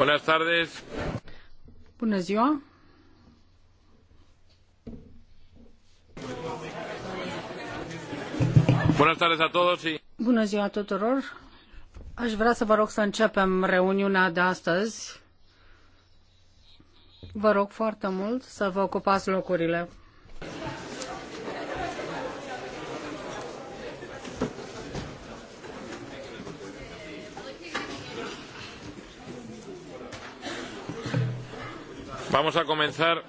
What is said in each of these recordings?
Buenas tardes. Bună ziua. Buenas tardes a todos y... Bună ziua tuturor. Aș vrea să vă rog să începem reuniunea de astăzi. Vă rog foarte mult să vă ocupați locurile. Vamos a comenzar.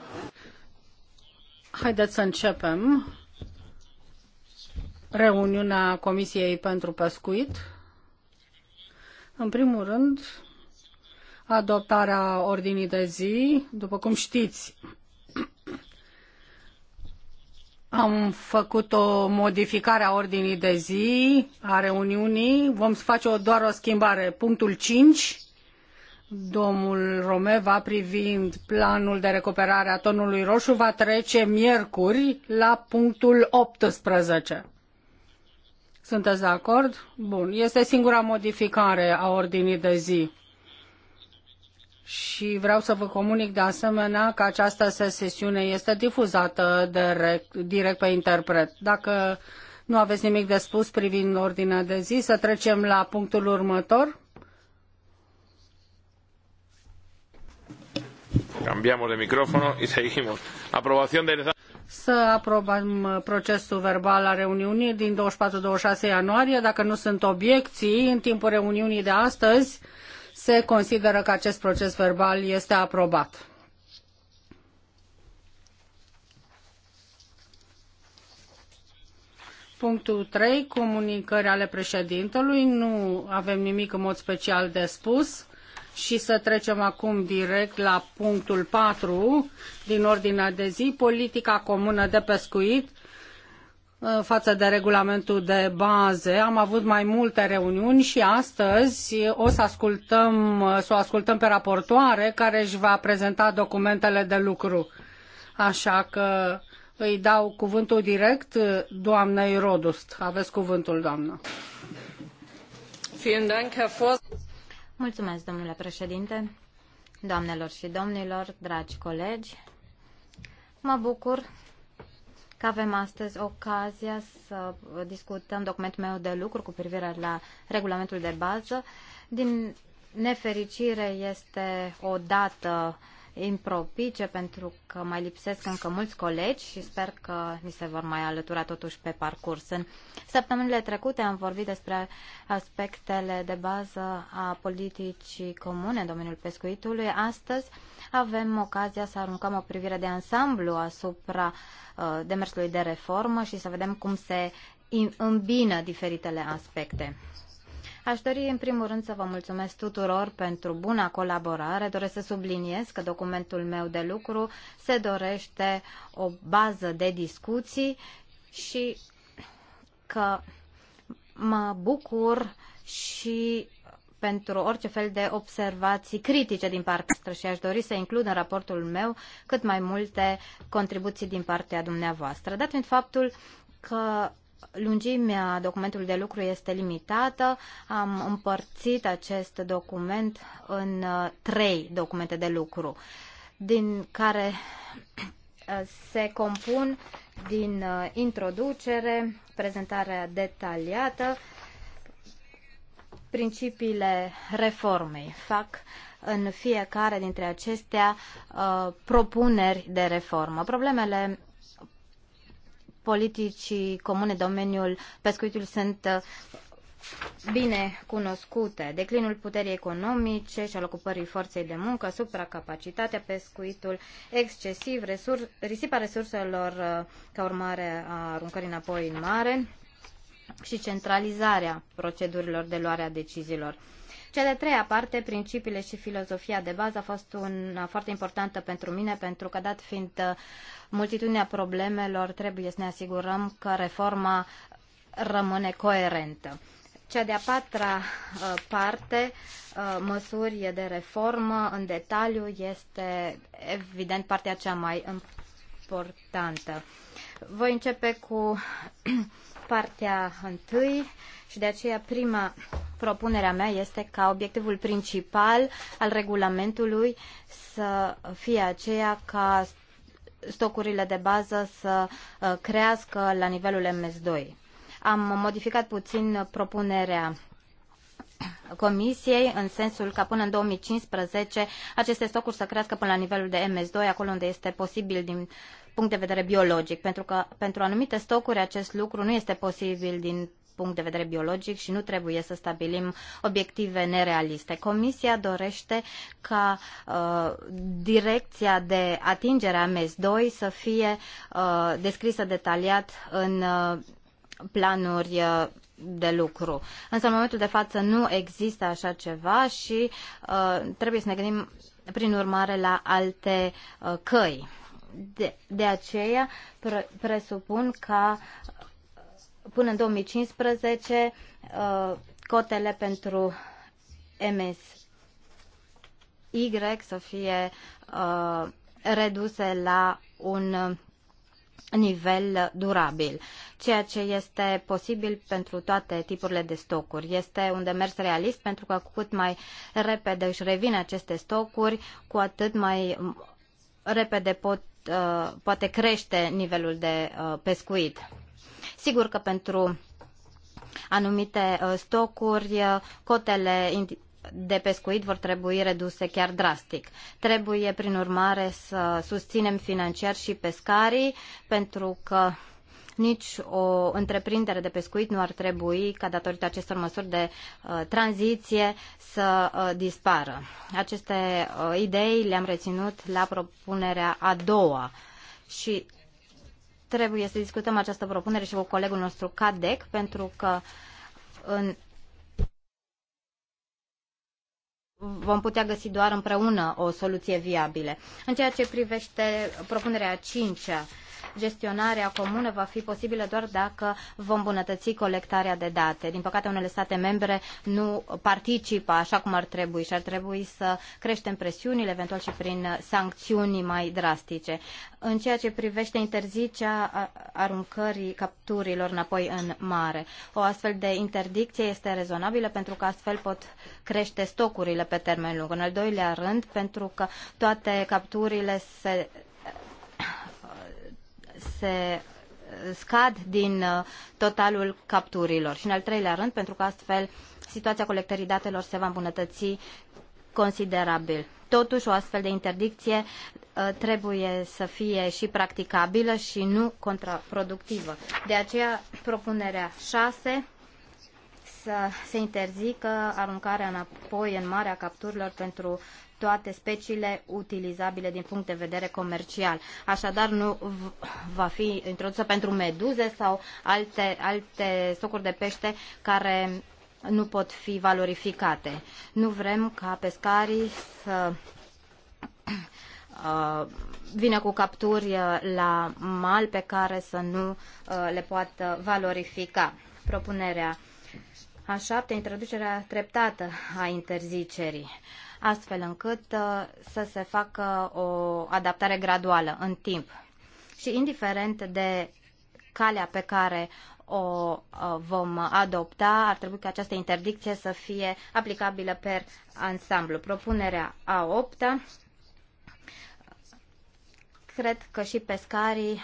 Haideți să începem reuniunea Comisiei pentru Pescuit. În primul rând, adoptarea ordinii de zi. După cum știți, am făcut o modificare a ordinii de zi a reuniunii. Vom face doar o schimbare. Punctul 5 domnul Romeva privind planul de recuperare a tonului roșu va trece miercuri la punctul 18. Sunteți de acord? Bun. Este singura modificare a ordinii de zi. Și vreau să vă comunic de asemenea că această sesiune este difuzată direct, direct pe interpret. Dacă nu aveți nimic de spus privind ordinea de zi, să trecem la punctul următor Cambiamos de micrófono y seguimos. Aprobación Să aprobăm procesul verbal al reuniunii din 24-26 ianuarie. Dacă nu sunt obiecții, în timpul reuniunii de astăzi se consideră că acest proces verbal este aprobat. Punctul 3, comunicări ale președintelui. Nu avem nimic în mod special de spus și să trecem acum direct la punctul 4 din ordinea de zi, politica comună de pescuit uh, față de regulamentul de baze. Am avut mai multe reuniuni și astăzi o să, ascultăm, uh, să o ascultăm pe raportoare care își va prezenta documentele de lucru. Așa că îi dau cuvântul direct uh, doamnei Rodust. Aveți cuvântul, doamnă. Mulțumesc, domnule președinte, doamnelor și domnilor, dragi colegi. Mă bucur că avem astăzi ocazia să discutăm documentul meu de lucru cu privire la regulamentul de bază. Din nefericire este o dată impropice pentru că mai lipsesc încă mulți colegi și sper că ni se vor mai alătura totuși pe parcurs. În săptămânile trecute am vorbit despre aspectele de bază a politicii comune în domeniul pescuitului. Astăzi avem ocazia să aruncăm o privire de ansamblu asupra uh, demersului de reformă și să vedem cum se îmbină diferitele aspecte. Aș dori în primul rând să vă mulțumesc tuturor pentru buna colaborare. Doresc să subliniez că documentul meu de lucru se dorește o bază de discuții și că mă bucur și pentru orice fel de observații critice din partea noastră și aș dori să includ în raportul meu cât mai multe contribuții din partea dumneavoastră. Dat fiind faptul că Lungimea documentului de lucru este limitată. Am împărțit acest document în uh, trei documente de lucru, din care uh, se compun din uh, introducere, prezentarea detaliată, principiile reformei. Fac în fiecare dintre acestea propuneri de reformă. Problemele politicii comune domeniul pescuitului sunt uh, bine cunoscute. Declinul puterii economice și al ocupării forței de muncă, supracapacitatea, pescuitul excesiv, resur- risipa resurselor uh, ca urmare a aruncării înapoi în mare și centralizarea procedurilor de luare a deciziilor. Cea de treia parte, principiile și filozofia de bază, a fost una foarte importantă pentru mine, pentru că dat fiind uh, multitudinea problemelor, trebuie să ne asigurăm că reforma rămâne coerentă. Cea de-a patra uh, parte, uh, măsuri de reformă în detaliu, este evident partea cea mai importantă. Voi începe cu partea întâi și de aceea prima propunerea mea este ca obiectivul principal al regulamentului să fie aceea ca stocurile de bază să uh, crească la nivelul MS2. Am modificat puțin propunerea Comisiei în sensul ca până în 2015 aceste stocuri să crească până la nivelul de MS2, acolo unde este posibil din punct de vedere biologic, pentru că pentru anumite stocuri acest lucru nu este posibil din punct de vedere biologic și nu trebuie să stabilim obiective nerealiste. Comisia dorește ca uh, direcția de atingere a MES 2 să fie uh, descrisă detaliat în uh, planuri uh, de lucru. Însă în momentul de față nu există așa ceva și uh, trebuie să ne gândim prin urmare la alte uh, căi. De, de aceea pre- presupun că uh, până în 2015 uh, cotele pentru MSY să fie uh, reduse la un nivel durabil, ceea ce este posibil pentru toate tipurile de stocuri. Este un demers realist pentru că cu cât mai repede își revin aceste stocuri, cu atât mai repede pot, uh, poate crește nivelul de uh, pescuit. Sigur că pentru anumite uh, stocuri, cotele de pescuit vor trebui reduse chiar drastic. Trebuie, prin urmare, să susținem financiar și pescarii, pentru că nici o întreprindere de pescuit nu ar trebui, ca datorită acestor măsuri de uh, tranziție, să uh, dispară. Aceste uh, idei le-am reținut la propunerea a doua și trebuie să discutăm această propunere și cu colegul nostru Cadec, pentru că în vom putea găsi doar împreună o soluție viabilă. În ceea ce privește propunerea a cincea gestionarea comună va fi posibilă doar dacă vom bunătăți colectarea de date. Din păcate, unele state membre nu participă așa cum ar trebui și ar trebui să creștem presiunile, eventual și prin sancțiuni mai drastice. În ceea ce privește interzicea aruncării capturilor înapoi în mare, o astfel de interdicție este rezonabilă pentru că astfel pot crește stocurile pe termen lung. În al doilea rând, pentru că toate capturile se se eh, scad din eh, totalul capturilor. Și în al treilea rând, pentru că astfel situația colectării datelor se va îmbunătăți considerabil. Totuși, o astfel de interdicție eh, trebuie să fie și practicabilă și nu contraproductivă. De aceea, propunerea 6 să se interzică aruncarea înapoi în marea capturilor pentru toate speciile utilizabile din punct de vedere comercial. Așadar, nu va fi introdusă pentru meduze sau alte, alte stocuri de pește care nu pot fi valorificate. Nu vrem ca pescarii să uh, vină cu capturi uh, la mal pe care să nu uh, le poată valorifica. Propunerea a șapte, introducerea treptată a interzicerii astfel încât uh, să se facă o adaptare graduală în timp. Și indiferent de calea pe care o uh, vom adopta, ar trebui ca această interdicție să fie aplicabilă per ansamblu. Propunerea a 8 -a, cred că și pescarii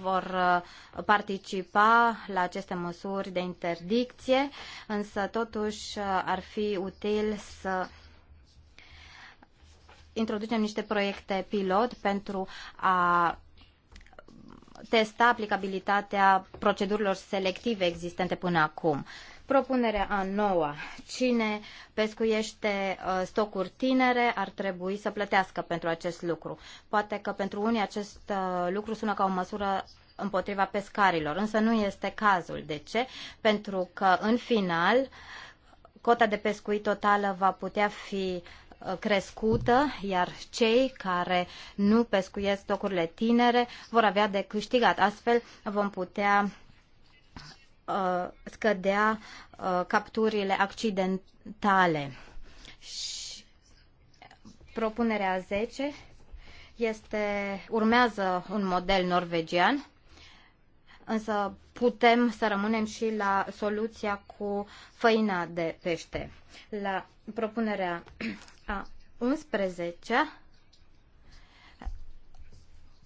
vor uh, participa la aceste măsuri de interdicție, însă totuși ar fi util să introducem niște proiecte pilot pentru a testa aplicabilitatea procedurilor selective existente până acum. Propunerea a noua. Cine pescuiește uh, stocuri tinere ar trebui să plătească pentru acest lucru. Poate că pentru unii acest uh, lucru sună ca o măsură împotriva pescarilor, însă nu este cazul. De ce? Pentru că, în final, cota de pescuit totală va putea fi Uh, crescută, iar cei care nu pescuiesc stocurile tinere vor avea de câștigat. Astfel vom putea uh, scădea uh, capturile accidentale. Și propunerea 10 este, urmează un model norvegian, însă putem să rămânem și la soluția cu făina de pește. La propunerea 11,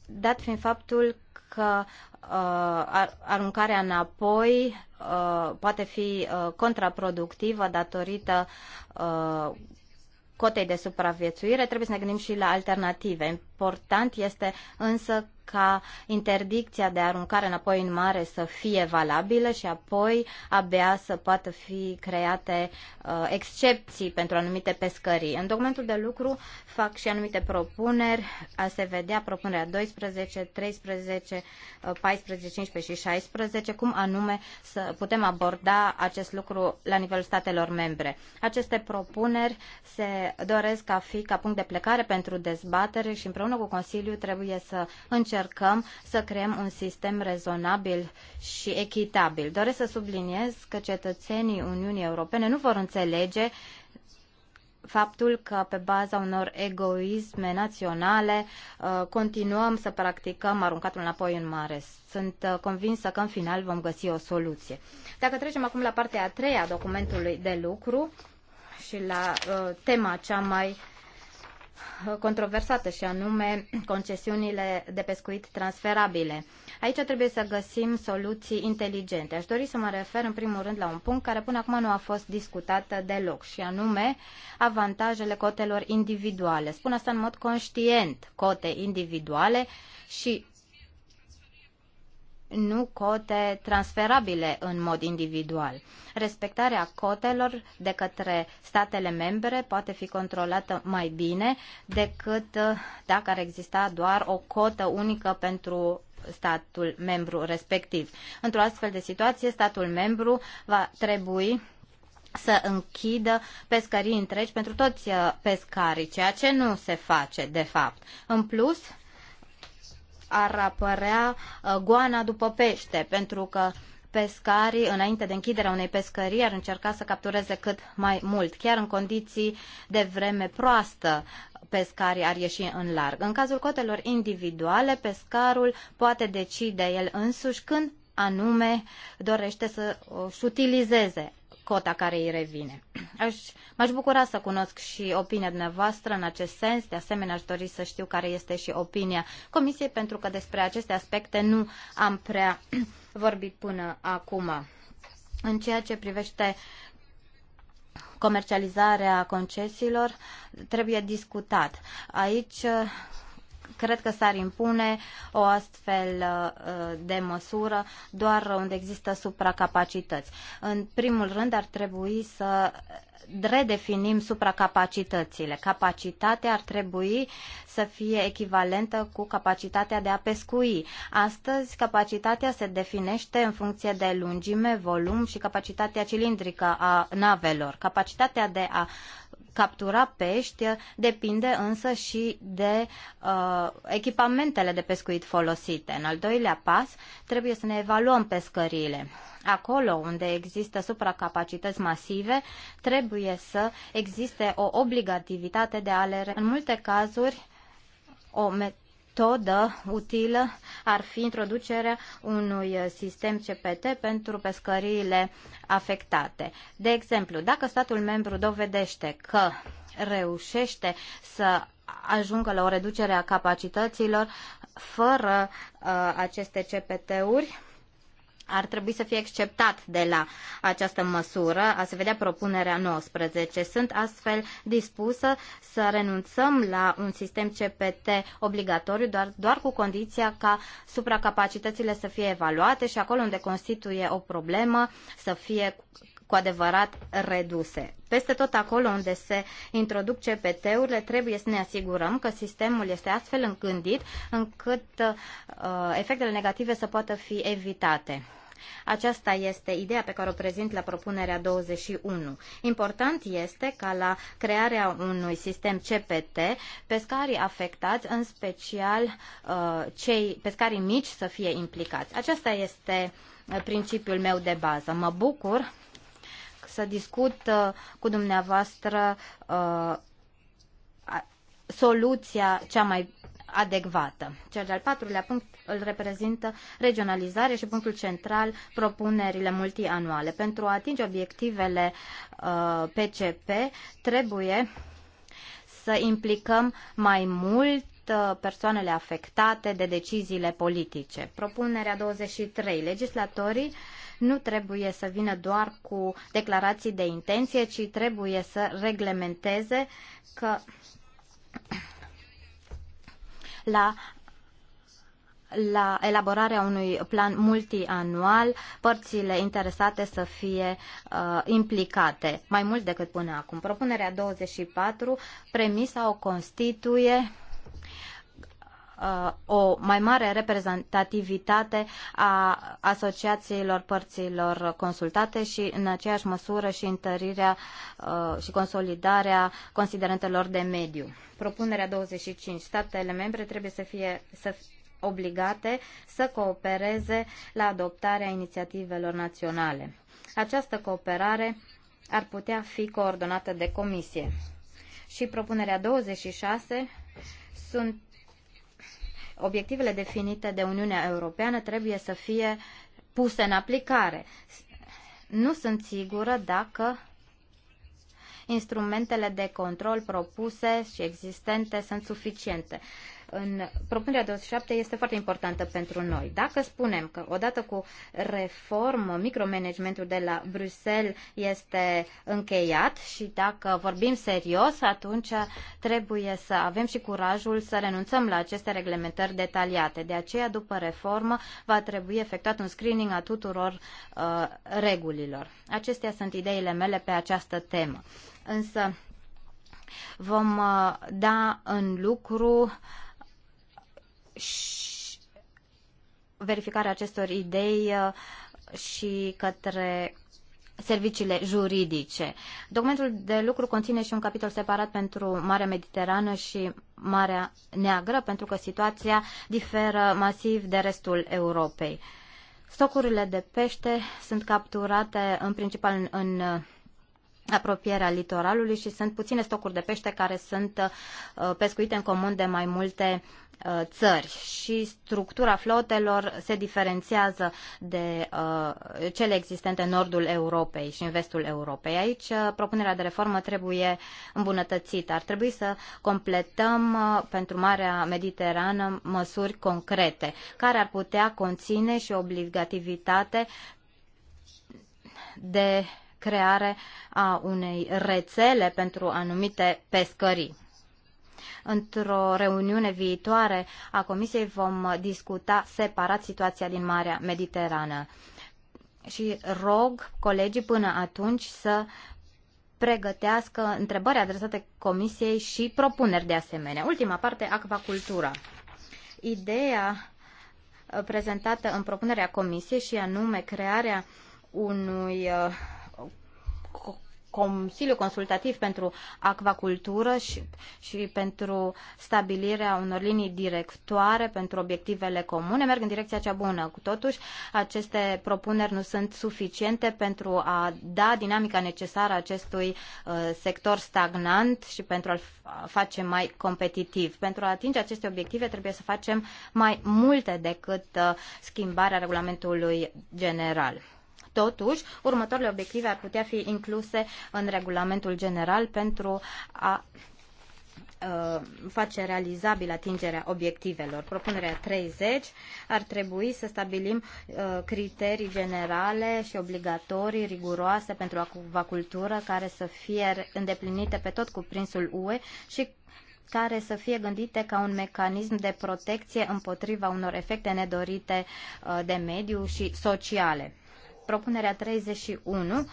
dat fiind faptul că uh, aruncarea înapoi uh, poate fi uh, contraproductivă datorită uh, cotei de supraviețuire, trebuie să ne gândim și la alternative. Important este însă ca interdicția de aruncare înapoi în mare să fie valabilă și apoi abia să poată fi create uh, excepții pentru anumite pescării. În documentul de lucru fac și anumite propuneri, a se vedea propunerea 12, 13, 14, 15 și 16, cum anume să putem aborda acest lucru la nivelul statelor membre. Aceste propuneri se doresc a fi ca punct de plecare pentru dezbatere și împreună împreună cu Consiliul trebuie să încercăm să creăm un sistem rezonabil și echitabil. Doresc să subliniez că cetățenii Uniunii Europene nu vor înțelege faptul că pe baza unor egoisme naționale uh, continuăm să practicăm aruncatul înapoi în mare. Sunt uh, convinsă că în final vom găsi o soluție. Dacă trecem acum la partea a treia a documentului de lucru și la uh, tema cea mai controversată și anume concesiunile de pescuit transferabile. Aici trebuie să găsim soluții inteligente. Aș dori să mă refer în primul rând la un punct care până acum nu a fost discutat deloc și anume avantajele cotelor individuale. Spun asta în mod conștient, cote individuale și nu cote transferabile în mod individual. Respectarea cotelor de către statele membre poate fi controlată mai bine decât uh, dacă ar exista doar o cotă unică pentru statul membru respectiv. Într-o astfel de situație, statul membru va trebui să închidă pescării întregi pentru toți uh, pescarii, ceea ce nu se face, de fapt. În plus, ar apărea uh, goana după pește, pentru că pescarii, înainte de închiderea unei pescării, ar încerca să captureze cât mai mult. Chiar în condiții de vreme proastă, pescarii ar ieși în larg. În cazul cotelor individuale, pescarul poate decide el însuși când anume dorește să își utilizeze cota care îi revine. Aș, m-aș bucura să cunosc și opinia dumneavoastră în acest sens. De asemenea, aș dori să știu care este și opinia Comisiei, pentru că despre aceste aspecte nu am prea vorbit până acum. În ceea ce privește comercializarea concesiilor, trebuie discutat. Aici Cred că s-ar impune o astfel uh, de măsură doar unde există supracapacități. În primul rând ar trebui să redefinim supracapacitățile. Capacitatea ar trebui să fie echivalentă cu capacitatea de a pescui. Astăzi, capacitatea se definește în funcție de lungime, volum și capacitatea cilindrică a navelor. Capacitatea de a captura pești depinde însă și de uh, echipamentele de pescuit folosite. În al doilea pas, trebuie să ne evaluăm pescăriile. Acolo unde există supracapacități masive, trebuie să existe o obligativitate de a le. În multe cazuri, o met- metodă utilă ar fi introducerea unui sistem CPT pentru pescăriile afectate. De exemplu, dacă statul membru dovedește că reușește să ajungă la o reducere a capacităților fără uh, aceste CPT-uri, ar trebui să fie exceptat de la această măsură, a se vedea propunerea 19. Sunt astfel dispusă să renunțăm la un sistem CPT obligatoriu doar, doar cu condiția ca supracapacitățile să fie evaluate și acolo unde constituie o problemă să fie cu adevărat reduse. Peste tot acolo unde se introduc CPT-urile, trebuie să ne asigurăm că sistemul este astfel încândit încât uh, efectele negative să poată fi evitate. Aceasta este ideea pe care o prezint la propunerea 21. Important este ca la crearea unui sistem CPT, pescarii afectați, în special uh, cei pescarii mici, să fie implicați. Aceasta este uh, principiul meu de bază. Mă bucur să discut uh, cu dumneavoastră uh, soluția cea mai adecvată. Cel de-al patrulea punct îl reprezintă regionalizare și punctul central propunerile multianuale. Pentru a atinge obiectivele PCP uh, trebuie să implicăm mai mult persoanele afectate de deciziile politice. Propunerea 23. Legislatorii nu trebuie să vină doar cu declarații de intenție, ci trebuie să reglementeze că la la elaborarea unui plan multianual, părțile interesate să fie uh, implicate mai mult decât până acum. Propunerea 24, premisa o constituie Uh, o mai mare reprezentativitate a asociațiilor părților consultate și în aceeași măsură și întărirea uh, și consolidarea considerentelor de mediu. Propunerea 25. Statele membre trebuie să fie să obligate să coopereze la adoptarea inițiativelor naționale. Această cooperare ar putea fi coordonată de comisie. Și propunerea 26 sunt obiectivele definite de Uniunea Europeană trebuie să fie puse în aplicare. Nu sunt sigură dacă instrumentele de control propuse și existente sunt suficiente în propunerea 27 este foarte importantă pentru noi. Dacă spunem că odată cu reformă micromanagementul de la Bruxelles este încheiat și dacă vorbim serios, atunci trebuie să avem și curajul să renunțăm la aceste reglementări detaliate. De aceea, după reformă, va trebui efectuat un screening a tuturor uh, regulilor. Acestea sunt ideile mele pe această temă. Însă, vom uh, da în lucru verificarea acestor idei uh, și către serviciile juridice. Documentul de lucru conține și un capitol separat pentru Marea Mediterană și Marea Neagră, pentru că situația diferă masiv de restul Europei. Stocurile de pește sunt capturate în principal în, în uh, apropierea litoralului și sunt puține stocuri de pește care sunt uh, pescuite în comun de mai multe Uh, țări și structura flotelor se diferențiază de uh, cele existente în nordul Europei și în vestul Europei. Aici uh, propunerea de reformă trebuie îmbunătățită. Ar trebui să completăm pentru Marea Mediterană măsuri concrete care ar putea conține și obligativitate de creare a unei rețele pentru anumite pescării. Într-o reuniune viitoare a Comisiei vom discuta separat situația din Marea Mediterană. Și rog colegii până atunci să pregătească întrebări adresate Comisiei și propuneri de asemenea. Ultima parte, acvacultura. Ideea uh, prezentată în propunerea Comisiei și anume crearea unui uh, Consiliu Consultativ pentru Acvacultură și, și pentru stabilirea unor linii directoare pentru obiectivele comune merg în direcția cea bună. Cu Totuși, aceste propuneri nu sunt suficiente pentru a da dinamica necesară acestui uh, sector stagnant și pentru a-l face mai competitiv. Pentru a atinge aceste obiective trebuie să facem mai multe decât uh, schimbarea regulamentului general. Totuși, următoarele obiective ar putea fi incluse în regulamentul general pentru a face realizabil atingerea obiectivelor. Propunerea 30 ar trebui să stabilim criterii generale și obligatorii riguroase pentru acvacultură care să fie îndeplinite pe tot cuprinsul UE și care să fie gândite ca un mecanism de protecție împotriva unor efecte nedorite de mediu și sociale propunerea 31,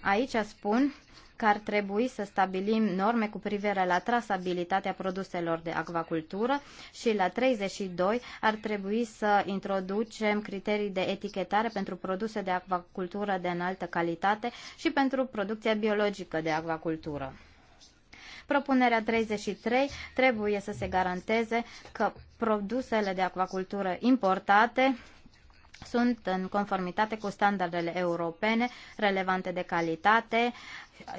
aici spun că ar trebui să stabilim norme cu privire la trasabilitatea produselor de acvacultură și la 32 ar trebui să introducem criterii de etichetare pentru produse de acvacultură de înaltă calitate și pentru producția biologică de acvacultură. Propunerea 33 trebuie să se garanteze că produsele de acvacultură importate sunt în conformitate cu standardele europene relevante de calitate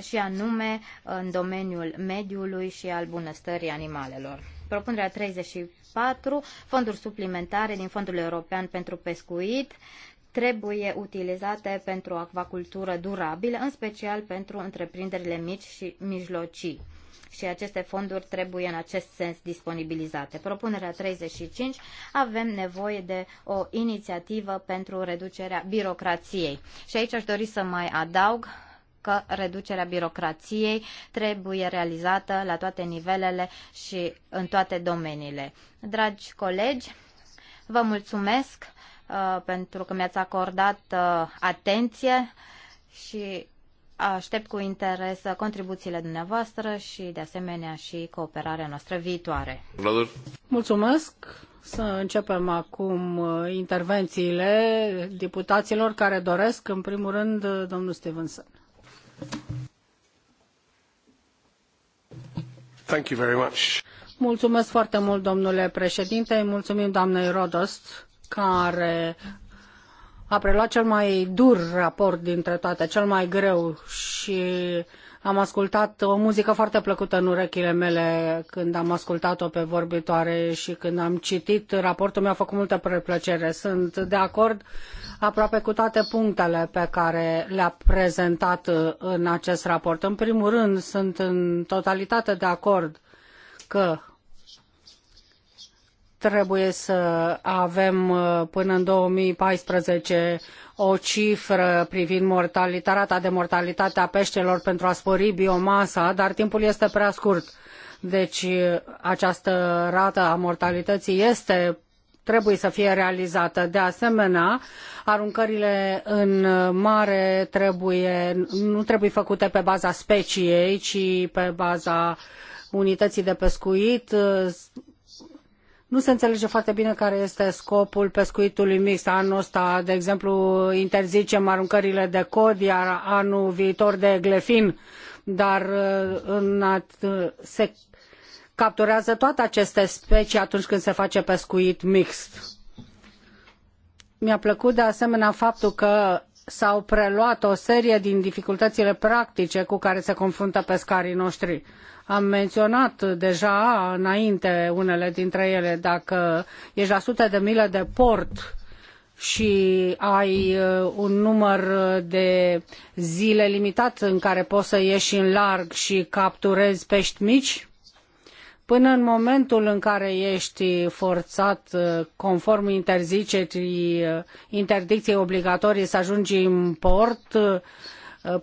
și anume în domeniul mediului și al bunăstării animalelor. Propunerea 34, fonduri suplimentare din Fondul European pentru Pescuit trebuie utilizate pentru acvacultură durabilă, în special pentru întreprinderile mici și mijlocii și aceste fonduri trebuie în acest sens disponibilizate. Propunerea 35, avem nevoie de o inițiativă pentru reducerea birocrației. Și aici aș dori să mai adaug că reducerea birocrației trebuie realizată la toate nivelele și în toate domeniile. Dragi colegi, vă mulțumesc uh, pentru că mi-ați acordat uh, atenție și Aștept cu interes contribuțiile dumneavoastră și, de asemenea, și cooperarea noastră viitoare. Mulțumesc! Să începem acum uh, intervențiile deputaților care doresc, în primul rând, uh, domnul Stevenson. Thank you very much. Mulțumesc foarte mult, domnule președinte. Mulțumim doamnei Rodost care a preluat cel mai dur raport dintre toate, cel mai greu și am ascultat o muzică foarte plăcută în urechile mele când am ascultat-o pe vorbitoare și când am citit raportul, mi-a făcut multă plăcere. Sunt de acord aproape cu toate punctele pe care le-a prezentat în acest raport. În primul rând, sunt în totalitate de acord că trebuie să avem uh, până în 2014 o cifră privind mortalitatea, rata de mortalitate a peștelor pentru a spori biomasa, dar timpul este prea scurt. Deci uh, această rată a mortalității este trebuie să fie realizată. De asemenea, aruncările în mare trebuie, nu trebuie făcute pe baza speciei, ci pe baza unității de pescuit, nu se înțelege foarte bine care este scopul pescuitului mixt. Anul ăsta, de exemplu, interzicem aruncările de cod, iar anul viitor de glefin, dar uh, în uh, se capturează toate aceste specii atunci când se face pescuit mixt. Mi-a plăcut de asemenea faptul că s-au preluat o serie din dificultățile practice cu care se confruntă pescarii noștri. Am menționat deja înainte unele dintre ele, dacă ești la sute de mile de port și ai uh, un număr de zile limitat în care poți să ieși în larg și capturezi pești mici, Până în momentul în care ești forțat, uh, conform interzicerii, uh, interdicției obligatorii să ajungi în port, uh,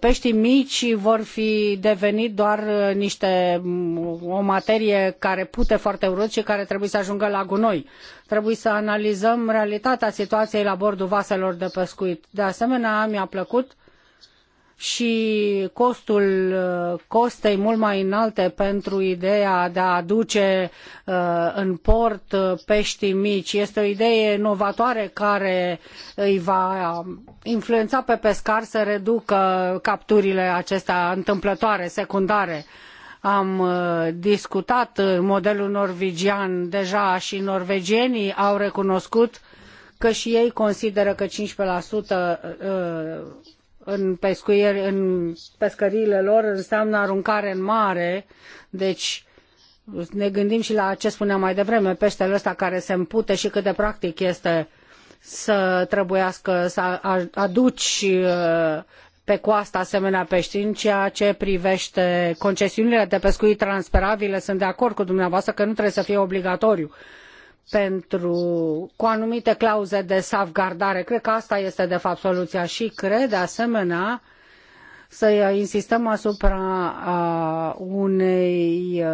peștii mici vor fi devenit doar niște mm, o materie care pute foarte urât și care trebuie să ajungă la gunoi. Trebuie să analizăm realitatea situației la bordul vaselor de pescuit. De asemenea, mi-a plăcut și costul uh, costei mult mai înalte pentru ideea de a aduce uh, în port uh, pești mici. Este o idee inovatoare care îi va influența pe pescar să reducă capturile acestea întâmplătoare, secundare. Am discutat modelul norvegian deja și norvegienii au recunoscut că și ei consideră că 15% în, pescuieri, în pescăriile lor înseamnă aruncare în mare, deci ne gândim și la ce spuneam mai devreme, peștele ăsta care se împute și cât de practic este să trebuiască să aduci uh, pe coastă asemenea pești. În ceea ce privește concesiunile de pescuit transferabile, sunt de acord cu dumneavoastră că nu trebuie să fie obligatoriu pentru, cu anumite clauze de salvgardare. Cred că asta este de fapt soluția și cred de asemenea să insistăm asupra unei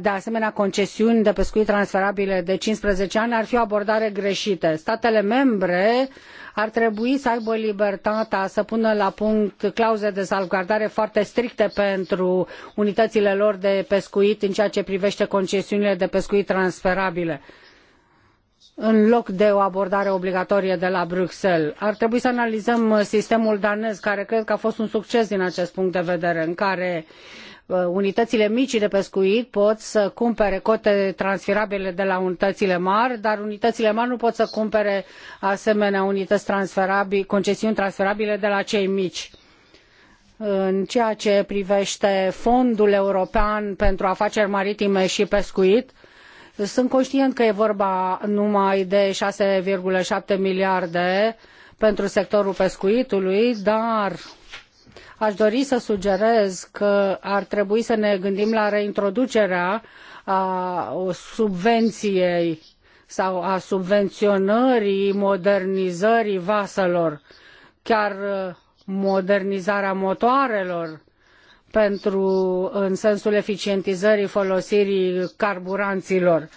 de asemenea concesiuni de pescuit transferabile de 15 ani ar fi o abordare greșită. Statele membre ar trebui să aibă libertatea să pună la punct clauze de salvgardare foarte stricte pentru unitățile lor de pescuit în ceea ce privește concesiunile de pescuit transferabile în loc de o abordare obligatorie de la Bruxelles. Ar trebui să analizăm sistemul danez, care cred că a fost un succes din acest punct de vedere, în care uh, Uh, unitățile mici de pescuit pot să cumpere cote transferabile de la unitățile mari, dar unitățile mari nu pot să cumpere asemenea unități transferabile, concesiuni transferabile de la cei mici în ceea ce privește fondul european pentru afaceri maritime și pescuit. Sunt conștient că e vorba numai de 6,7 miliarde pentru sectorul pescuitului, dar Aș dori să sugerez că ar trebui să ne gândim la reintroducerea a subvenției sau a subvenționării modernizării vaselor, chiar uh, modernizarea motoarelor, pentru în sensul eficientizării folosirii carburanților. Uh,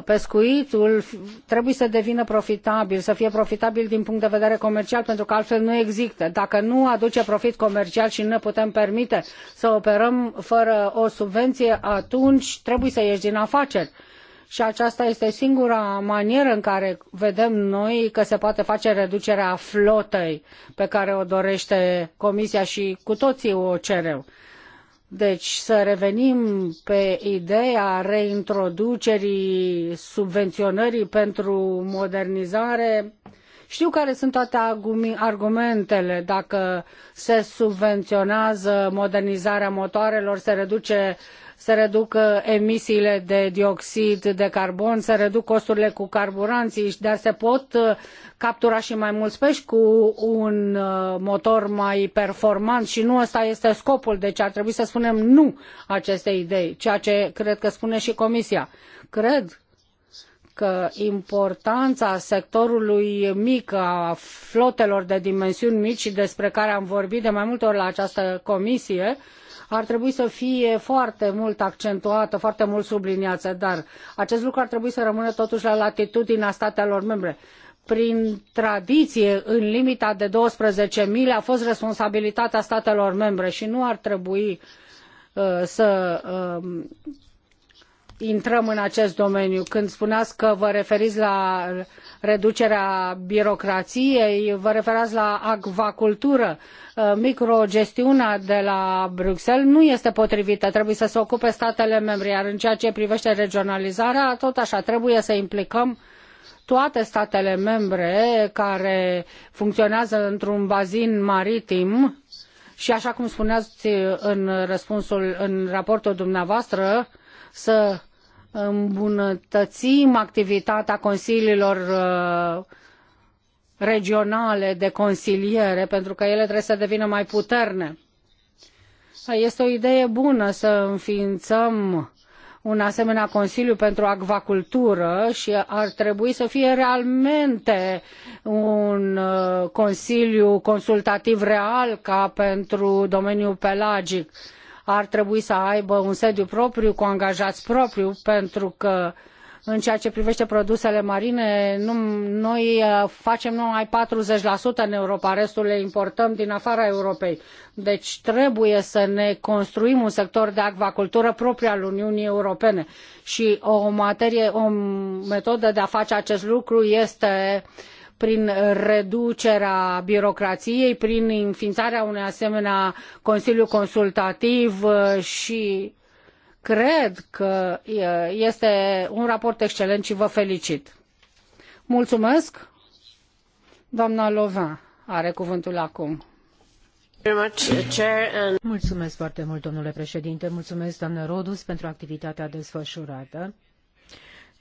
pescuitul trebuie să devină profitabil, să fie profitabil din punct de vedere comercial, pentru că altfel nu există. Dacă nu aduce profit comercial și nu ne putem permite să operăm fără o subvenție, atunci trebuie să ieși din afaceri. Și aceasta este singura manieră în care vedem noi că se poate face reducerea flotei pe care o dorește Comisia și cu toții o cerem deci să revenim pe ideea reintroducerii subvenționării pentru modernizare. Știu care sunt toate argumentele. Dacă se subvenționează modernizarea motoarelor, se reduce uh, să reducă emisiile de dioxid de carbon, să reduc costurile cu carburanții, dar se pot uh, captura și mai mulți pești cu un uh, motor mai performant și nu ăsta este scopul, deci ar trebui să spunem nu acestei idei, ceea ce cred că spune și Comisia. Cred că importanța sectorului mic, a flotelor de dimensiuni mici, despre care am vorbit de mai multe ori la această comisie, uh, ar trebui să fie foarte mult accentuată, foarte mult subliniată, dar acest lucru ar trebui să rămână totuși la latitudinea statelor membre prin tradiție în limita de 12.000 a fost responsabilitatea statelor membre și nu ar trebui uh, să uh, intrăm în acest domeniu. Când spuneați că vă referiți la reducerea birocrației, vă referați la acvacultură, uh, microgestiunea de la Bruxelles nu este potrivită, trebuie să se ocupe statele membre, iar în ceea ce privește regionalizarea, tot așa, trebuie să implicăm toate statele membre care funcționează într-un bazin maritim și așa cum spuneați în răspunsul în raportul dumneavoastră să îmbunătățim activitatea consiliilor uh, regionale de consiliere, pentru că ele trebuie să devină mai puterne. Este o idee bună să înființăm un asemenea Consiliu pentru Acvacultură și ar trebui să fie realmente un uh, Consiliu consultativ real ca pentru domeniul pelagic ar trebui să aibă un sediu propriu cu angajați propriu pentru că în ceea ce privește produsele marine, nu, noi uh, facem numai 40% în Europa, restul le importăm din afara Europei. Deci trebuie să ne construim un sector de acvacultură propriu al Uniunii Europene. Și o materie, o metodă de a face acest lucru este uh, prin reducerea birocrației, prin înființarea unui asemenea Consiliu Consultativ uh, și cred că uh, este un raport excelent și vă felicit. Mulțumesc. Doamna Lovin are cuvântul acum. Mulțumesc foarte mult, domnule președinte. Mulțumesc, doamnă Rodus, pentru activitatea desfășurată.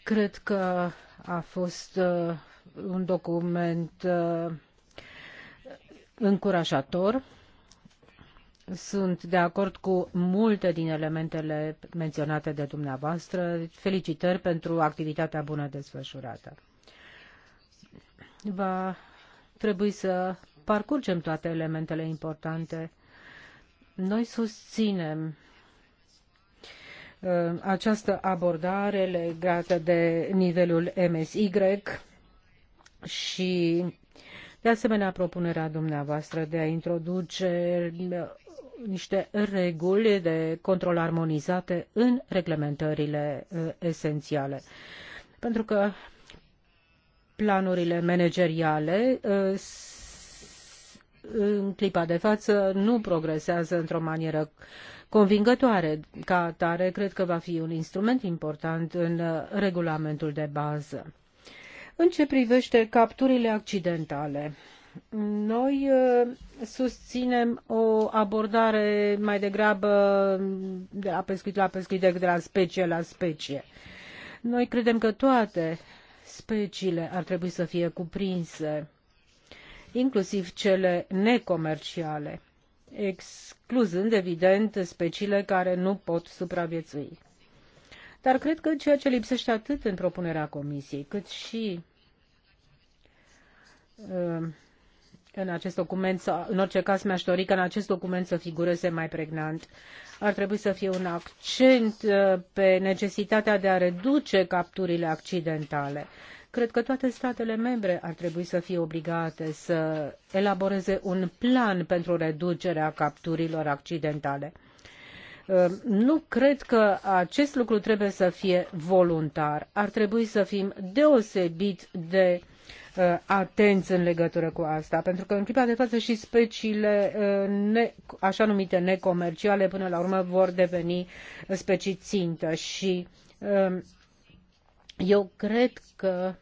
Cred că a fost uh, un document uh, încurajator. Sunt de acord cu multe din elementele menționate de dumneavoastră. Felicitări pentru activitatea bună desfășurată. Va trebui să parcurgem toate elementele importante. Noi susținem uh, această abordare legată de nivelul MSY și de asemenea propunerea dumneavoastră de a introduce uh, niște reguli de control armonizate în reglementările uh, esențiale. Pentru că planurile manageriale uh, în clipa de față nu progresează într-o manieră convingătoare. Ca atare, cred că va fi un instrument important în regulamentul de bază. În ce privește capturile accidentale, noi uh, susținem o abordare mai degrabă de la pescuit la pescuit decât de la specie la specie. Noi credem că toate speciile ar trebui să fie cuprinse, inclusiv cele necomerciale, excluzând, evident, speciile care nu pot supraviețui. Dar cred că ceea ce lipsește atât în propunerea Comisiei, cât și Ehm, în acest document, în orice caz mi-aș dori ca în acest document să figureze mai pregnant. Ar trebui să fie un accent eh, pe necesitatea de a reduce capturile accidentale. Cred că toate statele membre ar trebui să fie obligate să elaboreze un plan pentru reducerea capturilor accidentale. Ehm, nu cred că acest lucru trebuie să fie voluntar. Ar trebui să fim deosebit de Uh, atenți în legătură cu asta, pentru că în clipa de față și speciile uh, ne, așa numite necomerciale până la urmă vor deveni specii țintă și um, eu cred că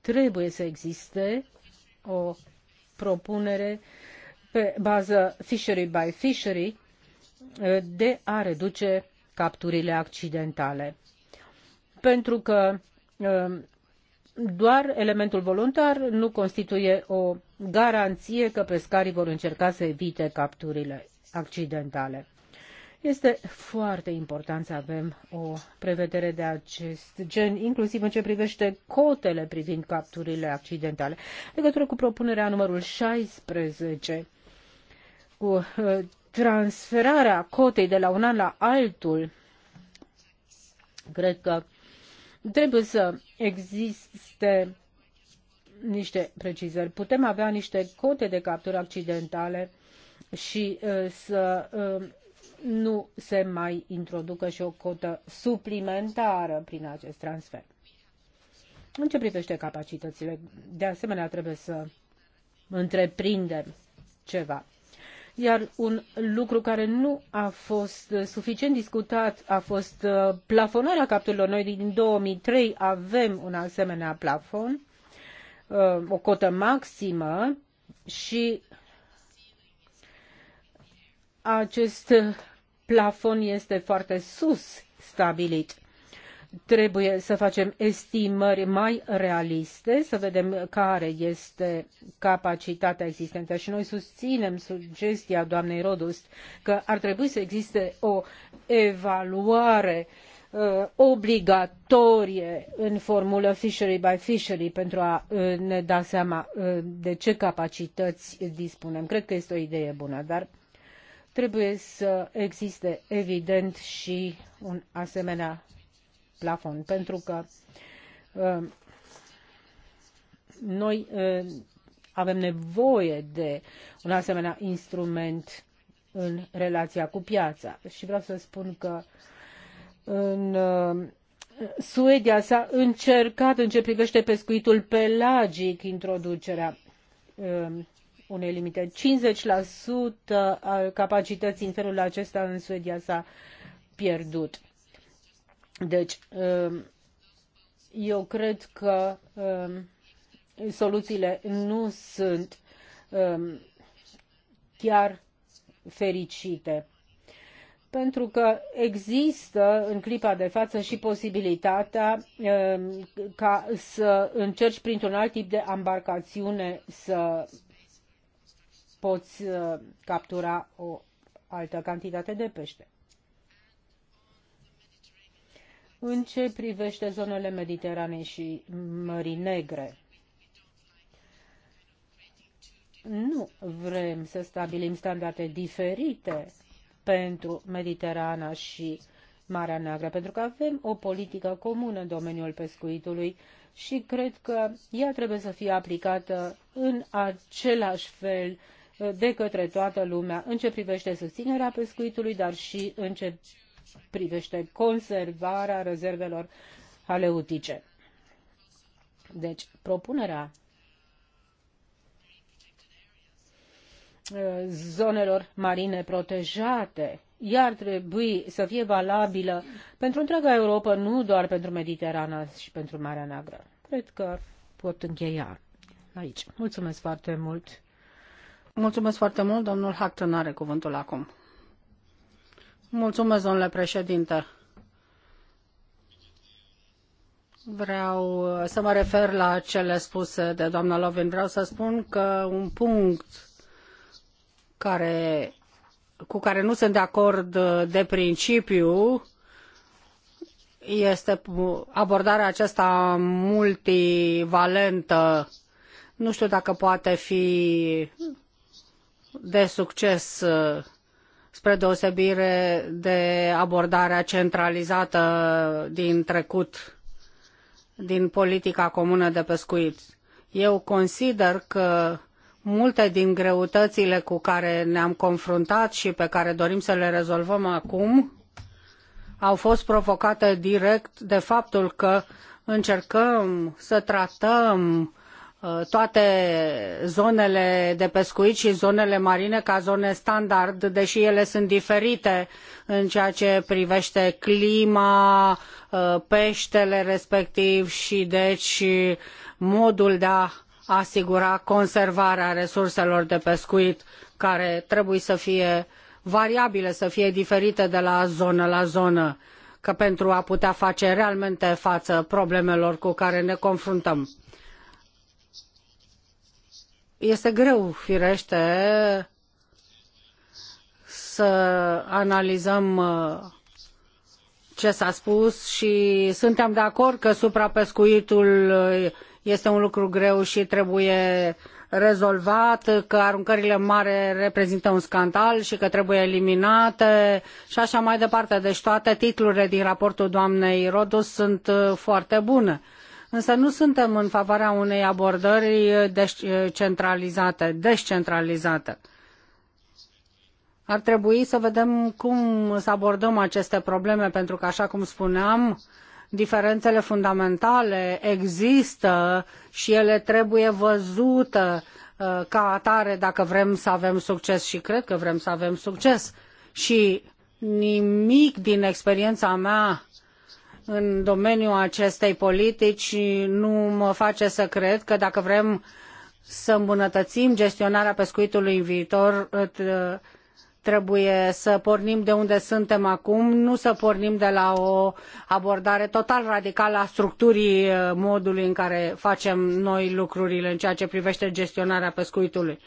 trebuie să existe o propunere pe bază fishery by fishery uh, de a reduce capturile accidentale. Pentru că um, doar elementul voluntar nu constituie o garanție că pescarii vor încerca să evite capturile accidentale. Este foarte important să avem o prevedere de acest gen, inclusiv în ce privește cotele privind capturile accidentale. Legătură cu propunerea numărul 16, cu uh, transferarea cotei de la un an la altul, cred că Trebuie să existe niște precizări. Putem avea niște cote de capturi accidentale și uh, să uh, nu se mai introducă și o cotă suplimentară prin acest transfer. În ce privește capacitățile, de asemenea trebuie să întreprindem ceva. Iar un lucru care nu a fost uh, suficient discutat a fost uh, plafonarea capturilor. Noi din 2003 avem un asemenea plafon, uh, o cotă maximă și acest plafon este foarte sus stabilit trebuie să facem estimări mai realiste, să vedem care este capacitatea existentă. Și noi susținem sugestia doamnei Rodust că ar trebui să existe o evaluare uh, obligatorie în formulă fishery by fishery pentru a uh, ne da seama uh, de ce capacități dispunem. Cred că este o idee bună, dar trebuie să existe evident și un asemenea plafon, pentru că uh, noi uh, avem nevoie de un asemenea instrument în relația cu piața. Și vreau să spun că în uh, Suedia s-a încercat în ce privește pescuitul pelagic introducerea unei limite. 50% al capacității în felul acesta în Suedia s-a pierdut. Deci, um, eu cred că um, soluțiile nu sunt um, chiar fericite. Pentru că există în clipa de față și posibilitatea ca să încerci printr-un alt tip de embarcațiune să poți uh, captura o altă cantitate de pește. în ce privește zonele mediterane și Mării Negre. Nu vrem să stabilim standarde diferite pentru Mediterana și Marea Neagră, pentru că avem o politică comună în domeniul pescuitului și cred că ea trebuie să fie aplicată în același fel eh, de către toată lumea în ce privește susținerea pescuitului, dar și în ce privește conservarea rezervelor haleutice. Deci, propunerea uh, zonelor marine protejate iar trebui să fie valabilă pentru întreaga Europa, nu doar pentru Mediterana și pentru Marea Neagră. Cred că pot încheia aici. Mulțumesc foarte mult! Mulțumesc foarte mult, domnul Hacton are cuvântul acum. Mulțumesc, președinte. Vreau să mă refer la cele spuse de doamna lvin Vreau să spun că un punct care, cu care nu sunt de acord de principiu este abordarea aceasta multivalentă. Nu știu dacă poate fi de succes uh, spre deosebire de abordarea centralizată din trecut, din politica comună de pescuit. Eu consider că multe din greutățile cu care ne-am confruntat și pe care dorim să le rezolvăm acum au fost provocate direct de faptul că încercăm să tratăm Uh, toate zonele de pescuit și zonele marine ca zone standard, deși ele sunt diferite în ceea ce privește clima, uh, peștele respectiv și deci modul de a asigura conservarea resurselor de pescuit care trebuie să fie variabile, să fie diferite de la zonă la zonă, ca pentru a putea face realmente față problemelor cu care ne confruntăm este greu, firește, să analizăm uh, ce s-a spus și suntem de acord că suprapescuitul uh, este un lucru greu și trebuie rezolvat, că aruncările în mare reprezintă un scandal și că trebuie eliminate și așa mai departe. Deci toate titlurile din raportul doamnei Rodus sunt uh, foarte bune. Uh, însă nu suntem în favoarea unei abordări descentralizate, descentralizate. Ar trebui să vedem cum să abordăm aceste probleme, pentru că, așa cum spuneam, diferențele fundamentale există și ele trebuie văzute uh, ca atare dacă vrem să avem succes și cred că vrem să avem succes. Și nimic din experiența mea în domeniul acestei politici nu mă face să cred că dacă vrem să îmbunătățim gestionarea pescuitului în viitor, ă, trebuie să pornim de unde suntem acum, nu să pornim de la o abordare total radicală a structurii ă, modului în care facem noi lucrurile în ceea ce privește gestionarea pescuitului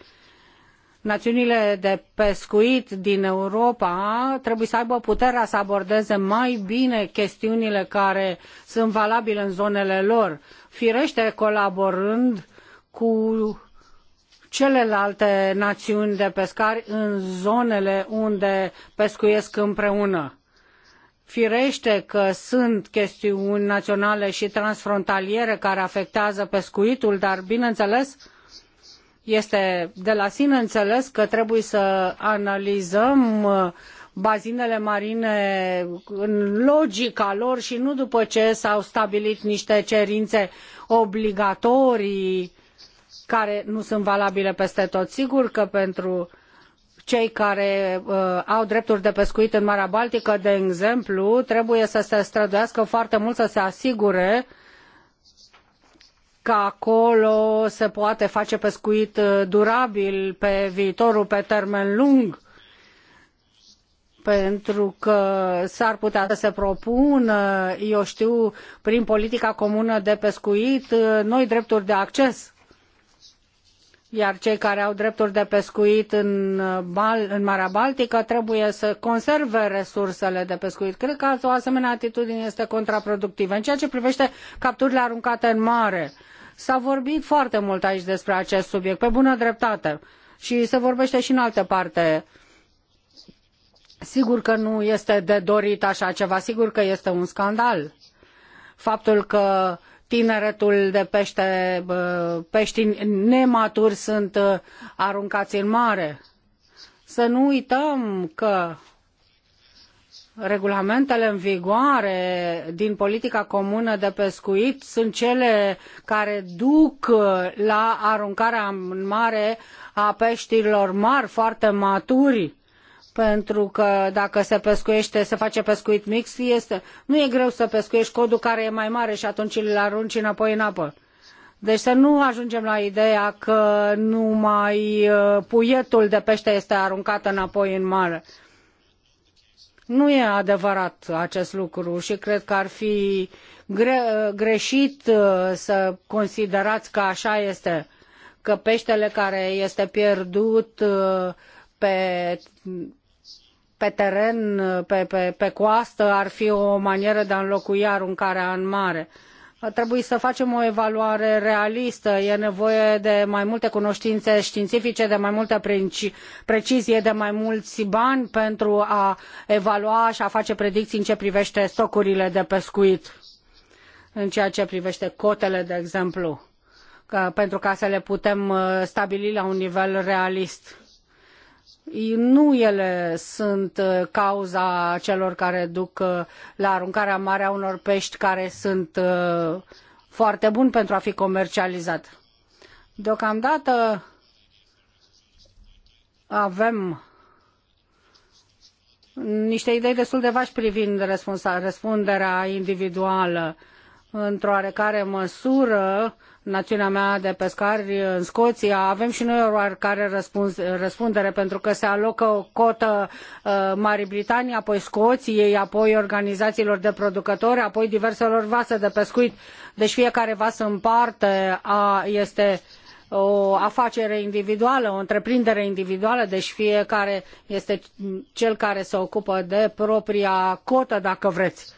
națiunile de pescuit din Europa trebuie să aibă puterea să abordeze mai bine chestiunile care sunt valabile în zonele lor, firește colaborând cu celelalte națiuni de pescari în zonele unde pescuiesc împreună. Firește că sunt chestiuni naționale și transfrontaliere care afectează pescuitul, dar bineînțeles este de la sine înțeles că trebuie să analizăm uh, bazinele marine în logica lor și nu după ce s-au stabilit niște cerințe obligatorii care nu sunt valabile peste tot. Sigur că pentru cei care uh, au drepturi de pescuit în Marea Baltică, de exemplu, trebuie să se străduiască foarte mult să se asigure ca acolo se poate face pescuit uh, durabil pe viitorul, pe termen lung, pentru că s-ar putea să se propună, eu știu, prin politica comună de pescuit, uh, noi drepturi de acces. Iar cei care au drepturi de pescuit în, uh, Bal- în Marea Baltică trebuie să conserve resursele de pescuit. Cred că o asemenea atitudine este contraproductivă. În ceea ce privește capturile aruncate în mare, uh, S-a vorbit foarte mult aici despre acest subiect, pe bună dreptate. Și se vorbește și în altă parte. Sigur că nu este de dorit așa ceva, sigur că este un scandal. Faptul că tineretul de pește, pești nematuri sunt uh, aruncați în mare. Să nu uităm că regulamentele în vigoare din politica comună de pescuit sunt cele care duc la aruncarea în mare a peștilor mari, foarte maturi, pentru că dacă se pescuiește, se face pescuit mix, este, nu e greu să pescuiești codul care e mai mare și atunci îl arunci înapoi în apă. Deci să nu ajungem la ideea că numai uh, puietul de pește este aruncat înapoi în mare. Nu e adevărat acest lucru și cred că ar fi gre- greșit uh, să considerați că așa este, că peștele care este pierdut uh, pe, pe teren, uh, pe, pe, pe coastă, ar fi o manieră de a înlocui aruncarea în mare trebuie să facem o evaluare realistă e nevoie de mai multe cunotine științifice de mai multă precizie de mai muli bani pentru a evalua și a face predicții în ceea ce privește stocurile de pescuit în ceea ce privește cotele de exemplu pentru ca să le putem uh, stabili la un nivel realist nu ele sunt uh, cauza celor care duc uh, la aruncarea mare a unor pești care sunt uh, foarte buni pentru a fi comercializat. Deocamdată avem niște idei destul de vași privind răspunderea individuală. Într-o oarecare măsură, naiunea mea de pescari în Scoția, avem și noi oarecare răspundere pentru că se alocă o cotă uh, Marii Britanii, apoi Scoției, apoi organizațiilor de producători, apoi diverselor vase de pescuit. Deci fiecare vas în parte a, este o afacere individuală, o întreprindere individuală, deci fiecare este cel care se ocupă de propria cotă, dacă vreți.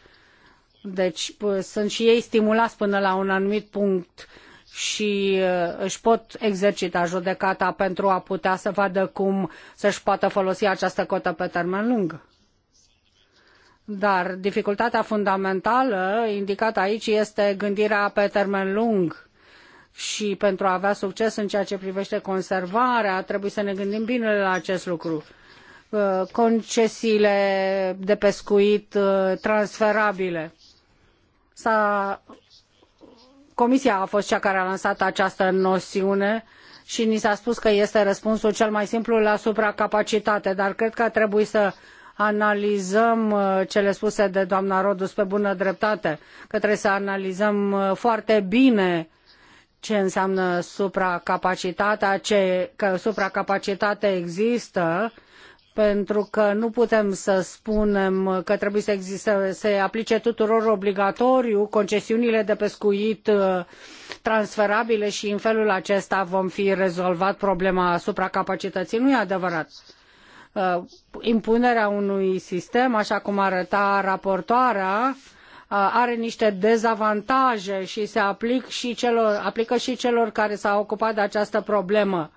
Deci sunt și ei stimulați până la un anumit punct și uh, își pot exercita judecata pentru a putea să vadă cum să-și poată folosi această cotă pe termen lung. Dar dificultatea fundamentală indicată aici este gândirea pe termen lung și pentru a avea succes în ceea ce privește conservarea, trebuie să ne gândim bine la acest lucru. Uh, concesiile de pescuit uh, transferabile. S-a Comisia a fost cea care a lansat această noțiune și ni s-a spus că este răspunsul cel mai simplu la supracapacitate, dar cred că trebuie să analizăm uh, cele spuse de doamna Rodus pe bună dreptate, că trebuie să analizăm uh, foarte bine ce înseamnă supracapacitatea, ce că supracapacitate există uh, pentru că nu putem să spunem că trebuie să, existe, să se aplice tuturor obligatoriu concesiunile de pescuit uh, transferabile și în felul acesta vom fi rezolvat problema supracapacității. Nu e adevărat. Uh, impunerea unui sistem, așa cum arăta raportoarea, uh, are niște dezavantaje și se aplic și celor, aplică și celor care s-au ocupat de această problemă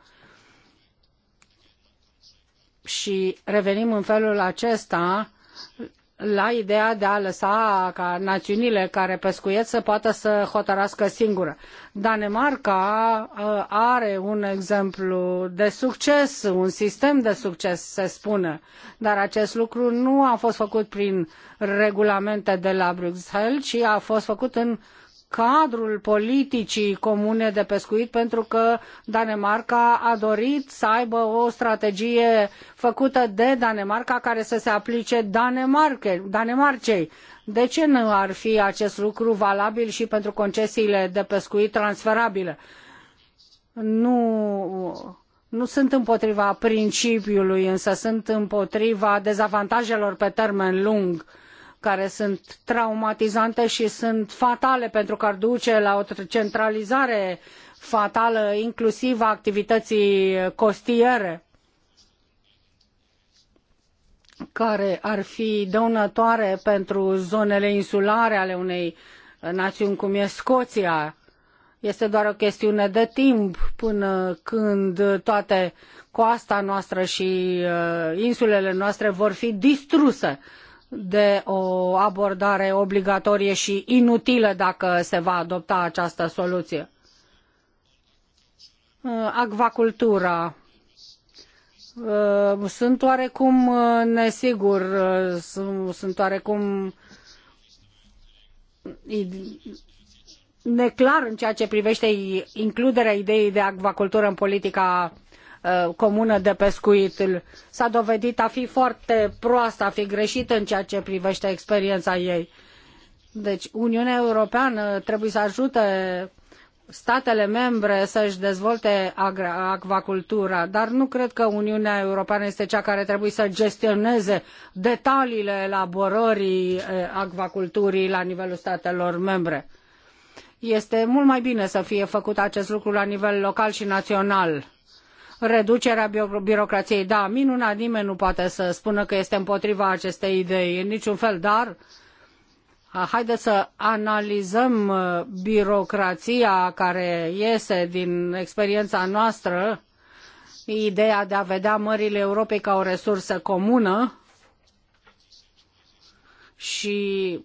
și revenim în felul acesta la ideea de a lăsa ca națiunile care pescuiesc să poată să hotărască singură. Danemarca uh, are un exemplu de succes, un sistem de succes, se spune, dar acest lucru nu a fost făcut prin regulamente de la Bruxelles, ci a fost făcut în uh, cadrul politicii comune de pescuit pentru că Danemarca a dorit să aibă o strategie făcută de Danemarca care să se aplice Danemarcei. De ce nu ar fi acest lucru valabil și pentru concesiile de pescuit transferabile? Nu nu sunt împotriva principiului, însă sunt împotriva dezavantajelor pe termen lung uh, care sunt traumatizante și sunt fatale pentru că ar duce la o centralizare fatală inclusiv a activității costiere care ar fi dăunătoare pentru zonele insulare ale unei națiuni cum e Scoția. Este doar o chestiune de timp până când toate coasta noastră și uh, insulele noastre vor fi distruse. Uh, de o abordare obligatorie și inutilă dacă se va adopta această soluție. Uh, acvacultura. Uh, sunt oarecum uh, nesigur, sunt oarecum neclar în ceea ce privește includerea ideii de acvacultură în politica Uh, comună de pescuit s-a dovedit a fi foarte proastă, a fi greșită în ceea ce privește experiența ei. Deci Uniunea Europeană trebuie să ajute statele membre să-și dezvolte acvacultura, dar nu cred că Uniunea Europeană este cea care trebuie să gestioneze detaliile elaborării eh, acvaculturii la nivelul statelor membre. Este mult mai bine să fie făcut acest lucru la nivel local și național reducerea birocraiei. Da, minunat, nimeni nu poate să spună că este împotriva acestei idei în niciun fel, dar haideți să analizăm uh, birocraia care iese din experiența noastră, ideea de a vedea mările Europei ca o resursă comună și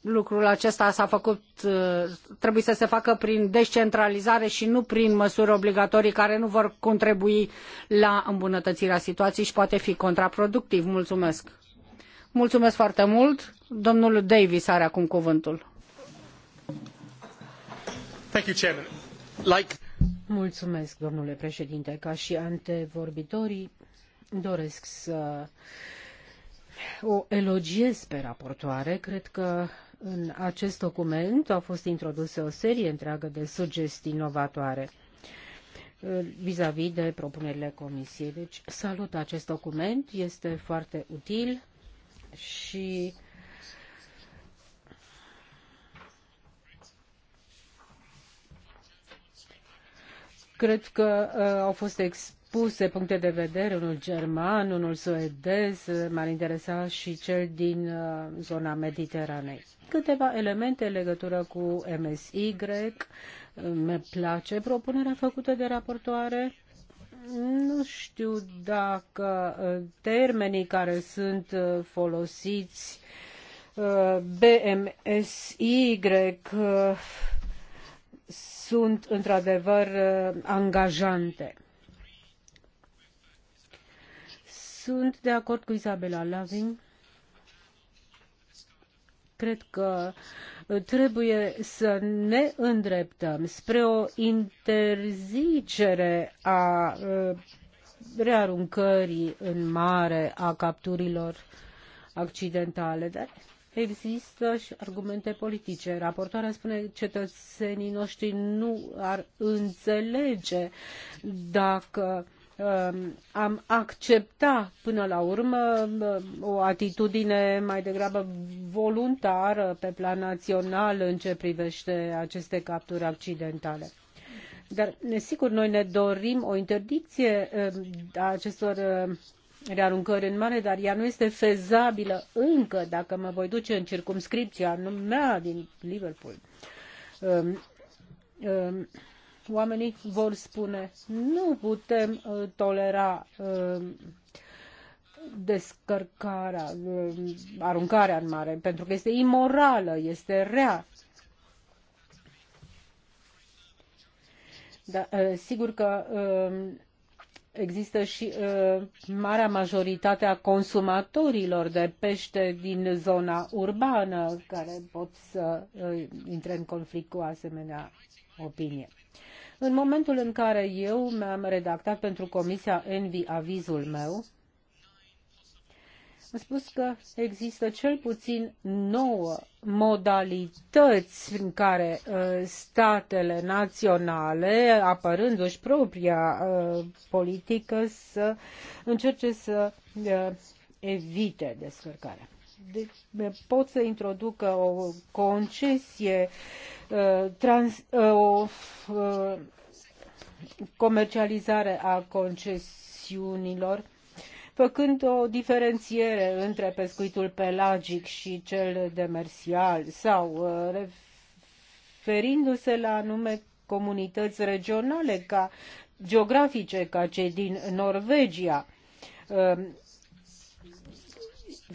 lucrul acesta s-a făcut, uh, trebuie să se facă prin descentralizare și nu prin măsuri obligatorii care nu vor contribui la îmbunătățirea situației și poate fi contraproductiv. Mulțumesc! Mulțumesc foarte mult! Domnul Davis are acum cuvântul. Thank you, Chairman. Like... Mulțumesc, domnule președinte. Ca și antevorbitorii, doresc să o elogiez pe raportoare. Cred că în acest document au fost introduse o serie întreagă de sugestii inovatoare uh, vis-a-vis -vis de propunerile Comisiei. Deci salut acest document, este foarte util și cred că uh, au fost expuse puncte de vedere, unul german, unul suedez, m-ar interesa și cel din uh, zona Mediteranei câteva elemente în legătură cu MSY. Mă place propunerea făcută de raportoare. Nu știu dacă uh, termenii care sunt uh, folosiți uh, BMSY sunt într-adevăr angajante. Sunt de acord cu Isabela Lavin cred că uh, trebuie să ne îndreptăm spre o interzicere a uh, rearuncării în mare a capturilor accidentale. Dar Există și argumente politice. Raportoarea spune că cetățenii noștri nu ar înțelege dacă uh, am accepta până la urmă um, o atitudine mai degrabă voluntară pe plan național în ce privește aceste capturi accidentale. Dar, nesigur, noi ne dorim o interdicție um, a acestor um, rearuncări în mare, dar ea nu este fezabilă încă dacă mă voi duce în circumscripția mea din Liverpool. Um, um, oamenii vor spune nu putem uh, tolera uh, descărcarea, uh, aruncarea în mare, pentru că este imorală, este rea. Da, uh, sigur că uh, există și uh, marea majoritate a consumatorilor de pește din zona urbană care pot să uh, intre în conflict cu asemenea opinie. În momentul în care eu mi-am redactat pentru Comisia Envi avizul meu, am spus că există cel puțin nouă modalități în care uh, statele naționale, apărându-și propria uh, politică, să încerce să uh, evite descărcarea. Deci, pot să introducă o concesie, uh, trans, uh, o uh, comercializare a concesiunilor, făcând o diferențiere între pescuitul pelagic și cel demersial sau referindu-se la anume comunități regionale ca geografice ca cei din Norvegia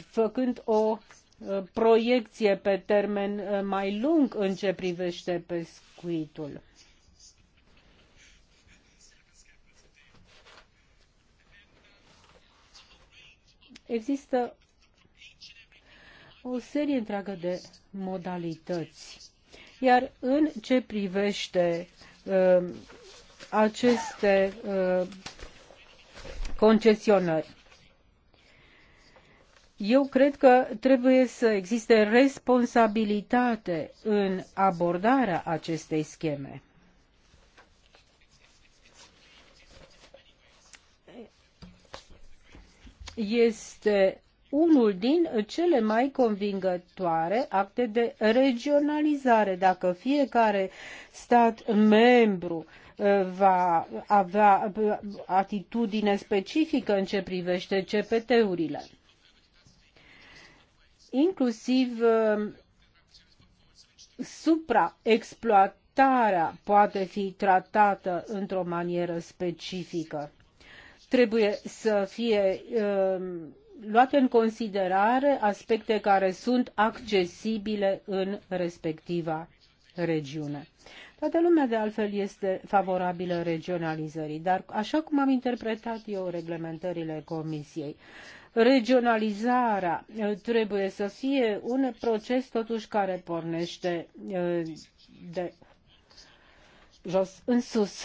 făcând o uh, proiecție pe termen uh, mai lung în ce privește pescuitul. Există o serie întreagă de modalități. Iar în ce privește uh, aceste uh, concesionări, eu cred că trebuie să existe responsabilitate în abordarea acestei scheme. Este unul din cele mai convingătoare acte de regionalizare. Dacă fiecare stat membru uh, va avea uh, atitudine specifică în ce privește CPT-urile inclusiv uh, supraexploatarea poate fi tratată într-o manieră specifică. Trebuie să fie uh, luate în considerare aspecte care sunt accesibile în respectiva regiune. Toată lumea, de altfel, este favorabilă regionalizării, dar așa cum am interpretat eu reglementările Comisiei, regionalizarea uh, trebuie să fie un proces totuși care pornește uh, de jos în sus.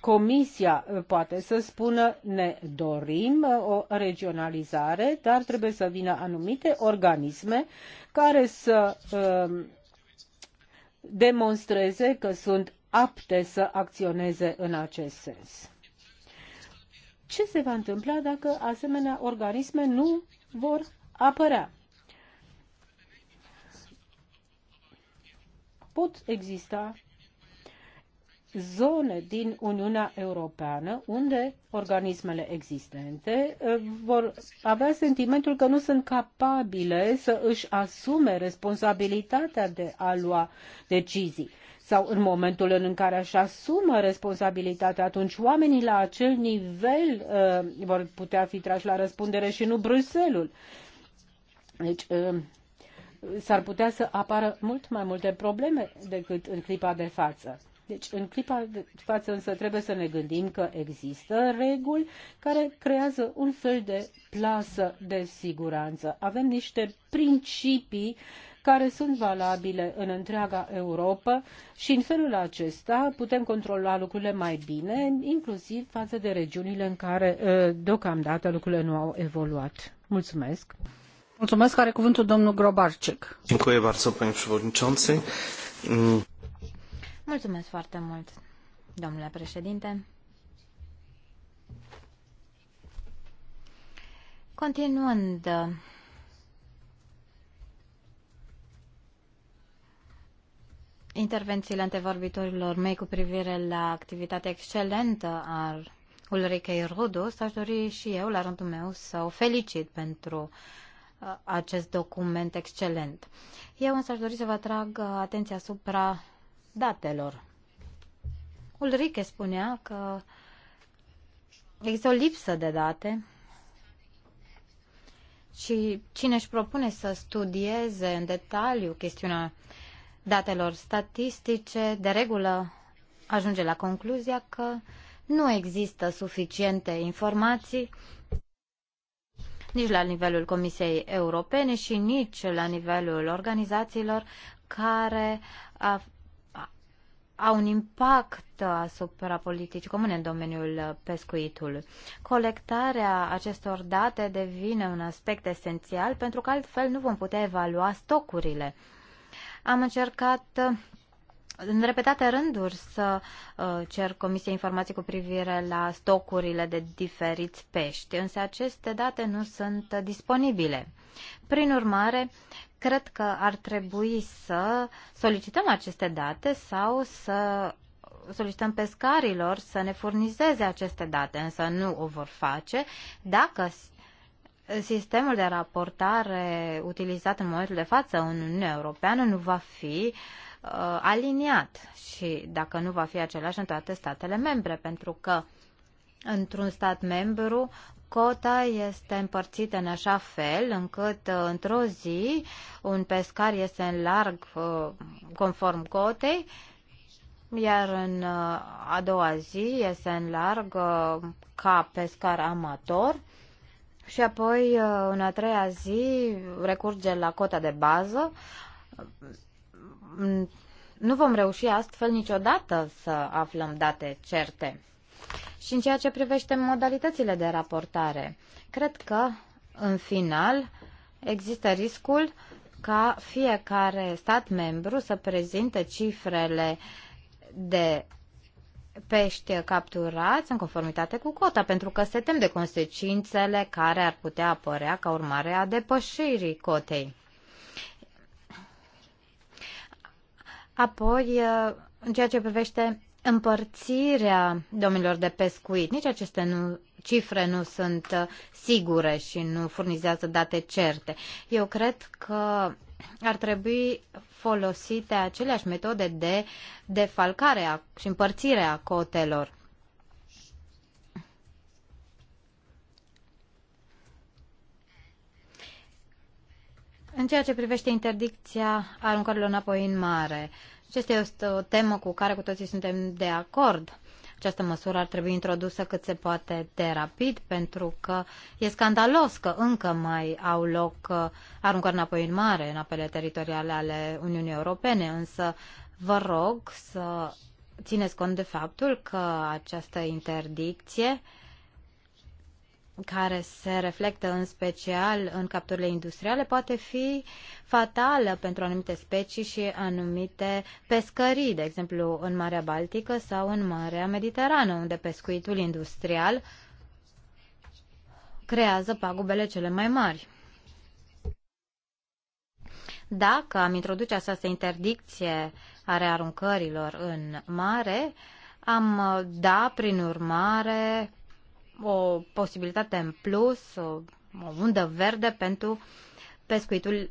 Comisia uh, poate să spună ne dorim o regionalizare, dar trebuie să vină anumite organisme care să demonstreze că sunt apte să acționeze în acest sens ce se va întâmpla dacă asemenea organisme nu vor apărea. Pot exista zone din Uniunea Europeană unde organismele existente eh, vor avea sentimentul că nu sunt capabile să își asume responsabilitatea de a lua decizii sau în momentul în care își asumă responsabilitatea, atunci oamenii la acel nivel uh, vor putea fi trași la răspundere și nu Bruselul. Deci, uh, s-ar putea să apară mult mai multe probleme decât în clipa de față. Deci, în clipa de față însă trebuie să ne gândim că există reguli care creează un fel de plasă de siguranță. Avem niște principii care sunt valabile în întreaga Europa și în felul acesta putem controla lucrurile mai bine, inclusiv față de regiunile în care uh, deocamdată lucrurile nu au evoluat. Mulțumesc! Mulțumesc, are cuvântul domnul Grobarczyk. Dziękuję bardzo, panie przewodniczący. Mm. Mulțumesc foarte mult, domnule președinte. Continuând intervențiile antevorbitorilor mei cu privire la activitatea excelentă a Ulrichei Rudus, aș dori și eu, la rândul meu, să o felicit pentru uh, acest document excelent. Eu însă aș dori să vă atrag uh, atenția asupra datelor. Ulrike spunea că există o lipsă de date și cine își propune să studieze în detaliu chestiunea uh, datelor statistice, de regulă ajunge la concluzia că nu există suficiente informații nici la nivelul Comisiei Europene și nici la nivelul organizațiilor care a, a, au un impact asupra politicii comune în domeniul pescuitului. Colectarea acestor date devine un aspect esențial pentru că altfel nu vom putea evalua stocurile am încercat uh, în repetate rânduri să uh, cer Comisiei informații cu privire la stocurile de diferiți pești, însă aceste date nu sunt disponibile. Prin urmare, cred că ar trebui să solicităm aceste date sau să solicităm pescarilor să ne furnizeze aceste date, însă nu o vor face dacă sistemul de raportare utilizat în momentul de față în Uniunea Europeană nu va fi uh, aliniat și dacă nu va fi același în toate statele membre, pentru că într-un stat membru cota este împărțită în așa fel încât uh, într-o zi un pescar este în larg uh, conform cotei, iar în uh, a doua zi este în larg uh, ca pescar amator și apoi uh, în a treia zi recurge la cota de bază. Mm, nu vom reuși astfel niciodată să aflăm date certe. Și în ceea ce privește modalitățile de raportare, cred că, în final, există riscul ca fiecare stat membru să prezinte cifrele de pești capturați în conformitate cu cota, pentru că se tem de consecințele care ar putea apărea ca urmare a depășirii cotei. Apoi, în ceea ce privește împărțirea domnilor de pescuit, nici aceste nu, cifre nu sunt uh, sigure și nu furnizează date certe. Eu cred că ar trebui folosite aceleași metode de defalcare și împărțire a cotelor. În ceea ce privește interdicția aruncărilor înapoi în mare, acesta este o temă cu care cu toții suntem de acord. Această măsură ar trebui introdusă cât se poate de rapid, pentru că e scandalos că încă mai au loc uh, aruncări înapoi în mare în apele teritoriale ale Uniunii Europene, însă vă rog să țineți cont de faptul că această interdicție care se reflectă în special în capturile industriale, poate fi fatală pentru anumite specii și anumite pescării, de exemplu în Marea Baltică sau în Marea Mediterană, unde pescuitul industrial creează pagubele cele mai mari. Dacă am introduce această interdicție a rearuncărilor în mare, am da, prin urmare, o posibilitate în plus, o, o undă verde pentru pescuitul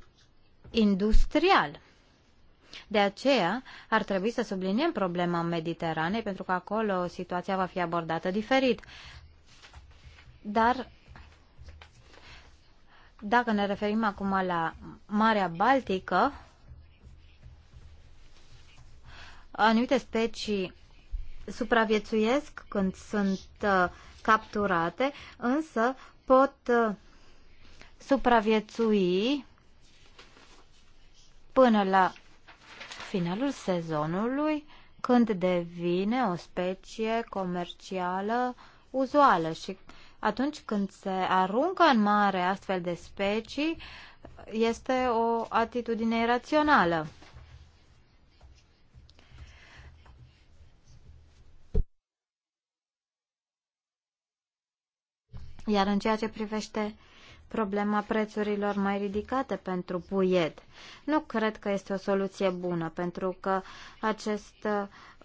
industrial. De aceea ar trebui să subliniem problema Mediteranei, pentru că acolo situația va fi abordată diferit. Dar dacă ne referim acum la Marea Baltică, anumite specii supraviețuiesc când sunt uh, capturate, însă pot uh, supraviețui până la finalul sezonului, când devine o specie comercială uzuală și atunci când se aruncă în mare astfel de specii, este o atitudine irațională. Iar în ceea ce privește problema prețurilor mai ridicate pentru puiet, nu cred că este o soluție bună, pentru că acest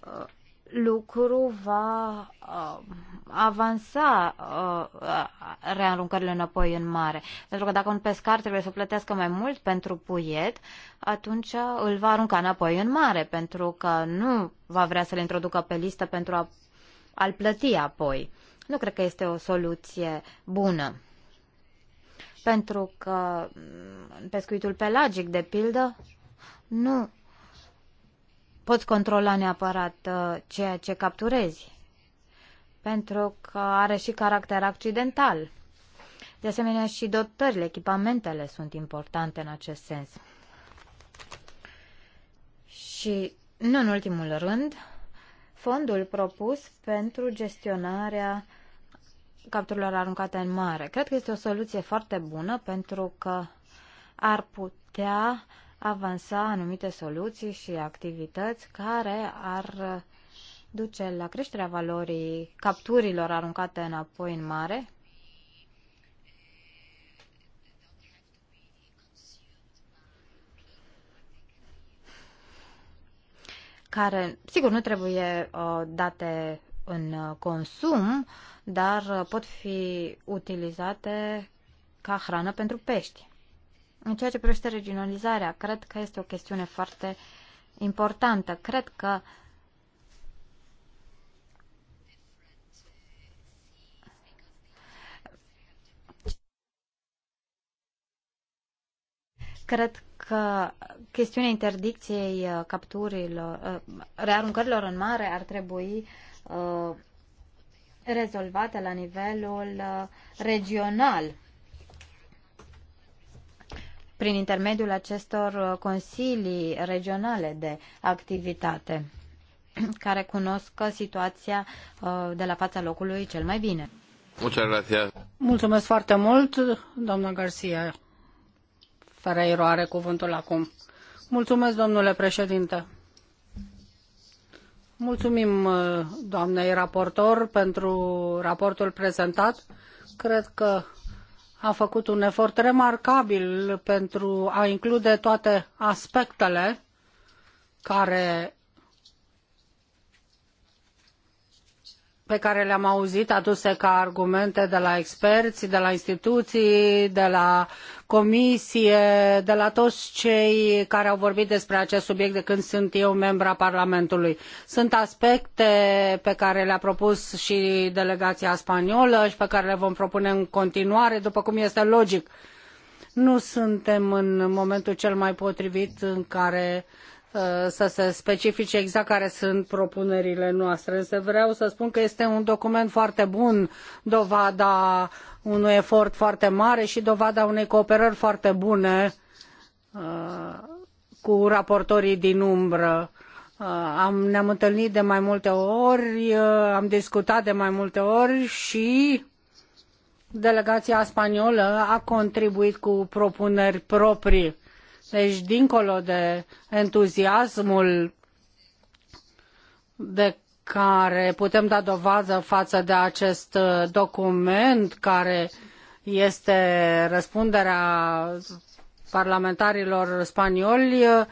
uh, lucru va uh, avansa uh, rearuncările înapoi în mare. Pentru că dacă un pescar trebuie să plătească mai mult pentru puiet, atunci îl va arunca înapoi în mare, pentru că nu va vrea să-l introducă pe listă pentru a, a-l plăti apoi nu cred că este o soluție bună. Pentru că mm, pescuitul pelagic, de pildă, nu poți controla neapărat uh, ceea ce capturezi, pentru că are și caracter accidental. De asemenea, și dotările, echipamentele sunt importante în acest sens. Și, nu în ultimul rând, fondul propus pentru gestionarea capturilor aruncate în mare. Cred că este o soluție foarte bună pentru că ar putea avansa anumite soluții și activități care ar duce la creșterea valorii capturilor aruncate înapoi în mare care, sigur, nu trebuie uh, date în uh, consum, dar uh, pot fi utilizate ca hrană pentru pești. În ceea ce privește regionalizarea, cred că este o chestiune foarte importantă. Cred că cred că chestiunea interdicției uh, capturilor, uh, rearuncărilor în mare ar trebui uh, rezolvată la nivelul regional prin intermediul acestor consilii regionale de activitate care cunosc situația de la fața locului cel mai bine. Mulțumesc foarte mult, doamna Garcia. Ferreiro eroare cuvântul acum. Mulțumesc, domnule președinte. Mulțumim uh, doamnei raportor pentru raportul prezentat. Cred că a făcut un efort remarcabil pentru a include toate aspectele care pe care le-am auzit aduse ca argumente de la experți, de la instituții, de la comisie, de la toți cei care au vorbit despre acest subiect de când sunt eu membra Parlamentului. Sunt aspecte pe care le-a propus și delegația spaniolă și pe care le vom propune în continuare, după cum este logic. Nu suntem în momentul cel mai potrivit în care Uh, să se specifice exact care sunt propunerile noastre. Însă vreau să spun că este un document foarte bun, dovada unui efort foarte mare și dovada unei cooperări foarte bune uh, cu raportorii din umbră. Uh, am, ne-am întâlnit de mai multe ori, am discutat de mai multe ori și delegația spaniolă a contribuit cu propuneri proprii deci, dincolo de entuziasmul de care putem da dovadă față de acest uh, document, care este răspunderea parlamentarilor spanioli, uh,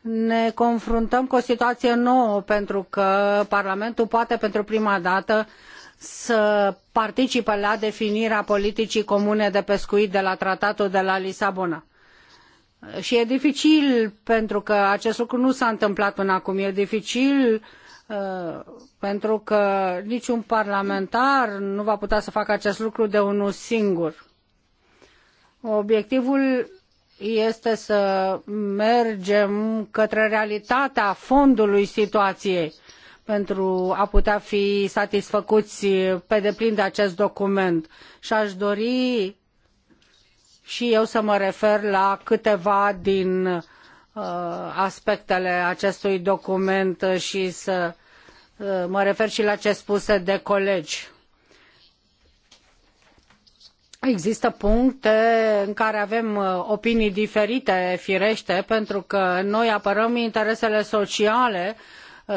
ne confruntăm cu o situație nouă, pentru că Parlamentul poate pentru prima dată să participe la definirea politicii comune de pescuit de la Tratatul de la Lisabona și e dificil pentru că acest lucru nu s-a întâmplat până acum. E dificil uh, pentru că niciun parlamentar nu va putea să facă acest lucru de unul singur. Obiectivul este să mergem către realitatea fondului situației pentru a putea fi satisfăcuți pe deplin de acest document. Și aș dori și eu să mă refer la câteva din uh, aspectele acestui document și să uh, mă refer și la ce spuse de colegi. Există puncte în care avem uh, opinii diferite, firește, pentru că noi apărăm interesele sociale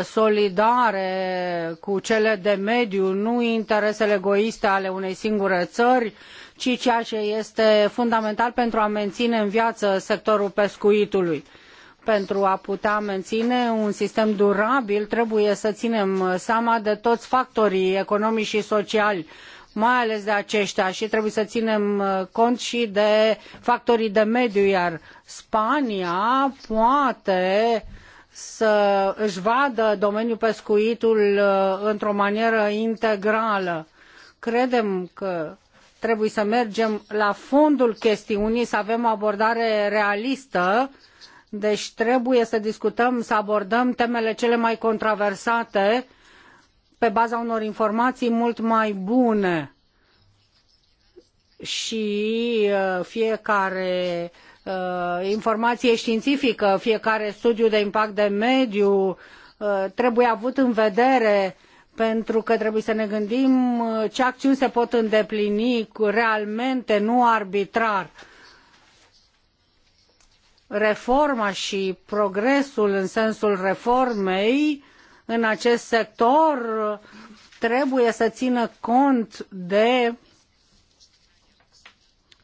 solidare cu cele de mediu, nu interesele egoiste ale unei singure țări, ci ceea ce este fundamental pentru a menține în viață sectorul pescuitului. Pentru a putea menține un sistem durabil, trebuie să ținem seama de toți factorii economici și sociali mai ales de acetia și trebuie să ținem uh, cont și de factorii de mediu, iar Spania poate să îi vadă domeniul pescuitul uh, într-o manieră integrală. Credem că trebuie să mergem la fondul chestiunii, să avem o abordare realistă, deci trebuie să discutăm, să abordăm temele cele mai controversate pe baza unor informații mult mai bune și uh, fiecare uh, informație științifică, fiecare studiu de impact de mediu uh, trebuie avut în vedere uh, pentru că trebuie să ne gândim uh, ce acțiuni se pot îndeplini cu realmente, nu arbitrar. Reforma și progresul în sensul reformei în acest sector uh, trebuie să țină cont de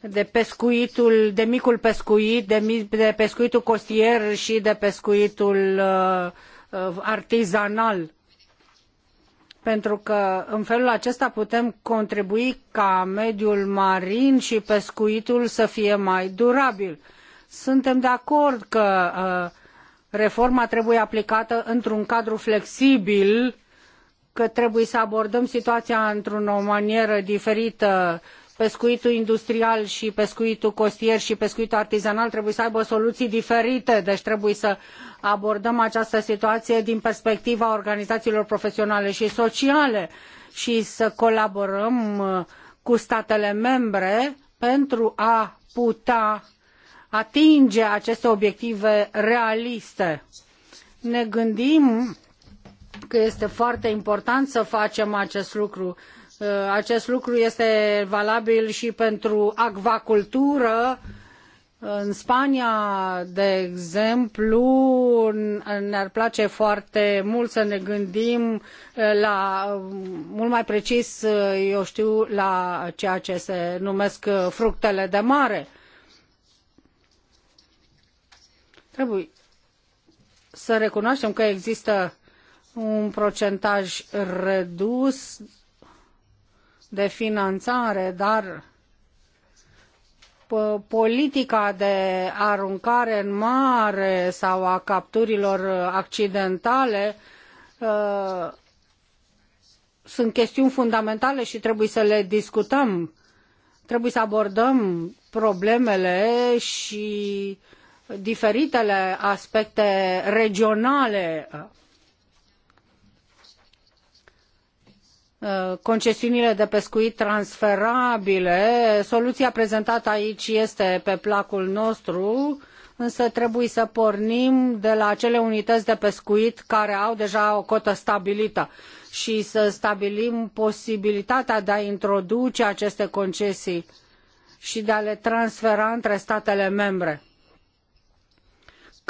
de pescuitul, de micul pescuit, de, de pescuitul costier și de pescuitul uh, uh artizanal pentru că în felul acesta putem contribui ca mediul marin și pescuitul să fie mai durabil. Suntem de acord că uh, reforma trebuie aplicată într-un cadru flexibil, că trebuie să abordăm situația într-o manieră diferită pescuitul industrial și pescuitul costier și pescuitul artizanal trebuie să aibă soluții diferite, deci trebuie să abordăm această situație din perspectiva organizațiilor profesionale și sociale și să colaborăm uh, cu statele membre pentru a putea atinge aceste obiective realiste. Ne gândim că este foarte important să facem acest lucru Uh, acest lucru este valabil și pentru acvacultură. În Spania, de exemplu, ne-ar place foarte mult să ne gândim uh, la, uh, mult mai precis, eu știu, la ceea ce se numesc fructele de mare. Trebuie să recunoaștem că există un procentaj redus de finanțare, dar politica de aruncare în mare sau a capturilor accidentale ă, sunt chestiuni fundamentale și trebuie să le discutăm. Trebuie să abordăm problemele și diferitele aspecte regionale Uh, concesiunile de pescuit transferabile. Soluția prezentată aici este pe placul nostru, însă trebuie să pornim de la acele unități de pescuit care au deja o cotă stabilită și să stabilim posibilitatea de a introduce aceste concesii și de a le transfera între statele membre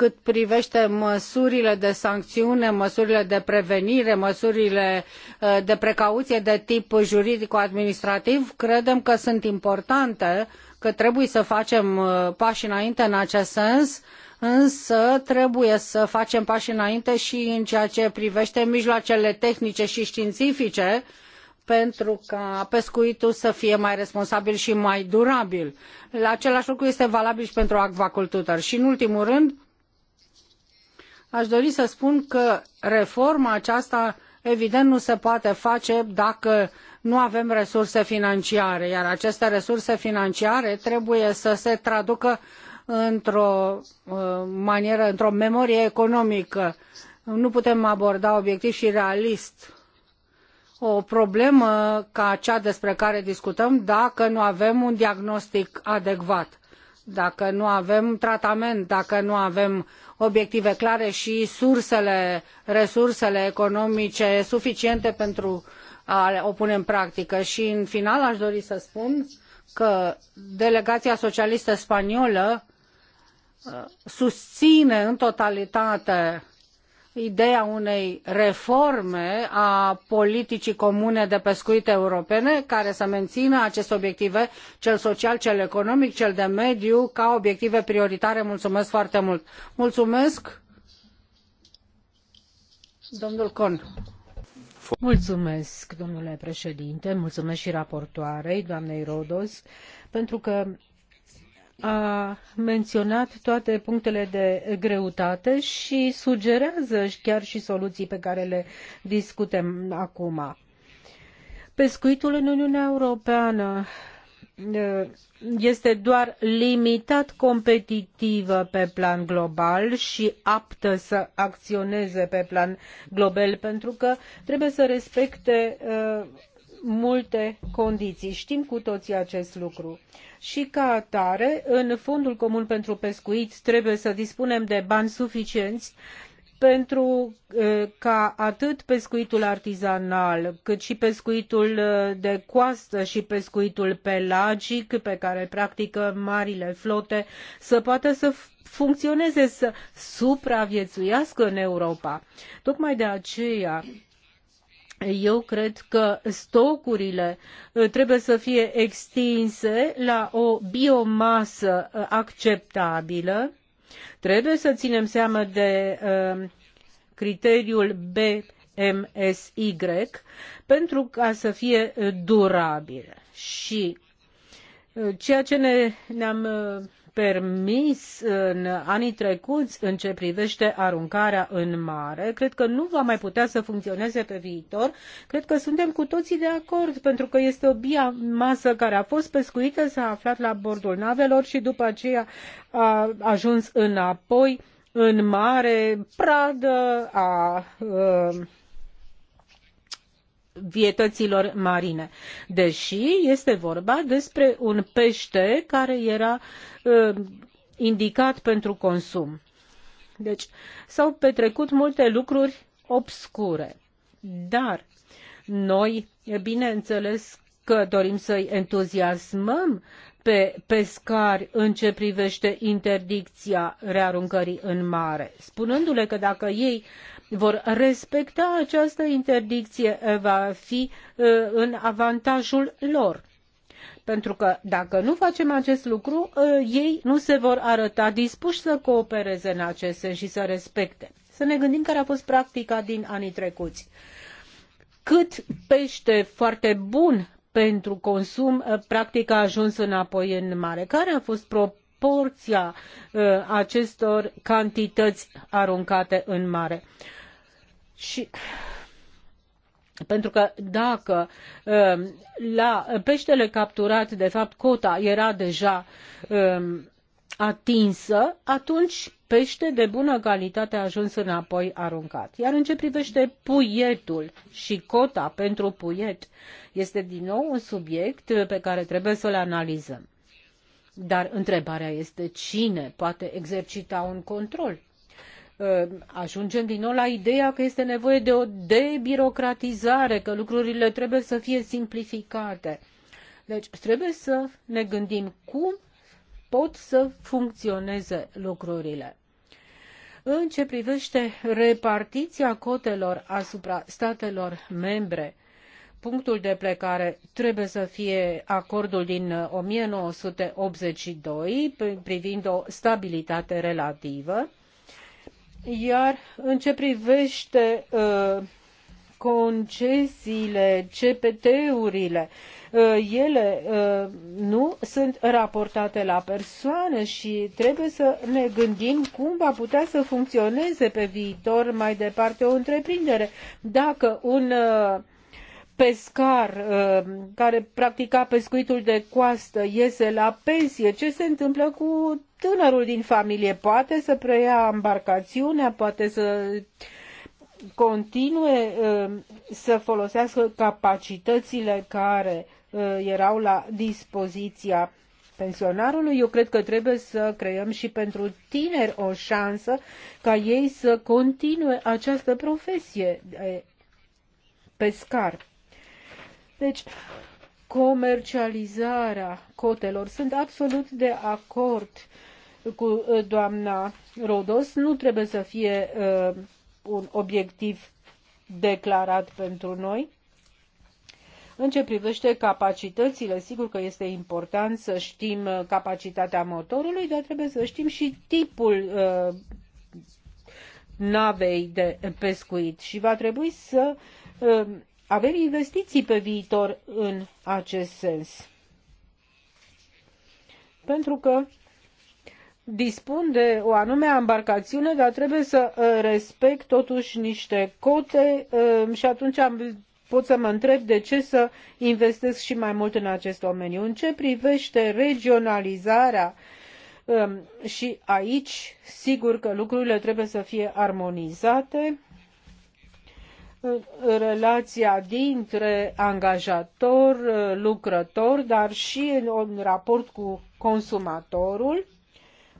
cât privește măsurile de sancțiune, măsurile de prevenire, măsurile uh, de precauție de tip juridico-administrativ, credem că sunt importante, că trebuie să facem uh, pași înainte în acest sens, însă trebuie să facem pași înainte și în ceea ce privește mijloacele tehnice și științifice pentru ca pescuitul să fie mai responsabil și mai durabil. La același lucru este valabil și pentru acvacultură. Și în ultimul rând, Aș dori să spun că reforma aceasta evident nu se poate face dacă nu avem resurse financiare, iar aceste resurse financiare trebuie să se traducă într-o uh, manieră, într-o memorie economică. Nu putem aborda obiectiv și realist o problemă ca cea despre care discutăm dacă nu avem un diagnostic adecvat, dacă nu avem tratament, dacă nu avem obiective clare și sursele, resursele economice suficiente pentru a o pune în practică. Și în final aș dori să spun că delegația socialistă spaniolă uh, susține în totalitate ideea unei reforme a politicii comune de pescuit europene care să mențină aceste obiective, cel social, cel economic, cel de mediu, ca obiective prioritare. Mulțumesc foarte mult! Mulțumesc! Domnul Con. Mulțumesc, domnule președinte, mulțumesc și raportoarei, doamnei Rodos, pentru că a menționat toate punctele de greutate și sugerează chiar și soluții pe care le discutăm acum. Pescuitul în Uniunea Europeană este doar limitat competitivă pe plan global și aptă să acționeze pe plan global pentru că trebuie să respecte multe condiții. Știm cu toții acest lucru. Și ca atare, în Fondul Comun pentru Pescuit trebuie să dispunem de bani suficienți pentru uh, ca atât pescuitul artizanal, cât și pescuitul uh, de coastă și pescuitul pelagic pe care îl practică marile flote să poată să funcționeze, să supraviețuiască în Europa. Tocmai de aceea eu cred că stocurile uh, trebuie să fie extinse la o biomasă uh, acceptabilă. Trebuie să ținem seama de uh, criteriul BMSY pentru ca să fie durabile. Și ceea ce ne, ne-am permis în anii trecuți în ce privește aruncarea în mare, cred că nu va mai putea să funcționeze pe viitor. Cred că suntem cu toții de acord, pentru că este o biomasă care a fost pescuită, s-a aflat la bordul navelor și după aceea a ajuns înapoi în mare pradă a a uh, vietăților marine, deși este vorba despre un pește care era uh, indicat pentru consum. Deci s-au petrecut multe lucruri obscure, dar noi, bineînțeles că dorim să-i entuziasmăm pe pescari în ce privește interdicția rearuncării în mare, spunându-le că dacă ei vor respecta această interdicție, va fi în avantajul lor. Pentru că dacă nu facem acest lucru, ei nu se vor arăta dispuși să coopereze în acest sens și să respecte. Să ne gândim care a fost practica din anii trecuți. Cât pește foarte bun pentru consum practic a ajuns înapoi în mare. Care a fost propunerea? porția uh, acestor cantități aruncate în mare. Și pentru că dacă uh, la peștele capturat, de fapt, cota era deja um, atinsă, atunci pește de bună calitate a ajuns înapoi aruncat. Iar în ce privește puietul și cota pentru puiet, este din nou un subiect pe care trebuie să-l analizăm. Dar întrebarea este cine poate exercita un control. Ă, ajungem din nou la ideea că este nevoie de o debirocratizare, că lucrurile trebuie să fie simplificate. Deci trebuie să ne gândim cum pot să funcționeze lucrurile. În ce privește repartiția cotelor asupra statelor membre, punctul de plecare trebuie să fie acordul din 1982 uh, privind o stabilitate relativă, iar în ce privește uh, concesiile, CPT-urile, uh, ele nu sunt raportate la persoane și trebuie să ne gândim cum va putea să funcționeze pe viitor mai departe o întreprindere. Dacă un uh, pescar uh, care practica pescuitul de coastă iese la pensie, ce se întâmplă cu tânărul din familie? Poate să preia embarcațiunea, poate să continue uh, să folosească capacitățile care uh, erau la dispoziția pensionarului. Eu cred că trebuie să creăm și pentru tineri o șansă ca ei să continue această profesie pescar. Deci, comercializarea cotelor. Sunt absolut de acord cu uh, doamna Rodos. Nu trebuie să fie uh, un obiectiv declarat pentru noi. În ce privește capacitățile, sigur că este important să știm uh, capacitatea motorului, dar trebuie să știm și tipul uh, navei de pescuit și va trebui să uh, avem investiții pe viitor în acest sens. Pentru că dispun de o anume embarcațiune, dar trebuie să uh, respect totuși niște cote um, și atunci am, pot să mă întreb de ce să investesc și mai mult în acest domeniu. În ce privește regionalizarea um, și aici, sigur că lucrurile trebuie să fie armonizate relația dintre angajator, lucrător, dar și în raport cu consumatorul.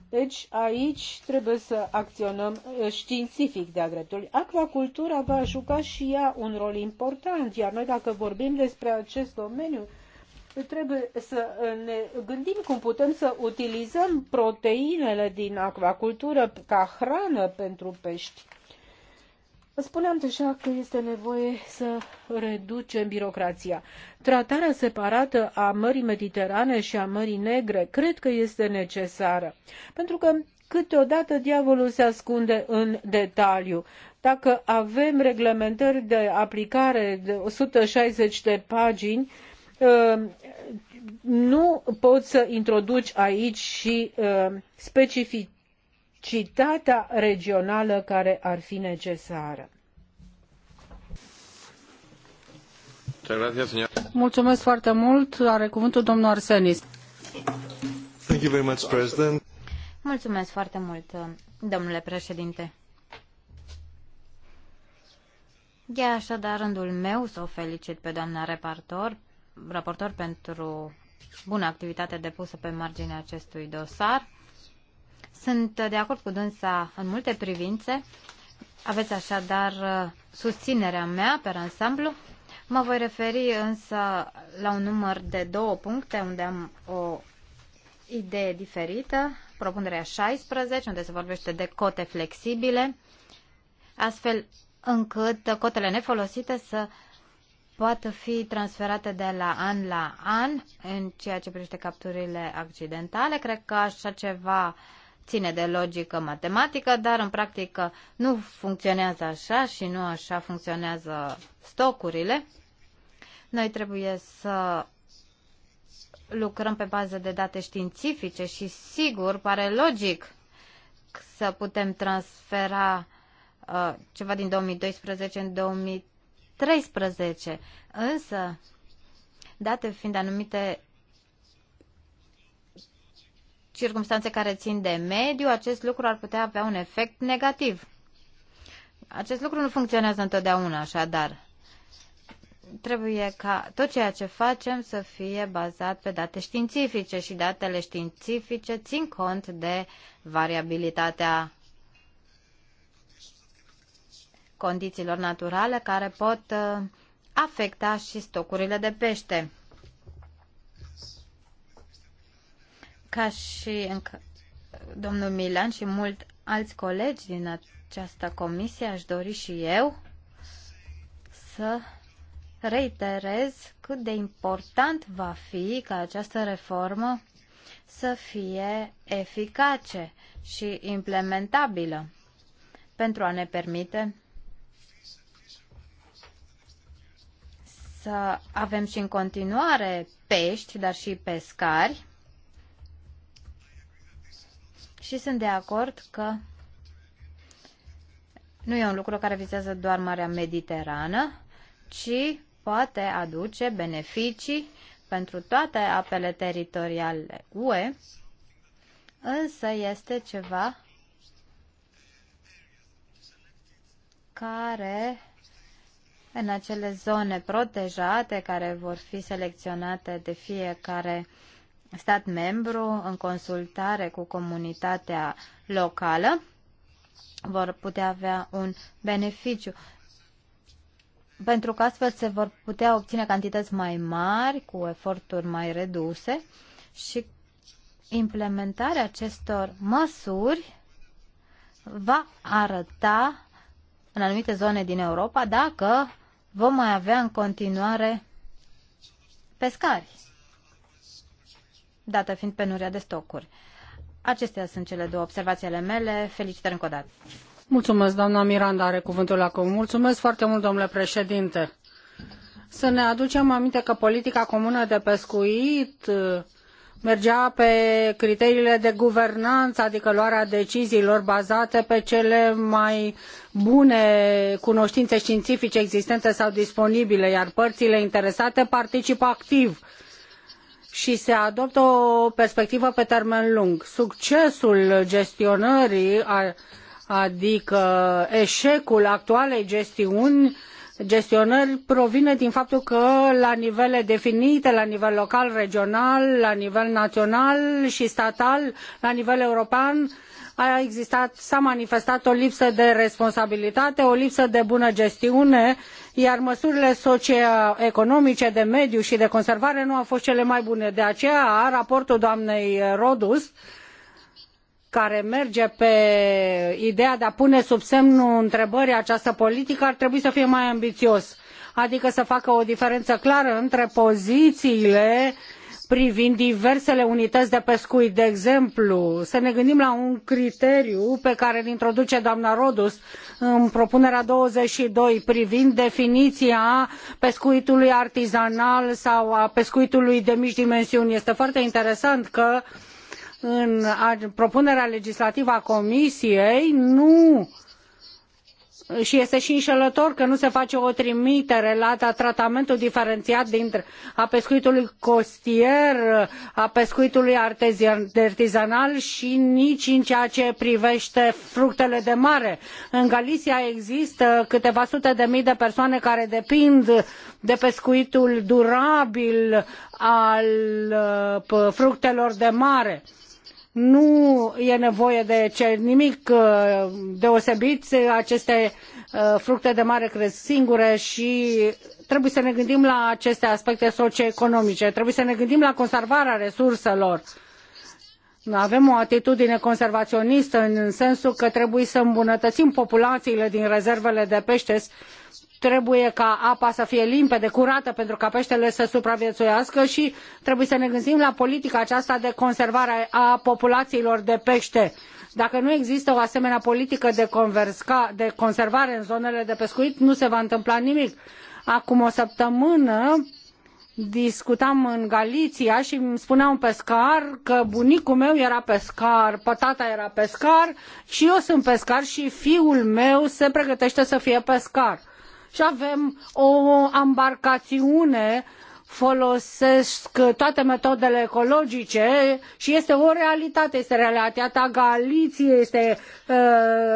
Deci aici trebuie să acționăm eh, științific de-a dreptul. Acvacultura va juca și ea un rol important, iar noi dacă vorbim despre acest domeniu, trebuie să eh, ne gândim cum putem să utilizăm proteinele din acvacultură ca hrană pentru pești. Spuneam deja că este nevoie să reducem birocrația. Tratarea separată a Mării Mediterane și a Mării Negre cred că este necesară, pentru că câteodată diavolul se ascunde în detaliu. Dacă avem reglementări de aplicare de 160 de pagini, uh, nu poți să introduci aici și uh, specific Citata regională care ar fi necesară. Mulțumesc foarte mult. Are cuvântul domnul Arsenis. Thank you very much, President. Mulțumesc foarte mult, domnule președinte. E așadar rândul meu să o felicit pe doamna reportor, raportor pentru bună activitate depusă pe marginea acestui dosar. Sunt de acord cu dânsa în multe privințe. Aveți așadar uh, susținerea mea pe ansamblu. Mă voi referi însă la un număr de două puncte unde am o idee diferită. Propunerea 16, unde se vorbește de cote flexibile, astfel încât cotele nefolosite să poată fi transferate de la an la an în ceea ce privește capturile accidentale. Cred că așa ceva uh, ține de logică matematică, dar în practică nu funcționează așa și nu așa funcționează stocurile. Noi trebuie să lucrăm pe bază de date științifice și sigur pare logic să putem transfera uh, ceva din 2012 în 2013. Însă, date fiind anumite circunstanțe care țin de mediu, acest lucru ar putea avea un efect negativ. Acest lucru nu funcționează întotdeauna, așadar. Trebuie ca tot ceea ce facem să fie bazat pe date științifice și datele științifice țin cont de variabilitatea condițiilor naturale care pot uh, afecta și stocurile de pește. ca și în domnul Milan și mult alți colegi din această comisie, aș dori și eu să reiterez cât de important va fi ca această reformă să fie eficace și implementabilă pentru a ne permite să avem și în continuare pești, dar și pescari și sunt de acord că nu e un lucru care vizează doar Marea Mediterană, ci poate aduce beneficii pentru toate apele teritoriale UE, însă este ceva care în acele zone protejate care vor fi selecționate de fiecare uh, stat membru, în consultare cu comunitatea locală, vor putea avea un beneficiu. Pentru că astfel se vor putea obține cantități mai mari, cu eforturi mai reduse și implementarea acestor măsuri va arăta în anumite zone din Europa dacă vom mai avea în continuare pescari dată fiind penuria de stocuri. Acestea sunt cele două observații ale mele. Felicitări încă o dată. Mulțumesc, doamna Miranda are cuvântul acum. Mulțumesc foarte mult, domnule președinte. Să ne aducem aminte că politica comună de pescuit uh, mergea pe criteriile de guvernanță, adică luarea deciziilor bazate pe cele mai bune cunoștințe științifice existente sau disponibile, iar părțile interesate participă activ și se adoptă o perspectivă pe termen lung. Succesul gestionării, adică eșecul actualei gestiuni, gestionări provine din faptul că la nivele definite, la nivel local, regional, la nivel național și statal, la nivel european, a existat, s-a manifestat o lipsă de responsabilitate, o lipsă de bună gestiune, iar măsurile socioeconomice de mediu și de conservare nu au fost cele mai bune. De aceea, raportul doamnei Rodust care merge pe ideea de a pune sub semnul întrebării această politică ar trebui să fie mai ambiios adică să facă o diferență clară între pozițiile privind diversele unități de pescuit. De exemplu, să ne gândim la un criteriu pe care îl introduce doamna Rodus în propunerea 22 privind definiția pescuitului artizanal sau a pescuitului de mici dimensiuni. Este foarte interesant că în propunerea legislativă a Comisiei nu uh, și este și înșelător că nu se face o trimitere la tratamentul diferențiat dintre a pescuitului costier, a pescuitului artizanal și nici în ceea ce privește fructele de mare. În Galicia există câteva sute de mii de persoane care depind de pescuitul durabil al uh, fructelor de mare nu e nevoie de nimic uh, deosebit, aceste uh, fructe de mare cresc singure și trebuie să ne gândim la aceste aspecte socioeconomice, trebuie să ne gândim la conservarea resurselor. Avem o atitudine conservaționistă în sensul că trebuie să îmbunătățim populațiile din rezervele de pește trebuie ca apa să fie limpede, curată pentru ca peștele să supraviețuiască și trebuie să ne gândim la politica aceasta de conservare a populațiilor de pește. Dacă nu există o asemenea politică de, de conservare în zonele de pescuit, nu se va întâmpla nimic. Acum o săptămână discutam în Galiția și îmi spunea un pescar că bunicul meu era pescar, patata era pescar și eu sunt pescar și fiul meu se pregătește să fie pescar și avem o embarcațiune folosesc toate metodele ecologice și este o realitate. Este realitatea Galiției, este uh,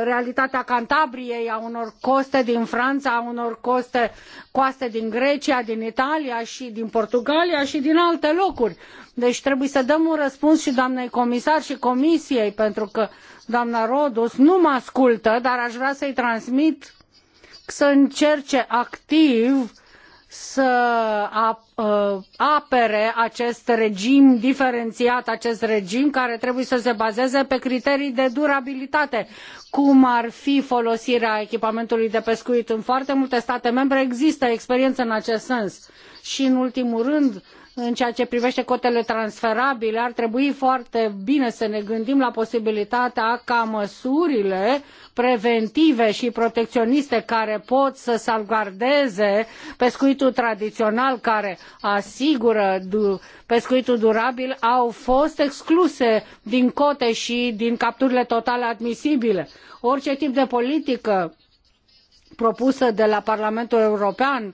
realitatea Cantabriei, a unor coste din Franța, a unor coste, coaste din Grecia, din Italia și din Portugalia și din alte locuri. Deci trebuie să dăm un răspuns și doamnei comisar și comisiei, pentru că doamna Rodus nu mă ascultă, dar aș vrea să-i transmit să încerce activ să uh, apere acest regim diferențiat, acest regim care trebuie să se bazeze pe criterii de durabilitate, cum ar fi folosirea echipamentului de pescuit. În foarte multe state membre există experiență în acest sens. Și în ultimul rând, în ceea ce privește cotele transferabile, ar trebui foarte bine să ne gândim la posibilitatea ca măsurile preventive și protecționiste care pot să salvgardeze pescuitul tradițional, care asigură pescuitul durabil, au fost excluse din cote și din capturile totale admisibile. Orice tip de politică propusă de la Parlamentul European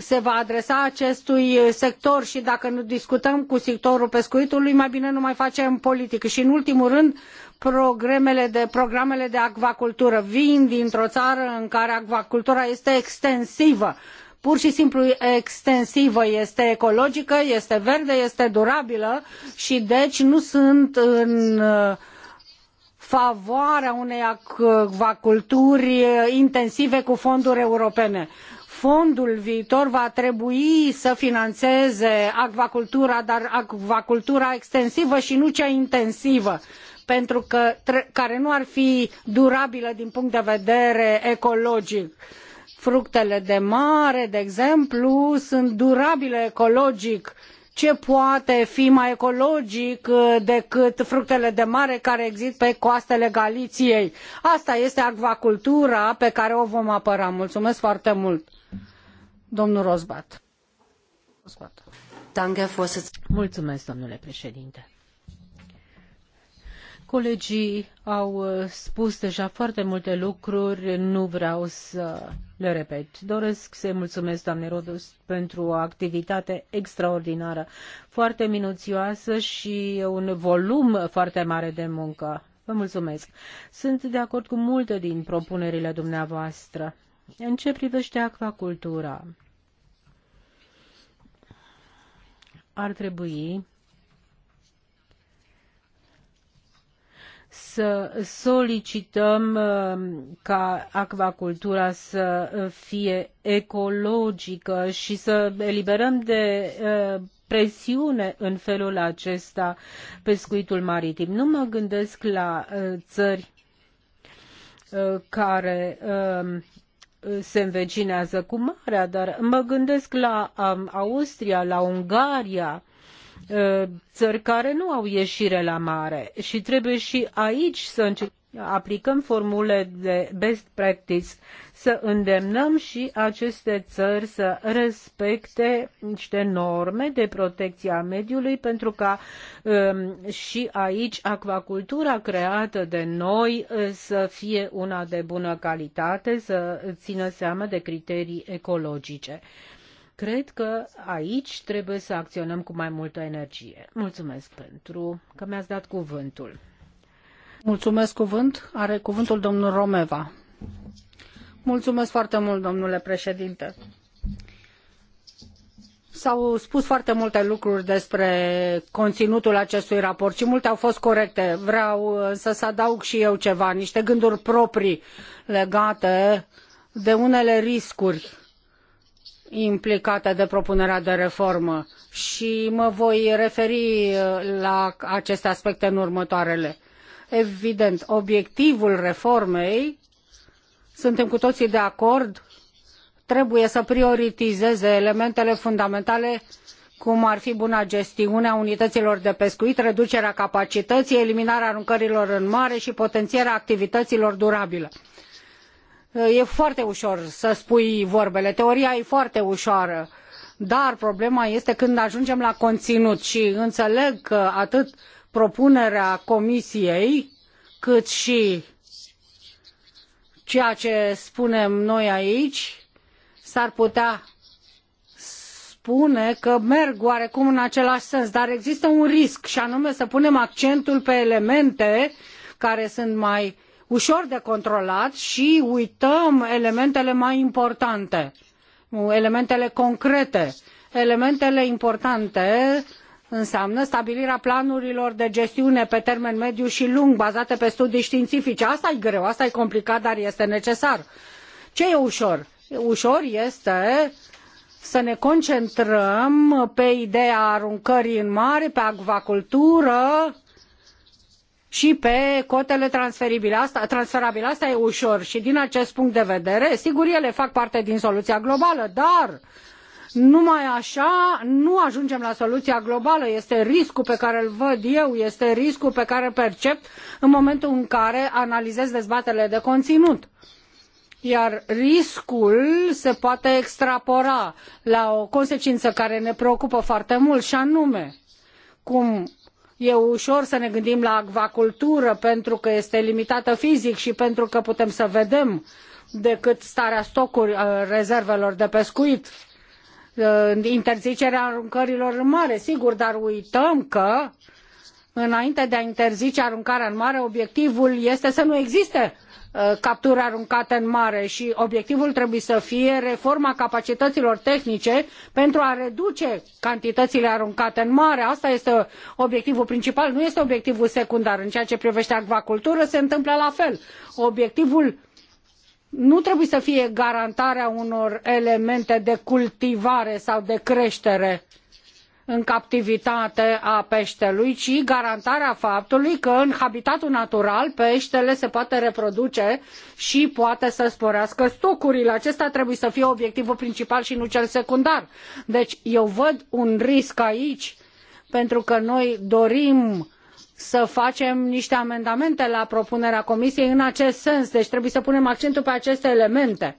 se va adresa acestui sector și dacă nu discutăm cu sectorul pescuitului, mai bine nu mai facem politică. Și în ultimul rând, programele de, programele de acvacultură. Vin dintr-o țară în care acvacultura este extensivă, pur și simplu extensivă, este ecologică, este verde, este durabilă și deci nu sunt în uh, favoarea unei acvaculturi uh, intensive cu fonduri europene fondul viitor va trebui să financeze acvacultura, dar acvacultura extensivă și nu cea intensivă, pentru că, care nu ar fi durabilă din punct de vedere ecologic. Fructele de mare, de exemplu, sunt durabile ecologic ce poate fi mai ecologic uh, decât fructele de mare care există pe coastele Galiției. Asta este acvacultura pe care o vom apăra. Mulțumesc foarte mult! Domnul Rosbat. Mulțumesc, domnule președinte. Colegii au uh, spus deja foarte multe lucruri, nu vreau să le repet. Doresc să-i mulțumesc doamnei Rodus pentru o activitate extraordinară, foarte minuțioasă și un volum foarte mare de muncă. Vă mulțumesc. Sunt de acord cu multe din propunerile dumneavoastră. În ce privește acvacultura, ar trebui să solicităm uh, ca acvacultura să fie ecologică și să eliberăm de uh, presiune în felul acesta pescuitul maritim. Nu mă gândesc la uh, țări care se învecinează cu marea, dar mă gândesc la um, Austria, la Ungaria, uh, țări care nu au ieșire la mare și trebuie și aici să încep aplicăm formule de best practice, să îndemnăm și aceste țări să respecte niște norme de protecție a mediului, pentru ca um, și aici acvacultura creată de noi uh, să fie una de bună calitate, să țină seama de criterii ecologice. Cred că aici trebuie să acționăm cu mai multă energie. Mulțumesc pentru că mi-ați dat cuvântul. Mulțumesc cuvânt. Are cuvântul domnul Romeva. Mulțumesc foarte mult, domnule președinte. S-au spus foarte multe lucruri despre conținutul acestui raport și multe au fost corecte. Vreau însă să adaug și eu ceva, niște gânduri proprii legate de unele riscuri implicate de propunerea de reformă și mă voi referi la aceste aspecte în următoarele evident, obiectivul reformei, suntem cu toții de acord, trebuie să prioritizeze elementele fundamentale cum ar fi buna gestiune a unităților de pescuit, reducerea capacității, eliminarea aruncărilor în mare și potențierea activităților durabile. E foarte ușor să spui vorbele, teoria e foarte ușoară, dar problema este când ajungem la conținut și înțeleg că atât propunerea Comisiei, cât și ceea ce spunem noi aici, s-ar putea spune că merg oarecum în același sens, dar există un risc și anume să punem accentul pe elemente care sunt mai ușor de controlat și uităm elementele mai importante, elementele concrete. Elementele importante înseamnă stabilirea planurilor de gestiune pe termen mediu și lung bazate pe studii științifice. Asta e greu, asta e complicat, dar este necesar. Ce e ușor? Ușor este să ne concentrăm pe ideea aruncării în mare, pe acvacultură și pe cotele transferibile. Asta, transferabile. Asta e ușor și din acest punct de vedere, sigur, ele fac parte din soluția globală, dar uh, numai așa nu ajungem la soluția globală. Este riscul pe care îl văd eu, este riscul pe care îl percep în momentul în care analizez dezbaterile de conținut iar riscul se poate extrapora la o consecință care ne preocupă foarte mult și anume cum e ușor să ne gândim la acvacultură pentru că este limitată fizic și pentru că putem să vedem decât starea stocuri uh, rezervelor de pescuit interzicerea aruncărilor în mare, sigur, dar uităm că înainte de a interzice aruncarea în mare, obiectivul este să nu existe ă, capturi aruncate în mare și obiectivul trebuie să fie reforma capacităților tehnice pentru a reduce cantitățile aruncate în mare. Asta este obiectivul principal, nu este obiectivul secundar. În ceea ce privește acvacultură se întâmplă la fel. Obiectivul nu trebuie să fie garantarea unor elemente de cultivare sau de creștere în captivitate a peștelui, ci garantarea faptului că în habitatul natural peștele se poate reproduce și poate să sporească stocurile. Acesta trebuie să fie obiectivul principal și nu cel secundar. Deci eu văd un risc aici pentru că noi dorim să facem niște amendamente la propunerea comisiei în acest sens deci trebuie să punem accentul pe aceste elemente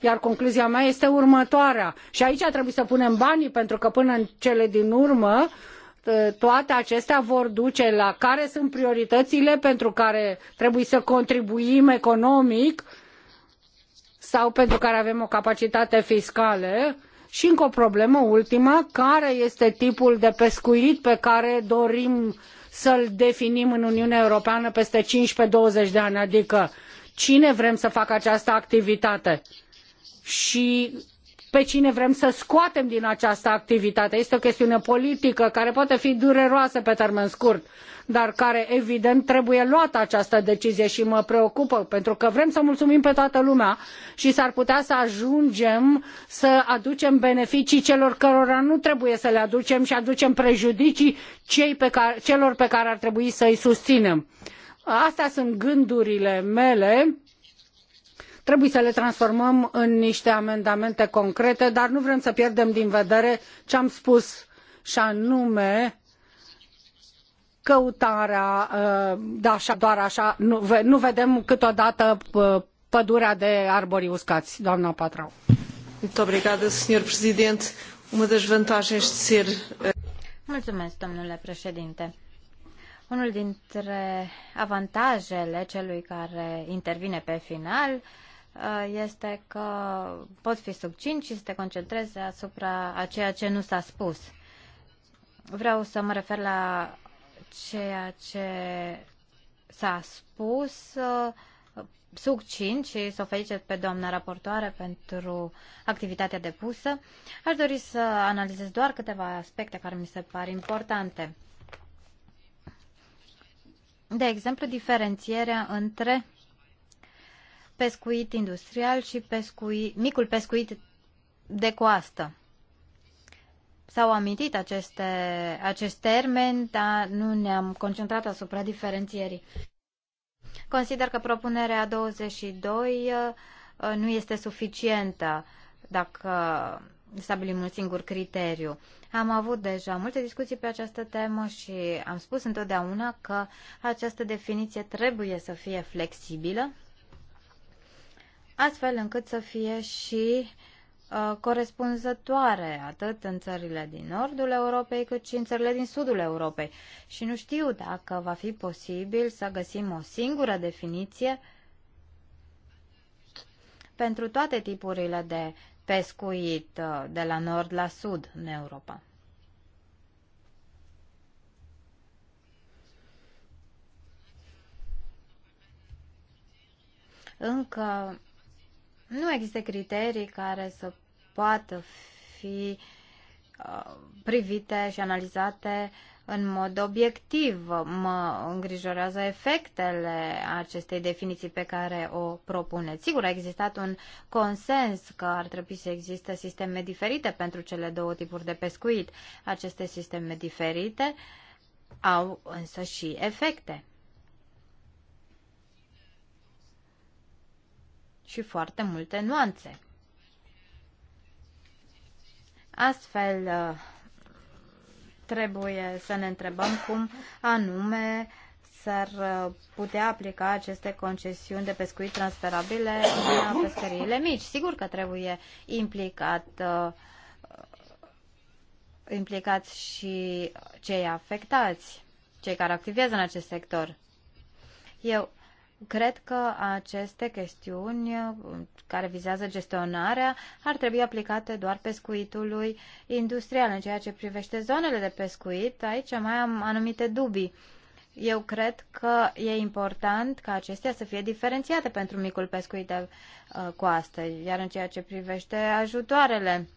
iar concluzia mea este următoarea și aici trebuie să punem banii pentru că până în cele din urmă ă, toate acestea vor duce la care sunt prioritățile pentru care trebuie să contribuim economic sau pentru care avem o capacitate fiscală și încă o problemă ultima, care este tipul de pescuit pe care dorim să-l definim în Uniunea Europeană peste 15-20 de ani, adică cine vrem să facă această activitate și pe cine vrem să scoatem din această activitate. Este o chestiune politică care poate fi dureroasă pe termen scurt, dar care evident trebuie luată această decizie și mă preocupă pentru că vrem să mulțumim pe toată lumea și s-ar putea să ajungem să aducem beneficii celor cărora nu trebuie să le aducem și aducem prejudicii pe care, celor pe care ar trebui să îi susținem. Astea sunt gândurile mele trebuie să le transformăm în niște amendamente concrete, dar nu vrem să pierdem din vedere ce am spus și anume căutarea, uh, da, doar așa, nu, nu vedem câteodată uh, pădurea de arbori uscați, doamna Patrau. Muito obrigada, Presidente. Uma das vantagens de ser... Uh, Mulțumesc, domnule președinte. Unul dintre avantajele celui care intervine pe final Uh, este că pot fi succint și să te concentreze asupra a ceea ce nu s-a spus. Vreau să mă refer la ceea ce s-a spus uh, succint și să o felicit pe doamna raportoare pentru activitatea depusă. Aș dori să analizez doar câteva aspecte care mi se par importante. De exemplu, diferențierea între pescuit industrial și pescuit, micul pescuit de coastă. S-au amintit aceste, acest termen, dar nu ne-am concentrat asupra diferențierii. Consider că propunerea 22 uh, nu este suficientă dacă stabilim un singur criteriu. Am avut deja multe discuții pe această temă și am spus întotdeauna că această definiție trebuie să fie flexibilă astfel încât să fie și uh, corespunzătoare atât în țările din nordul Europei cât și în țările din sudul Europei. Și nu știu dacă va fi posibil să găsim o singură definiție pentru toate tipurile de pescuit uh, de la nord la sud în Europa. Încă nu există criterii care să poată fi uh, privite și analizate în mod obiectiv. Mă îngrijorează efectele acestei definiții pe care o propune. Sigur, a existat un consens că ar trebui să existe sisteme diferite pentru cele două tipuri de pescuit. Aceste sisteme diferite au însă și efecte. și foarte multe nuanțe. Astfel, uh, trebuie să ne întrebăm cum anume s-ar uh, putea aplica aceste concesiuni de pescuit transferabile în pescăriile mici. Sigur că trebuie implicat uh, implicați și cei afectați, cei care activează în acest sector. Eu Cred că aceste chestiuni uh, care vizează gestionarea ar trebui aplicate doar pescuitului industrial. În ceea ce privește zonele de pescuit, aici mai am anumite dubii. Eu cred că e important ca acestea să fie diferențiate pentru micul pescuit de uh, coastă, iar în ceea ce privește ajutoarele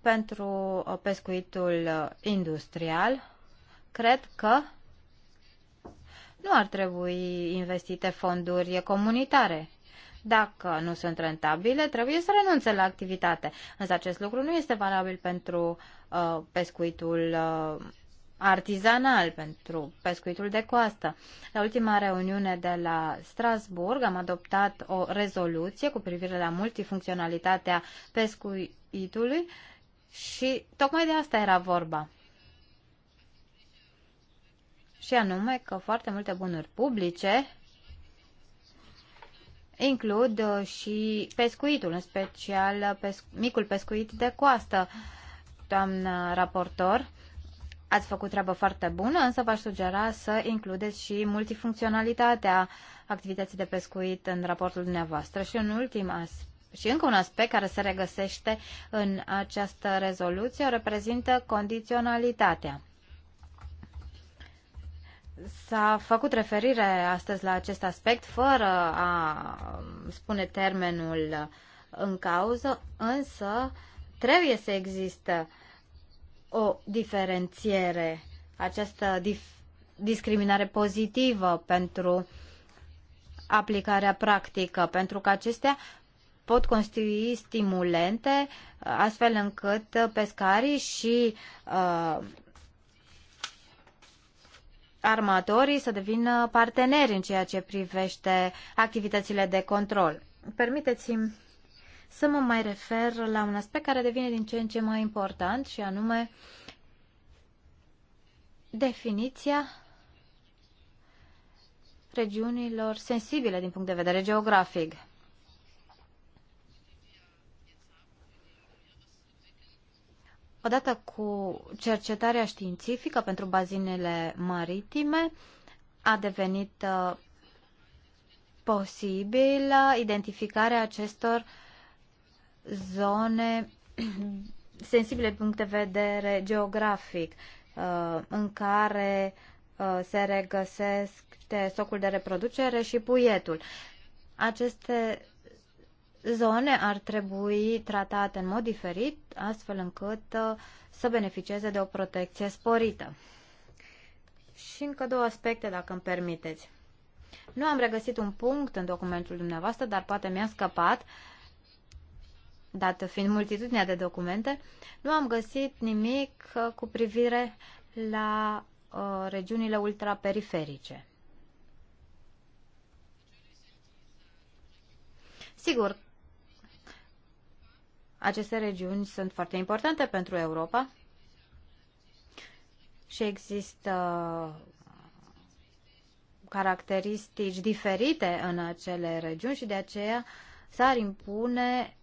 pentru uh, pescuitul industrial, cred că nu ar trebui investite fonduri comunitare. Dacă nu sunt rentabile, trebuie să renunțe la activitate. Însă acest lucru nu este valabil pentru uh, pescuitul uh, artizanal, pentru pescuitul de coastă. La ultima reuniune de la Strasburg am adoptat o rezoluție cu privire la multifuncționalitatea pescuitului și tocmai de asta era vorba și anume că foarte multe bunuri publice includ uh, și pescuitul, în special pesc micul pescuit de coastă. Doamnă raportor, ați făcut treabă foarte bună, însă v-aș sugera să includeți și multifuncționalitatea activității de pescuit în raportul dumneavoastră. Și un ultim aspect și încă un aspect care se regăsește în această rezoluție reprezintă condiționalitatea. S-a făcut referire astăzi la acest aspect fără a um, spune termenul în cauză, însă trebuie să există o diferențiere, această dif- discriminare pozitivă pentru aplicarea practică, pentru că acestea pot constitui stimulente uh, astfel încât pescarii și uh, armatorii să devină parteneri în ceea ce privește activitățile de control. Permiteți-mi să mă mai refer la un aspect care devine din ce în ce mai important și anume definiția regiunilor sensibile din punct de vedere geografic. odată cu cercetarea științifică pentru bazinele maritime, a devenit uh, posibilă identificarea acestor zone sensibile din punct de vedere geografic, uh, în care uh, se regăsesc socul de reproducere și puietul. Aceste zone ar trebui tratate în mod diferit, astfel încât uh, să beneficieze de o protecție sporită. Și încă două aspecte, dacă îmi permiteți. Nu am regăsit un punct în documentul dumneavoastră, dar poate mi-a scăpat, dată fiind multitudinea de documente, nu am găsit nimic uh, cu privire la uh, regiunile ultraperiferice. Sigur aceste regiuni sunt foarte importante pentru Europa și există caracteristici diferite în acele regiuni și de aceea s-ar impune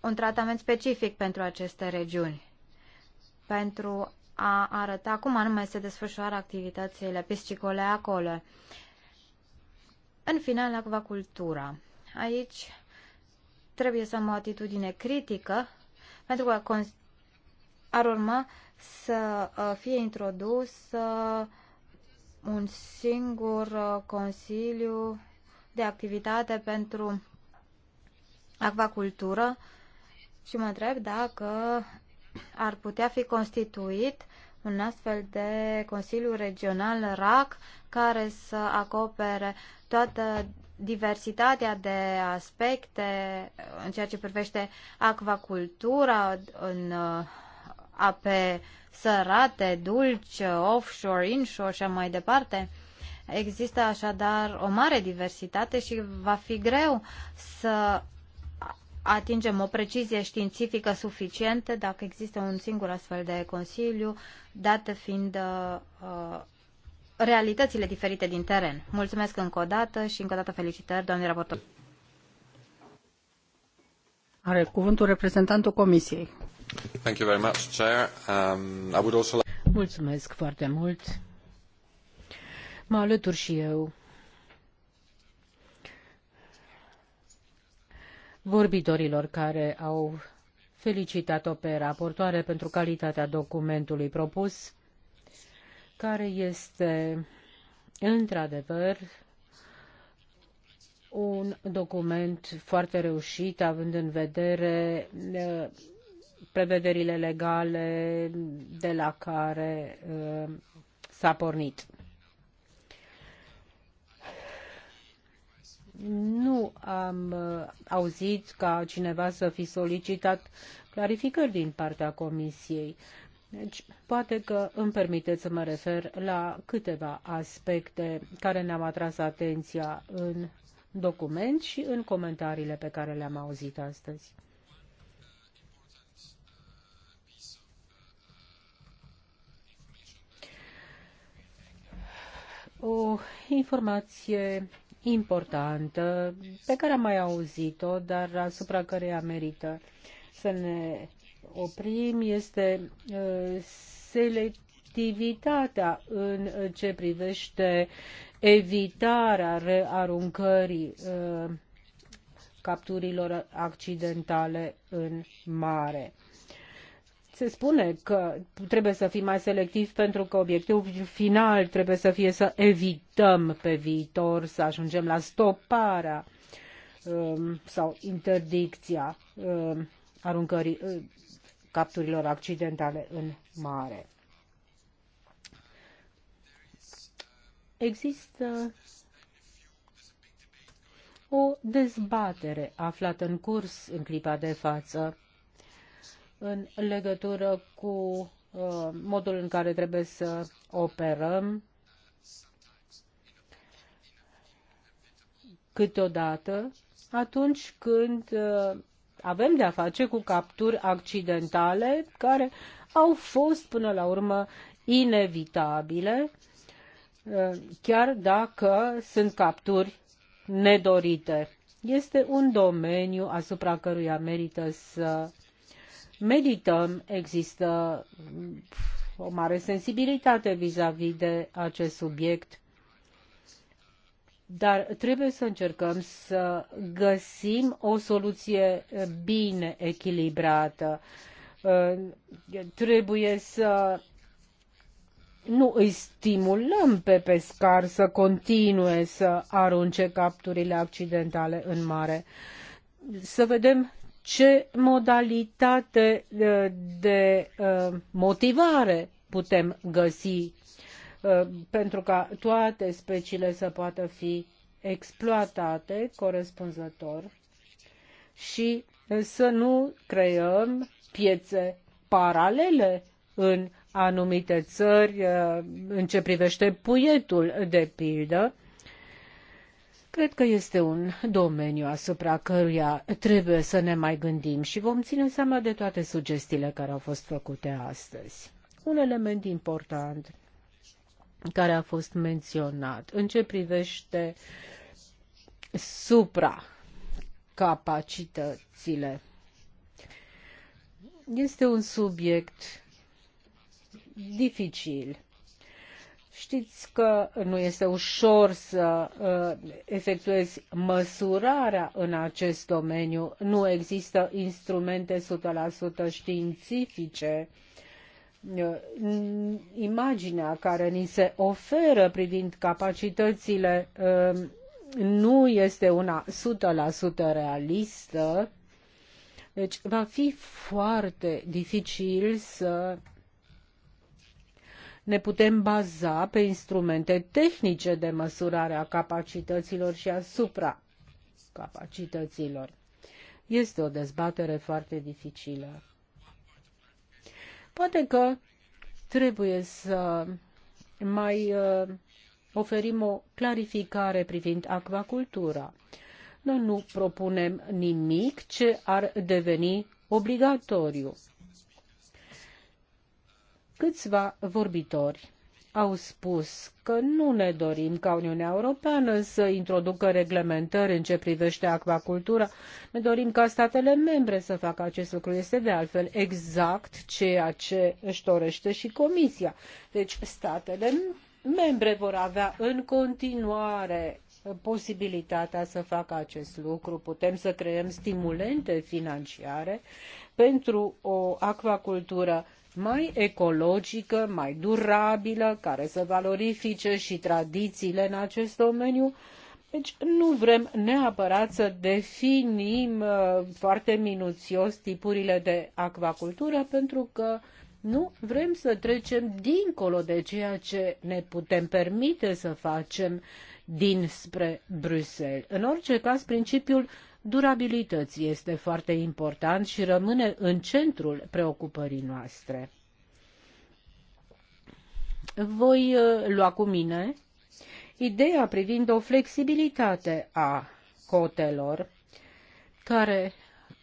un tratament specific pentru aceste regiuni, pentru a arăta cum anume se desfășoară activitățile piscicole acolo. În final, acvacultura. Aici trebuie să am o atitudine critică pentru că ar urma să uh, fie introdus uh, un singur uh, consiliu de activitate pentru acvacultură și mă întreb dacă ar putea fi constituit un astfel de Consiliu Regional RAC care să acopere toată diversitatea de aspecte în ceea ce privește acvacultura, în uh, ape sărate, dulci, offshore, inshore și mai departe. Există așadar o mare diversitate și va fi greu să atingem o precizie științifică suficientă dacă există un singur astfel de consiliu, dată fiind uh, uh realitățile diferite din teren. Mulțumesc încă o dată și încă o dată felicitări, doamne raportor. Are cuvântul reprezentantul Comisiei. Thank you very much, Chair. Um, I would also like... Mulțumesc foarte mult. Mă alătur și eu vorbitorilor care au felicitat-o pe raportoare pentru calitatea documentului propus care este într-adevăr un document foarte reușit, având în vedere prevederile legale de la care s-a pornit. Nu am uh, auzit ca cineva să fi solicitat clarificări din partea Comisiei. Deci, poate că îmi permiteți să mă refer la câteva aspecte care ne-au atras atenția în document și în comentariile pe care le-am auzit astăzi. O informație importantă pe care am mai auzit-o, dar asupra căreia merită să ne oprim este uh, selectivitatea în uh, ce privește evitarea rearuncării uh, capturilor accidentale în mare. Se spune că trebuie să fim mai selectivi pentru că obiectivul final trebuie să fie să evităm pe viitor să ajungem la stoparea um, sau interdicția um, aruncării capturilor accidentale în mare. Există o dezbatere aflată în curs în clipa de față în legătură cu uh, modul în care trebuie să operăm câteodată atunci când uh, avem de a face cu capturi accidentale care au fost până la urmă inevitabile, uh, chiar dacă sunt capturi nedorite. Este un domeniu asupra căruia merită să medităm. Există mm, o mare sensibilitate vis-a-vis -vis de acest subiect dar trebuie să încercăm să găsim o soluție bine echilibrată. Uh, trebuie să nu îi stimulăm pe pescar să continue să arunce capturile accidentale în mare. Să vedem ce modalitate uh, de uh, motivare putem găsi Uh, pentru ca toate speciile să poată fi exploatate corespunzător și să nu creăm piețe paralele în anumite țări uh, în ce privește puietul de pildă. Cred că este un domeniu asupra căruia trebuie să ne mai gândim și vom ține seama de toate sugestiile care au fost făcute astăzi. Un element important care a fost menționat. În ce privește supracapacitățile, este un subiect dificil. Știți că nu este ușor să uh, efectuezi măsurarea în acest domeniu. Nu există instrumente 100% științifice uh, imaginea care ni se oferă privind capacitățile um, nu este una 100% realistă, deci va fi foarte dificil să ne putem baza pe instrumente tehnice de măsurare a capacităților și asupra capacităților. Este o dezbatere foarte dificilă. Poate că trebuie să mai uh, oferim o clarificare privind acvacultura. Noi nu propunem nimic ce ar deveni obligatoriu. Câțiva vorbitori au spus că nu ne dorim ca Uniunea Europeană să introducă reglementări în ce privește acvacultura, ne dorim ca statele membre să facă acest lucru. Este de altfel exact ceea ce își dorește și Comisia. Deci statele membre vor avea în continuare posibilitatea să facă acest lucru. Putem să creăm stimulente financiare pentru o acvacultură mai ecologică, mai durabilă, care să valorifice și tradițiile în acest domeniu. Deci nu vrem neapărat să definim uh, foarte minuțios tipurile de acvacultură, pentru că nu vrem să trecem dincolo de ceea ce ne putem permite să facem dinspre Bruxelles. În orice caz, principiul durabilității este foarte important și rămâne în centrul preocupării noastre. Voi uh, lua cu mine ideea privind o flexibilitate a cotelor care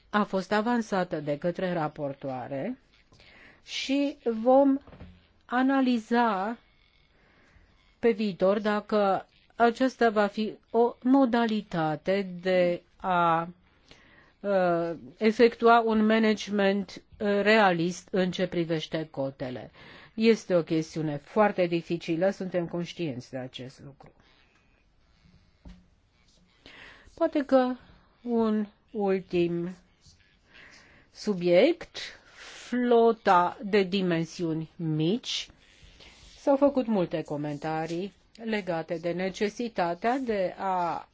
a fost avansată de către raportoare și vom analiza pe viitor dacă aceasta va fi o modalitate de a efectua un management uh, realist în ce privește cotele. Este o chestiune foarte dificilă, suntem conștienți de acest lucru. Poate că un ultim subiect, flota de dimensiuni mici. S-au făcut multe comentarii legate de necesitatea de a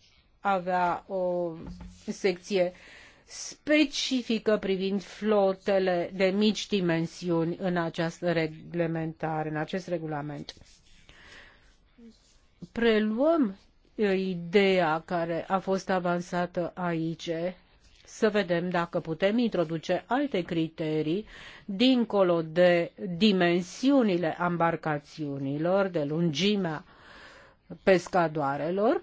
avea o secție specifică privind flotele de mici dimensiuni în această reglementare, în acest regulament. Preluăm ideea care a fost avansată aici, să vedem dacă putem introduce alte criterii dincolo de dimensiunile ambarcațiunilor, de lungimea pescadoarelor,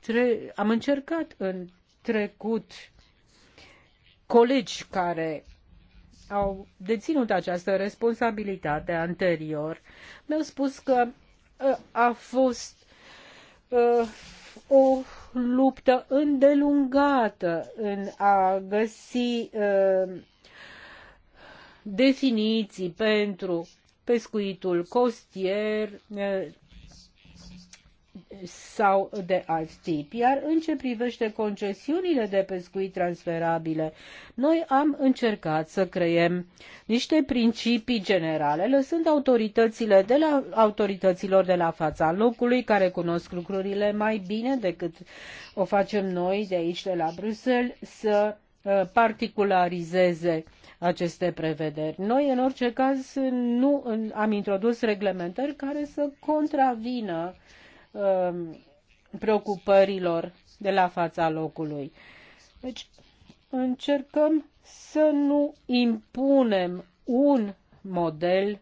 tre- am încercat în trecut colegi care au deținut această responsabilitate anterior, mi-au spus că ă, a fost uh, o luptă îndelungată în a găsi uh, definiții pentru pescuitul costier, uh, sau de alt tip. Iar în ce privește concesiunile de pescuit transferabile, noi am încercat să creăm niște principii generale, lăsând autoritățile de la, autorităților de la fața locului, care cunosc lucrurile mai bine decât o facem noi de aici, de la Bruxelles, să uh, particularizeze aceste prevederi. Noi, în orice caz, nu am introdus reglementări care să contravină uh, Um, preocupărilor de la fața locului. Deci încercăm să nu impunem un model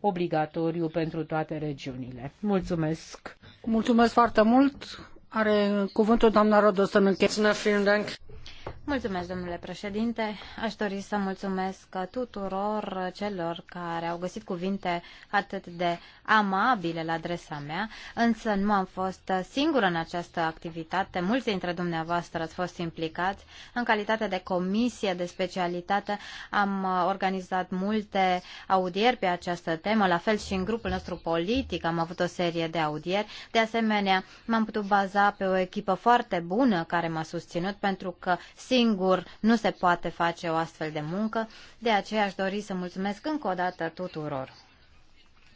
obligatoriu pentru toate regiunile. Mulțumesc! Mulțumesc foarte mult! Are cuvântul doamna Rodos mi încheie. Mulțumesc, domnule președinte. Aș dori să mulțumesc tuturor celor care au găsit cuvinte atât de amabile la adresa mea, însă nu am fost singură în această activitate. Mulți dintre dumneavoastră ați fost implicați. În calitate de comisie de specialitate am organizat multe audieri pe această temă, la fel și în grupul nostru politic am avut o serie de audieri. De asemenea, m-am putut baza pe o echipă foarte bună care m-a susținut pentru că, singur nu se poate face o astfel de muncă, de aceea aș dori să mulțumesc încă o dată tuturor.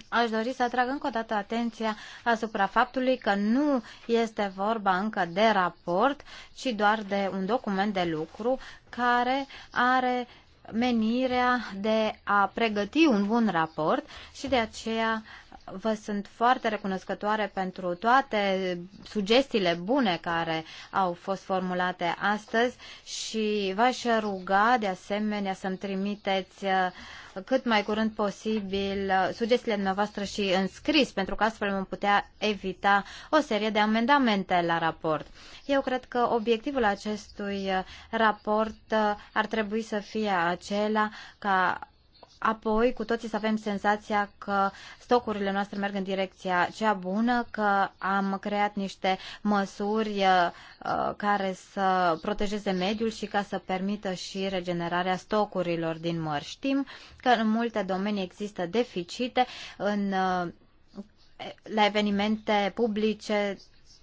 Aș dori să atrag încă o dată atenția asupra faptului că nu este vorba încă de raport, ci doar de un document de lucru care are menirea de a pregăti un bun raport și de aceea vă sunt foarte recunoscătoare pentru toate sugestiile bune care au fost formulate astăzi și v-aș ruga de asemenea să-mi trimiteți uh, cât mai curând posibil uh, sugestiile dumneavoastră și în scris, pentru că astfel vom putea evita o serie de amendamente la raport. Eu cred că obiectivul acestui uh, raport ar trebui să fie acela ca apoi cu toții să avem senzația că stocurile noastre merg în direcția cea bună, că am creat niște măsuri uh, uh, care să protejeze mediul și ca să permită și regenerarea stocurilor din mări. Știm că în multe domenii există deficite în uh, la evenimente publice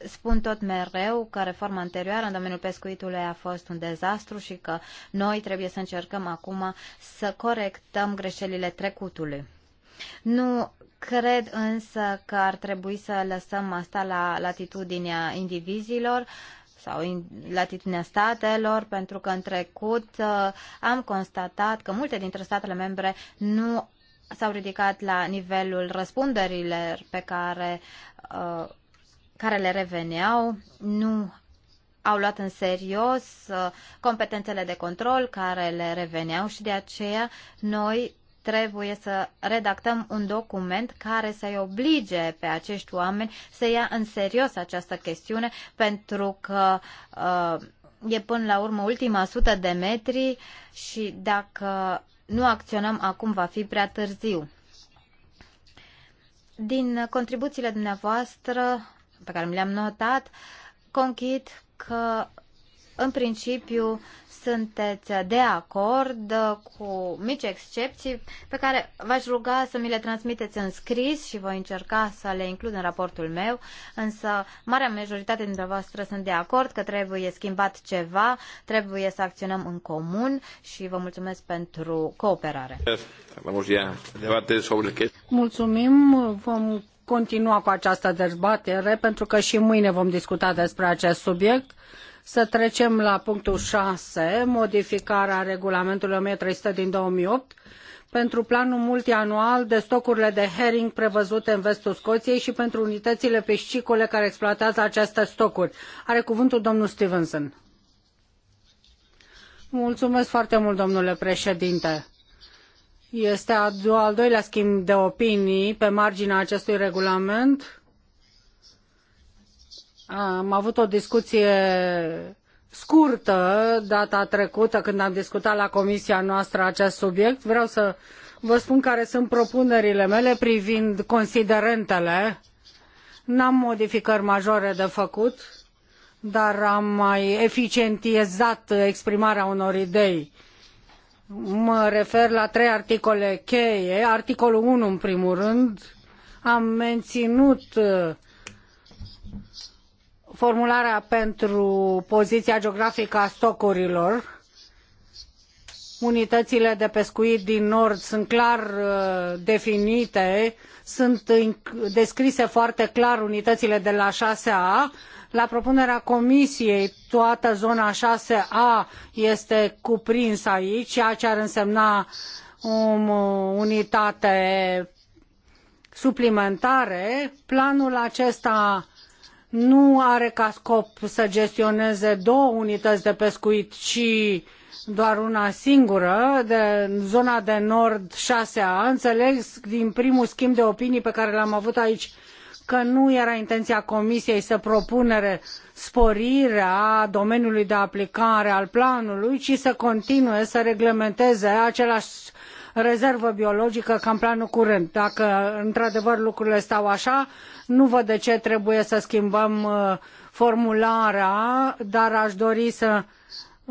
spun tot mereu că reforma anterioară în domeniul pescuitului a fost un dezastru și că noi trebuie să încercăm acum să corectăm greșelile trecutului. Nu cred însă că ar trebui să lăsăm asta la latitudinea indivizilor sau in, latitudinea statelor, pentru că în trecut uh, am constatat că multe dintre statele membre nu s-au ridicat la nivelul răspunderilor pe care uh, care le reveneau nu au luat în serios uh, competențele de control care le reveneau și de aceea noi trebuie să redactăm un document care să-i oblige pe acești oameni să ia în serios această chestiune pentru că uh, e până la urmă ultima sută de metri și dacă nu acționăm acum va fi prea târziu. Din contribuțiile dumneavoastră pe care mi le-am notat, conchid că în principiu sunteți de acord cu mici excepții pe care v-aș ruga să mi le transmiteți în scris și voi încerca să le includ în raportul meu, însă marea majoritate dintre voastre sunt de acord că trebuie schimbat ceva, trebuie să acționăm în comun și vă mulțumesc pentru cooperare. Mulțumim, vom continua cu această dezbatere, pentru că și mâine vom discuta despre acest subiect. Să trecem la punctul 6, modificarea regulamentului 1300 din 2008 pentru planul multianual de stocurile de herring prevăzute în vestul Scoției și pentru unitățile piscicole care exploatează aceste stocuri. Are cuvântul domnul Stevenson. Mulțumesc foarte mult, domnule președinte este al doilea schimb de opinii pe marginea acestui regulament. Am avut o discuție scurtă data trecută când am discutat la comisia noastră acest subiect. Vreau să vă spun care sunt propunerile mele privind considerentele. N-am modificări majore de făcut, dar am mai eficientizat exprimarea unor idei Mă refer la trei articole cheie. Articolul 1, în primul rând, am menținut uh, formularea pentru poziția geografică a stocurilor. Unitățile de pescuit din nord sunt clar uh, definite, sunt descrise foarte clar unitățile de la 6A, la propunerea Comisiei, toată zona 6A este cuprinsă aici, ceea ce ar însemna o um, unitate suplimentare. Planul acesta nu are ca scop să gestioneze două unități de pescuit, ci doar una singură, de zona de nord 6A. Înțeleg din primul schimb de opinii pe care l-am avut aici că nu era intenția Comisiei să propunere sporirea domeniului de aplicare al planului, ci să continue să reglementeze același rezervă biologică ca în planul curent. Dacă într-adevăr lucrurile stau așa, nu văd de ce trebuie să schimbăm uh, formularea, dar aș dori să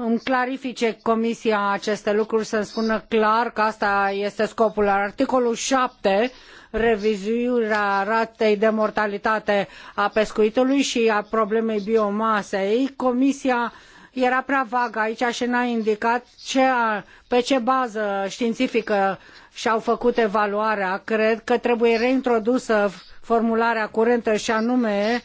îmi clarifice comisia aceste lucruri, să îmi spună clar că asta este scopul. Articolul 7, revizuirea ratei de mortalitate a pescuitului și a problemei biomasei, comisia era prea vagă aici și n-a indicat ce a, pe ce bază științifică și-au făcut evaluarea. Cred că trebuie reintrodusă formularea curentă și anume uh,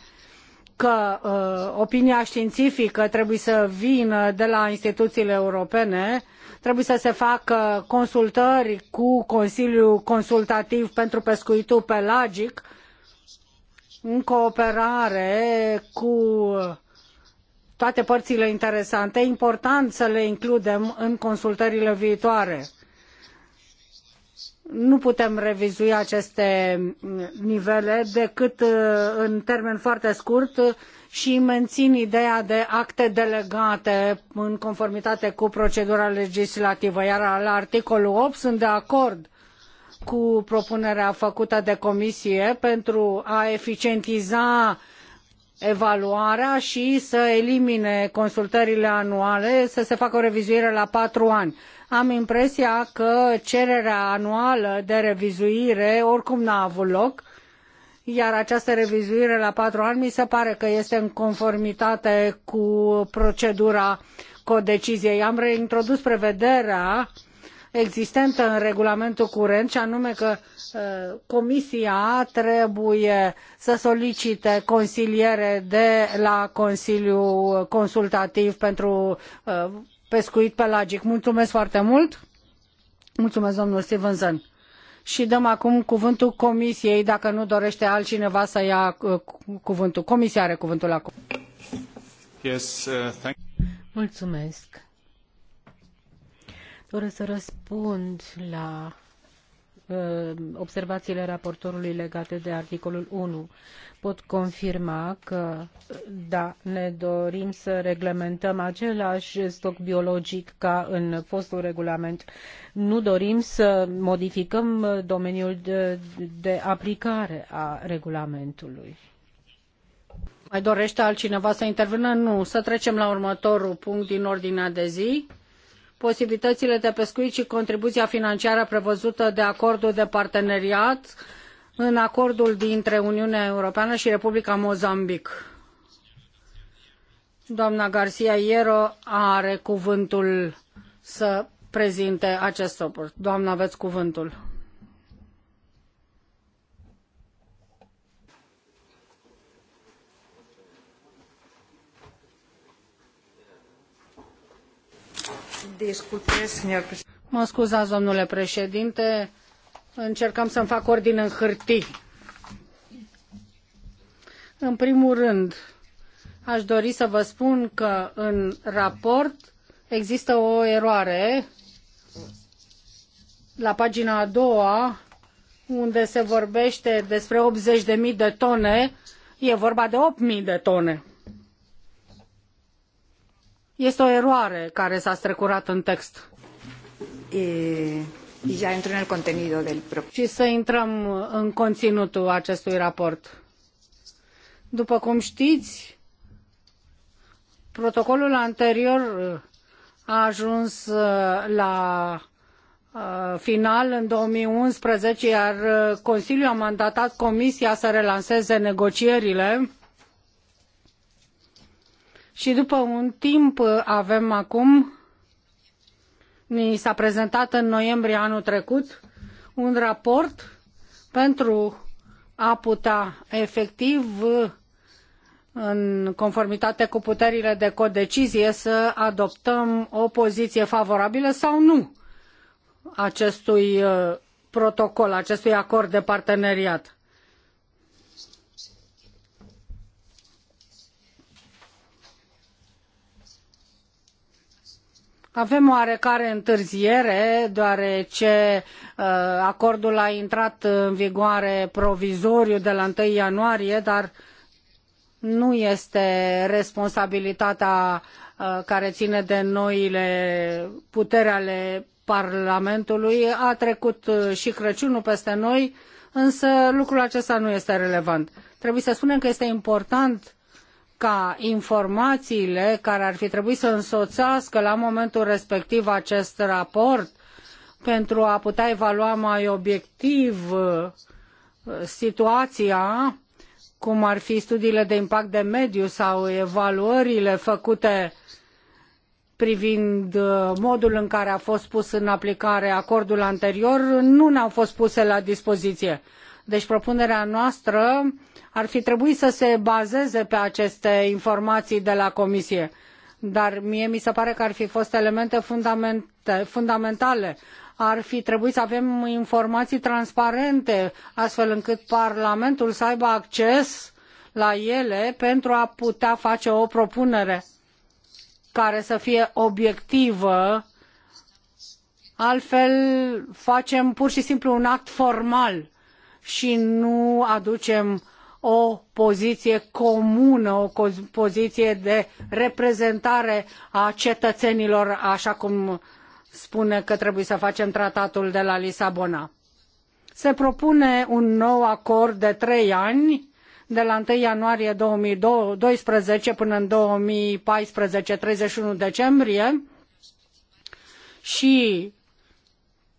că uh, opinia științifică trebuie să vină de la instituțiile europene, trebuie să se facă consultări cu Consiliul Consultativ pentru Pescuitul Pelagic, în cooperare cu toate părțile interesante, important să le includem în consultările viitoare nu putem revizui aceste nivele decât uh, în termen foarte scurt uh, și mențin ideea de acte delegate în conformitate cu procedura legislativă. Iar la articolul opt sunt de acord cu propunerea făcută de comisie pentru a eficientiza evaluarea și să elimine consultările anuale, să se facă o revizuire la patru ani am impresia că cererea anuală de revizuire oricum n-a avut loc, iar această revizuire la patru ani mi se pare că este în conformitate cu procedura codeciziei. Am reintrodus prevederea existentă în regulamentul curent și anume că uh, comisia trebuie să solicite consiliere de la consiliul consultativ pentru uh, pescuit pelagic. Mulțumesc foarte mult! Mulțumesc, domnul Stevenson! Și dăm acum cuvântul comisiei, dacă nu dorește altcineva să ia uh, cuvântul. Comisia are cuvântul acum. Yes, uh, Mulțumesc! Doresc să răspund la uh, observațiile raportorului legate de articolul 1 pot confirma că, da, ne dorim să reglementăm același stoc biologic ca în fostul regulament. Nu dorim să modificăm domeniul de, de aplicare a regulamentului. Mai dorește altcineva să intervină? Nu. Să trecem la următorul punct din ordinea de zi posibilitățile de pescuit și contribuția financiară prevăzută de acordul de parteneriat în acordul dintre Uniunea Europeană și Republica Mozambic. Doamna Garcia Iero are cuvântul să prezinte acest raport. Doamna, aveți cuvântul. Mă scuzați, domnule președinte, Încercam să-mi fac ordine în hârtii. În primul rând, aș dori să vă spun că în raport există o eroare la pagina a doua, unde se vorbește despre 80.000 de tone, e vorba de 8.000 de tone. Este o eroare care s-a strecurat în text. E ya entro en el contenido del Și să intrăm în conținutul acestui raport. După cum știți, protocolul anterior uh, a ajuns uh, la uh, final în 2011, iar Consiliul a mandatat Comisia să relanseze negocierile și după un timp avem acum Ni s-a prezentat în noiembrie anul trecut un raport pentru a putea efectiv în conformitate cu puterile de codecizie să adoptăm o poziție favorabilă sau nu acestui uh, protocol, acestui acord de parteneriat. Avem oarecare întârziere, deoarece uh, acordul a intrat în vigoare provizoriu de la 1 ianuarie, dar nu este responsabilitatea uh, care ține de noile puteri ale Parlamentului. A trecut uh, și Crăciunul peste noi, însă lucrul acesta nu este relevant. Trebuie să spunem că este important ca informațiile care ar fi trebuit să însoească la momentul respectiv acest raport pentru a putea evalua mai obiectiv uh, situația, cum ar fi studiile de impact de mediu sau evaluările făcute privind uh, modul în care a fost pus în aplicare acordul anterior, nu ne-au fost puse la dispoziție. Deci propunerea noastră uh, ar fi trebuit să se bazeze pe aceste informații de la Comisie. Dar mie mi se pare că ar fi fost elemente fundamentale. Ar fi trebuit să avem informații transparente, astfel încât Parlamentul să aibă acces la ele pentru a putea face o propunere care să fie obiectivă altfel facem pur și simplu un act formal și nu aducem o poziție comună, o poziție de reprezentare a cetățenilor, așa cum spune că trebuie să facem tratatul de la Lisabona. Se propune un nou acord de trei ani, de la 1 ianuarie 2012 până în 2014, 31 decembrie, și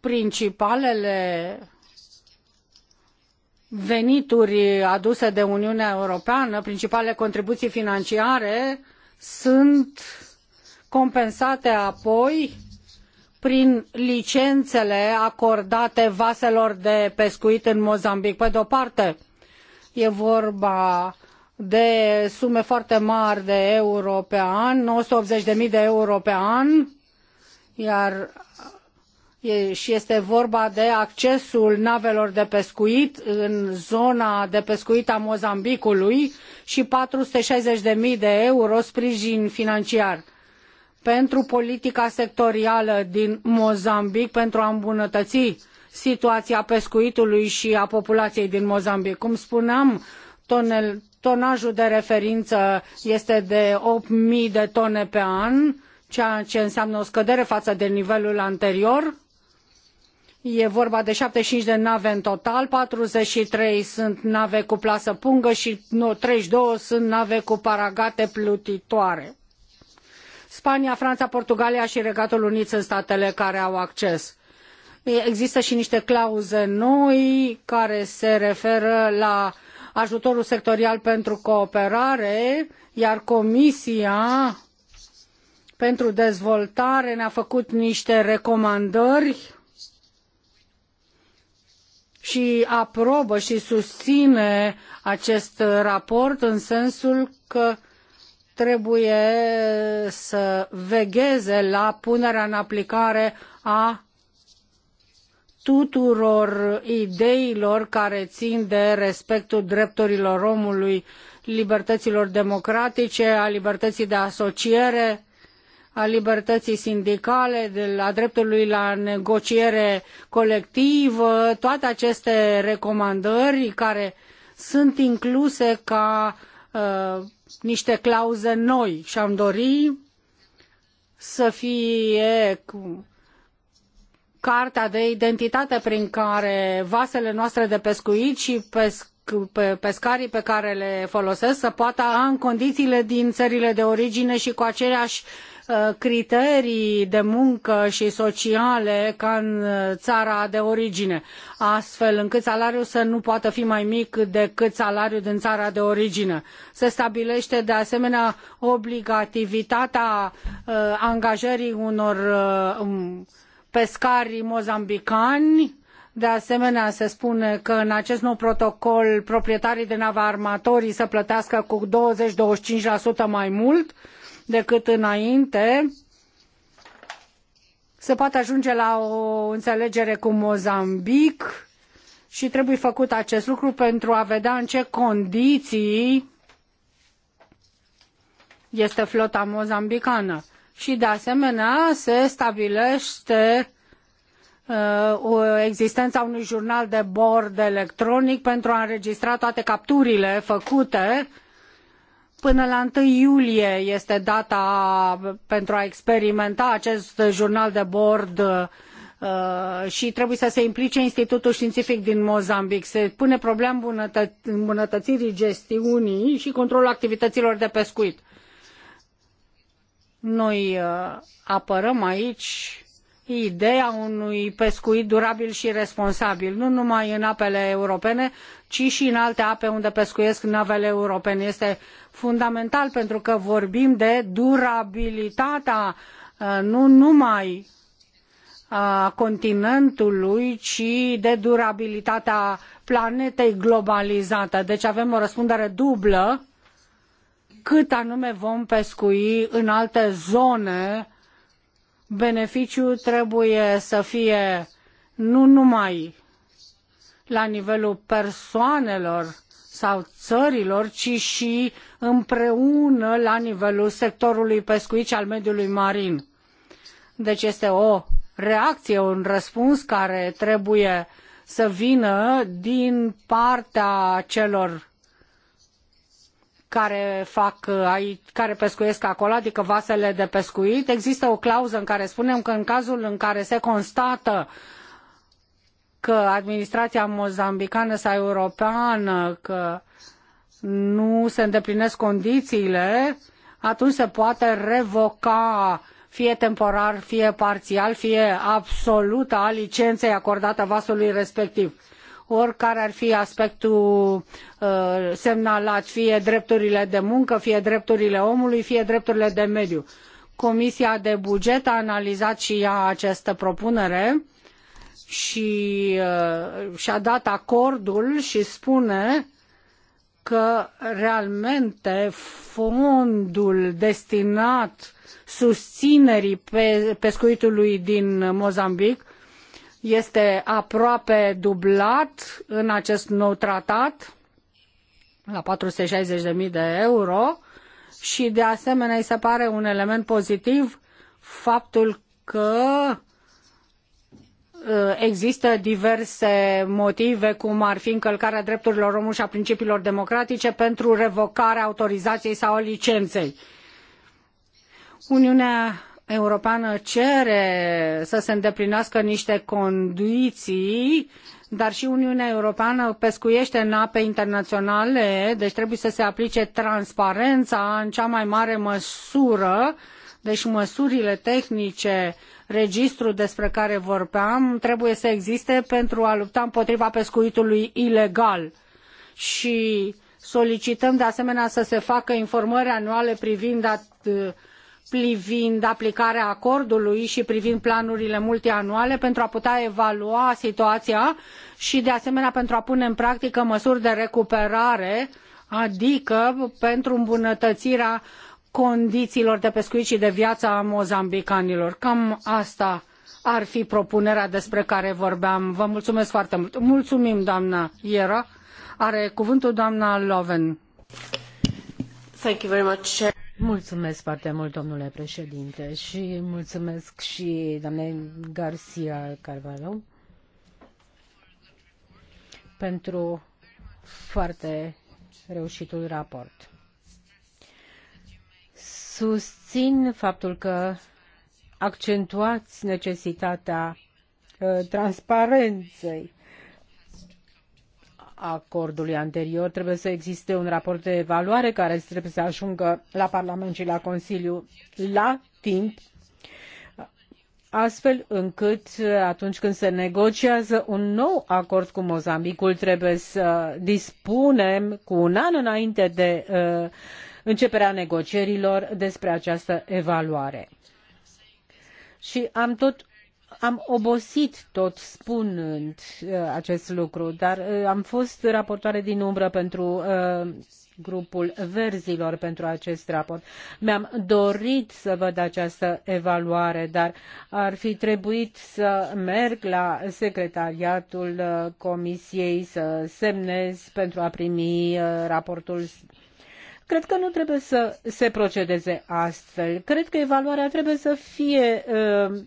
principalele venituri aduse de Uniunea Europeană, principalele contribuții financiare, sunt compensate apoi prin licențele acordate vaselor de pescuit în Mozambic. Pe de o parte, e vorba de sume foarte mari de euro pe an, 980.000 de euro pe an, iar și este vorba de accesul navelor de pescuit în zona de pescuit a Mozambicului și 460.000 de euro sprijin financiar pentru politica sectorială din Mozambic pentru a îmbunătăți situația pescuitului și a populației din Mozambic. Cum spuneam, tonel, tonajul de referință este de 8.000 de tone pe an, ceea ce înseamnă o scădere față de nivelul anterior E vorba de 75 de nave în total, 43 sunt nave cu plasă pungă și 32 sunt nave cu paragate plutitoare. Spania, Franța, Portugalia și Regatul Unit sunt statele care au acces. Există și niște clauze noi care se referă la ajutorul sectorial pentru cooperare, iar Comisia pentru dezvoltare ne-a făcut niște recomandări și aprobă și susține acest raport în sensul că trebuie să vegheze la punerea în aplicare a tuturor ideilor care țin de respectul drepturilor omului, libertăților democratice, a libertății de asociere, a libertății sindicale, de la dreptului la negociere colectivă, toate aceste recomandări care sunt incluse ca uh, niște clauze noi și am dori să fie carta de identitate prin care vasele noastre de pescuit și pesc pescarii pe care le folosesc să poată în condițiile din țările de origine și cu aceleași uh, Uh, criterii de muncă și sociale ca în țara de origine, astfel încât salariul să nu poată fi mai mic decât salariul din țara de origine. Se stabilește de asemenea obligativitatea uh, angajării unor uh, um, pescari mozambicani de asemenea, se spune că în acest nou protocol proprietarii de nave armatorii să plătească cu 20-25% mai mult uh, decât înainte, se poate ajunge la o înțelegere cu Mozambic și trebuie făcut acest lucru pentru a vedea în ce condiții este flota mozambicană. Și de asemenea se stabilește uh, existența unui jurnal de bord electronic pentru a înregistra toate capturile făcute uh, Până la 1 iulie este data pentru a experimenta acest jurnal de bord uh, și trebuie să se implice Institutul Științific din Mozambic. Se pune problema îmbunătă îmbunătățirii gestiunii și controlul activităților de pescuit. Noi uh, apărăm aici ideea unui pescuit durabil și responsabil, nu numai în apele europene, ci și în alte ape unde pescuiesc navele europene. Este fundamental pentru că vorbim de durabilitatea uh, nu numai a uh, continentului, ci de durabilitatea planetei globalizate. Deci avem o răspundere dublă cât anume vom pescui în alte zone beneficiu trebuie să fie nu numai la nivelul persoanelor sau țărilor, ci și împreună la nivelul sectorului pescuit și al mediului marin. Deci este o reacție, un răspuns care trebuie să vină din partea celor care fac uh, aici, care pescuiesc acolo, adică vasele de pescuit. Există o clauză în care spunem că în cazul în care se constată că administrația mozambicană sau europeană că nu se îndeplinesc condițiile, atunci se poate revoca fie temporar, fie parțial, fie absolut a licenței acordată vasului respectiv oricare ar fi aspectul uh, semnalat, fie drepturile de muncă, fie drepturile omului, fie drepturile de mediu. Comisia de buget a analizat și ea această propunere și uh, și-a dat acordul și spune că realmente fondul destinat susținerii pescuitului din Mozambic este aproape dublat în acest nou tratat la 460.000 de euro și de asemenea îi se pare un element pozitiv faptul că uh, există diverse motive, cum ar fi încălcarea drepturilor omului și a principiilor democratice pentru revocarea autorizației sau a licenței. Uniunea Europeană cere să se îndeplinească niște condiții, dar și Uniunea Europeană pescuiește în ape internaționale, deci trebuie să se aplice transparența în cea mai mare măsură, deci măsurile tehnice, registru despre care vorbeam, trebuie să existe pentru a lupta împotriva pescuitului ilegal. Și solicităm de asemenea să se facă informări anuale privind at- privind aplicarea acordului și privind planurile multianuale pentru a putea evalua situația și de asemenea pentru a pune în practică măsuri de recuperare, adică pentru îmbunătățirea condițiilor de pescuit și de viață a mozambicanilor. Cam asta ar fi propunerea despre care vorbeam. Vă mulțumesc foarte mult. Mulțumim, doamna Iera. Are cuvântul doamna Loven. Thank you very much. Mulțumesc foarte mult, domnule președinte, și mulțumesc și doamnei Garcia Carvalho pentru foarte reușitul raport. Susțin faptul că accentuați necesitatea uh, transparenței acordului anterior. Trebuie să existe un raport de evaluare care trebuie să ajungă la Parlament și la Consiliu la timp, astfel încât atunci când se negociază un nou acord cu Mozambicul, trebuie să dispunem cu un an înainte de uh, începerea negocierilor despre această evaluare. Și am tot am obosit tot spunând uh, acest lucru, dar uh, am fost raportoare din umbră pentru uh, grupul verzilor pentru acest raport. Mi-am dorit să văd această evaluare, dar ar fi trebuit să merg la secretariatul comisiei să semnez pentru a primi raportul Cred că nu trebuie să se procedeze astfel. Cred că evaluarea trebuie să fie uh,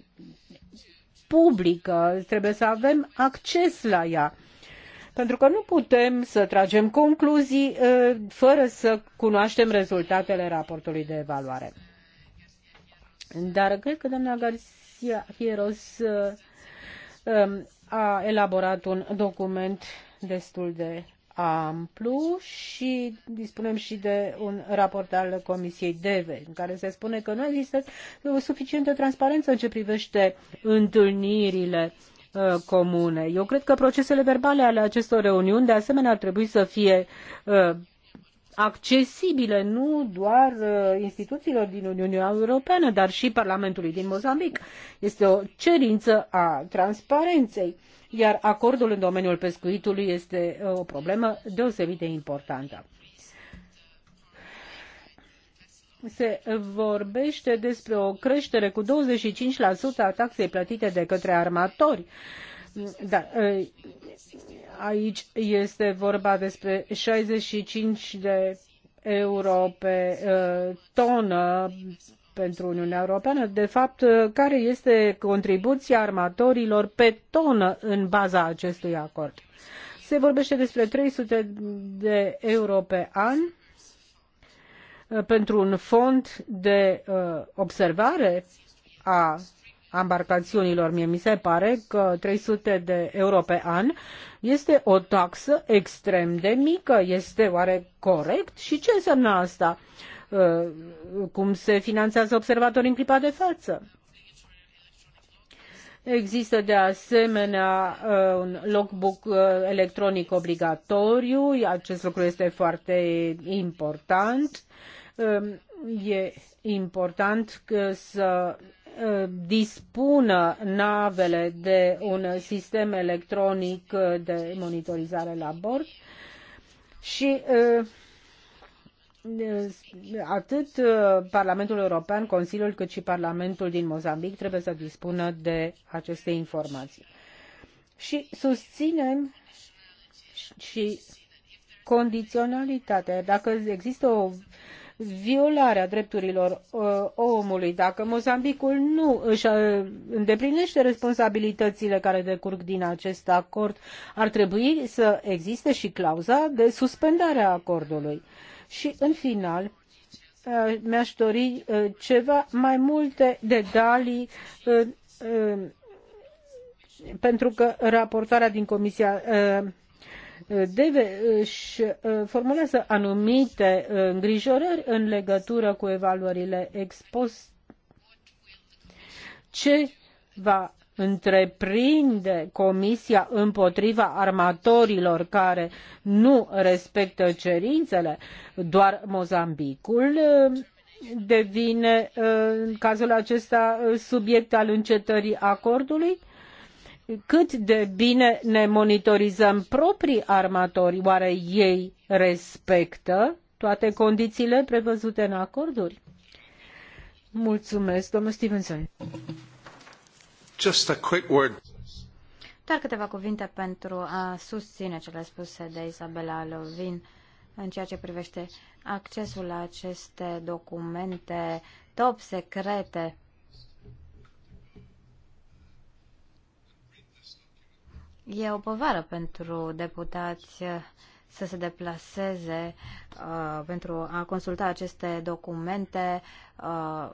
publică, trebuie să avem acces la ea. Pentru că nu putem să tragem concluzii uh, fără să cunoaștem rezultatele raportului de evaluare. Dar cred că doamna Garcia Hieros uh, um, a elaborat un document destul de amplu și dispunem și de un raport al Comisiei DEVE, în care se spune că nu există uh, suficientă transparență în ce privește întâlnirile uh, comune. Eu cred că procesele verbale ale acestor reuniuni, de asemenea, ar trebui să fie uh, accesibile nu doar instituțiilor din Uniunea Europeană, dar și Parlamentului din Mozambic. Este o cerință a transparenței. Uh, iar acordul în domeniul pescuitului este uh, o problemă deosebit de importantă. Se vorbește despre o creștere cu 25% a taxei plătite de către armatori. Da, aici este vorba despre 65 de euro pe uh, tonă pentru Uniunea Europeană. De fapt, care este contribuția armatorilor pe tonă în baza acestui acord? Se vorbește despre 300 de euro pe an uh, pentru un fond de uh, observare a ambarcațiunilor. Mie mi se pare că 300 de euro pe an este o taxă extrem de mică. Este oare corect? Și ce înseamnă asta? Uh, Uh, cum se finanțează observatorii în clipa de față. Există de asemenea uh, un logbook uh, electronic obligatoriu, acest lucru este foarte important. Um, e important să dispună navele de un sistem electronic de monitorizare la bord și atât uh, Parlamentul European, Consiliul, cât și Parlamentul din Mozambic trebuie să dispună de aceste informații. Și susținem și condiționalitatea. Dacă există o violarea drepturilor uh, omului, dacă Mozambicul nu își uh, îndeplinește responsabilitățile care decurg din acest acord, ar trebui să existe și clauza de suspendare a acordului. Uh, și în final, uh, mi-aș dori uh, ceva mai multe detalii uh, pentru că raportarea din Comisia deve își formulează anumite îngrijorări în legătură cu evaluările expuse. Ce va întreprinde Comisia împotriva armatorilor care nu respectă cerințele, doar Mozambicul eh, devine eh, în cazul acesta eh, subiect al încetării acordului? Cât de bine ne monitorizăm proprii armatori? Oare ei respectă toate condițiile prevăzute în acorduri? Mulțumesc, domnul Stevenson. Just a quick word. Doar câteva cuvinte pentru a susține cele spuse de Isabela Lovin în ceea ce privește accesul la aceste documente top secrete. E o povară pentru deputați să se deplaseze uh, pentru a consulta aceste documente uh,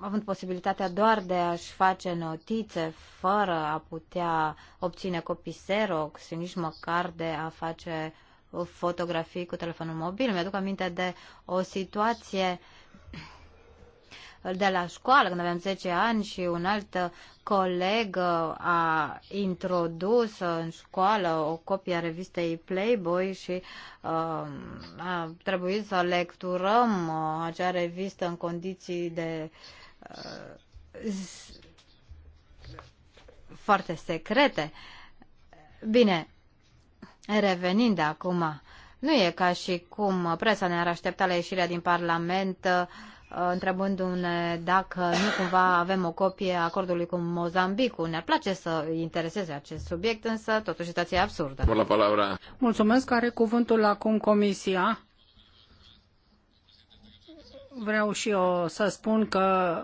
având posibilitatea doar de a-și face notițe fără a putea obține copii Xerox și nici măcar de a face fotografii cu telefonul mobil. Mi-aduc aminte de o situație uh, de la școală, când aveam 10 ani și un alt coleg uh, a introdus în școală o copie a revistei Playboy și uh, a trebuit să lecturăm uh, acea revistă în condiții de uh, foarte secrete. Bine, revenind acum, nu e ca și cum presa ne-ar aștepta la ieșirea din Parlament uh, Uh, întrebându-ne dacă nu cumva avem o copie a acordului cu Mozambicul. Ne place să intereseze acest subiect, însă totuși situația e absurdă. La palabra. Mulțumesc. Are cuvântul acum Comisia. Vreau și eu să spun că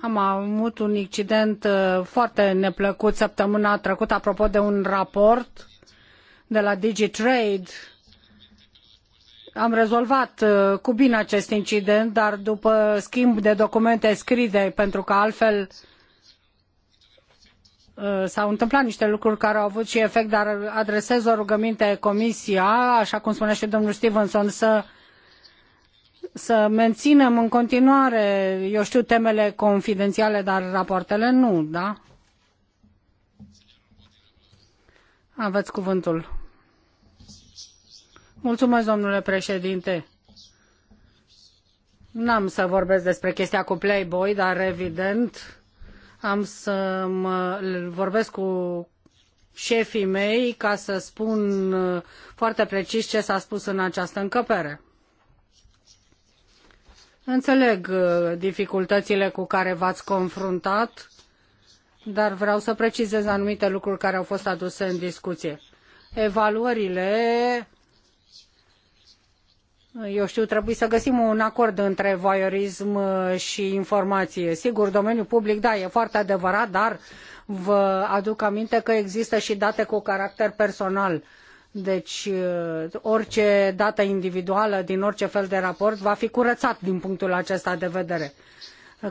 am avut un incident uh, foarte neplăcut săptămâna trecută apropo de un raport de la DigiTrade am rezolvat uh, cu bine acest incident, dar după schimb de documente scrise, pentru că altfel uh, s-au întâmplat niște lucruri care au avut și efect, dar adresez o rugăminte comisia, așa cum spunea și domnul Stevenson, să să menținem în continuare, eu știu, temele confidențiale, dar rapoartele nu, da? Aveți cuvântul. Mulțumesc, domnule președinte. N-am să vorbesc despre chestia cu Playboy, dar evident am să mă vorbesc cu șefii mei ca să spun uh, foarte precis ce s-a spus în această încăpere. Înțeleg uh, dificultățile cu care v-ați confruntat, dar vreau să precizez anumite lucruri care au fost aduse în discuție. Evaluările eu știu, trebuie să găsim un acord între voyeurism uh, și informație. Sigur, domeniul public, da, e foarte adevărat, dar vă aduc aminte că există și date cu caracter personal. Deci uh, orice dată individuală din orice fel de raport va fi curățat din punctul acesta de vedere.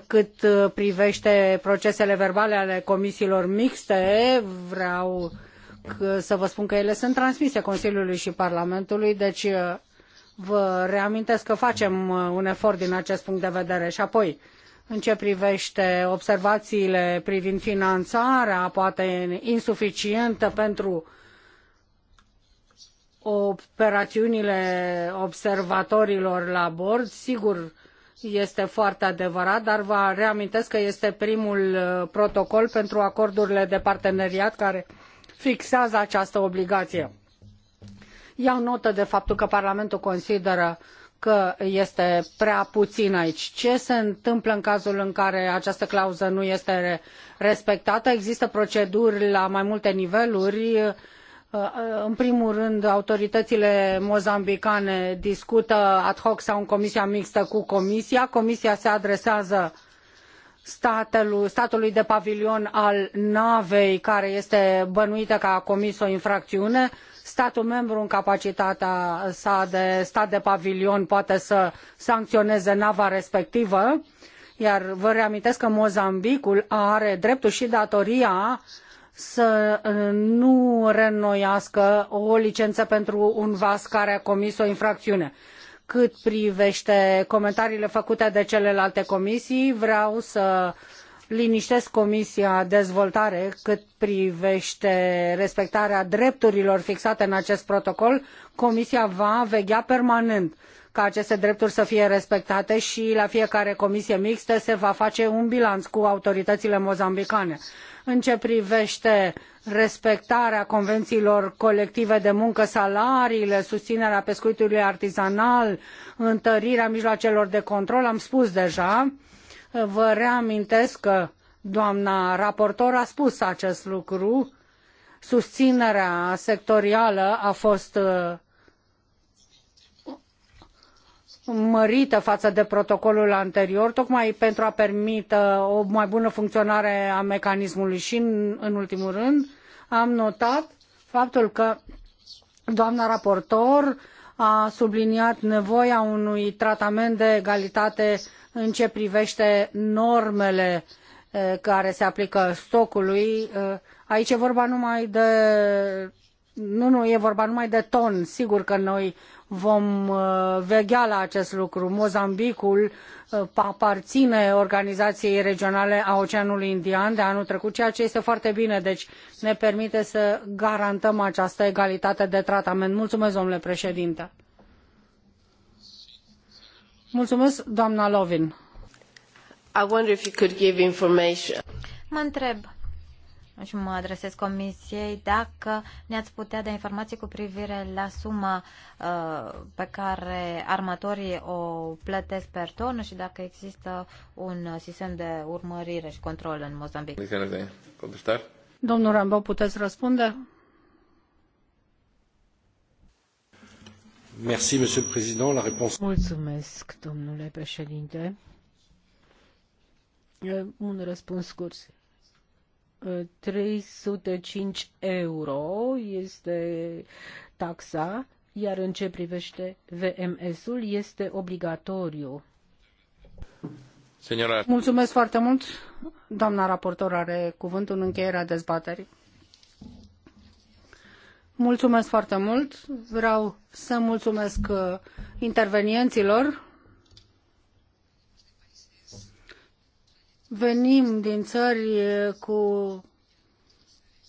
Cât uh, privește procesele verbale ale comisiilor mixte, vreau să vă spun că ele sunt transmise Consiliului și Parlamentului, deci Vă reamintesc că facem uh, un efort din acest punct de vedere și apoi în ce privește observațiile privind finanțarea, poate insuficientă pentru operațiunile observatorilor la bord, sigur este foarte adevărat, dar vă reamintesc că este primul uh, protocol pentru acordurile de parteneriat care fixează această obligație. Iau notă de faptul că Parlamentul consideră că este prea puțin aici. Ce se întâmplă în cazul în care această clauză nu este respectată? Există proceduri la mai multe niveluri. Uh, uh, în primul rând, autoritățile mozambicane discută ad hoc sau în comisia mixtă cu comisia. Comisia se adresează statelui, statului de pavilion al navei care este bănuită că a comis o infracțiune statul membru în capacitatea sa de stat de pavilion poate să sancioneze nava respectivă iar vă reamintesc că mozambicul are dreptul i datoria să uh, nu reînnoiască o licenă pentru un vas care a comis o infraciune. cât privete comentariile făcute de celelalte comisii vreau să liniștesc Comisia Dezvoltare cât privește respectarea drepturilor fixate în acest protocol, Comisia va veghea permanent ca aceste drepturi să fie respectate și la fiecare comisie mixtă se va face un bilanț cu autoritățile mozambicane. În ce privește respectarea convențiilor colective de muncă, salariile, susținerea pescuitului artizanal, întărirea mijloacelor de control, am spus deja, Vă reamintesc că doamna raportor a spus acest lucru. Susținerea sectorială a fost uh, mărită față de protocolul anterior, tocmai pentru a permite o mai bună funcționare a mecanismului. Și, în, în ultimul rând, am notat faptul că doamna raportor a subliniat nevoia unui tratament de egalitate în ce privește normele eh, care se aplică stocului. Eh, aici e vorba numai de nu, nu, e vorba numai de ton. Sigur că noi vom eh, veghea la acest lucru. Mozambicul aparține organizației regionale a Oceanului Indian de anul trecut, ceea ce este foarte bine. Deci ne permite să garantăm această egalitate de tratament. Mulțumesc, domnule președinte. Mulțumesc, Lovin. Mă întreb și mă adresez comisiei dacă ne-ați putea da informații cu privire la suma uh, pe care armatorii o plătesc per tonă și dacă există un sistem de urmărire și control în Mozambic. Domnul Rambo, puteți răspunde? Merci, Monsieur le Président. La réponse... Mulțumesc, domnule președinte. Un răspuns scurs. 305 euro este taxa, iar în ce privește VMS-ul este obligatoriu. Senora. Mulțumesc foarte mult. Doamna raportor are cuvântul în încheierea dezbaterii. Mulțumesc foarte mult. Vreau să mulțumesc uh, intervenienților. Venim din țări uh, cu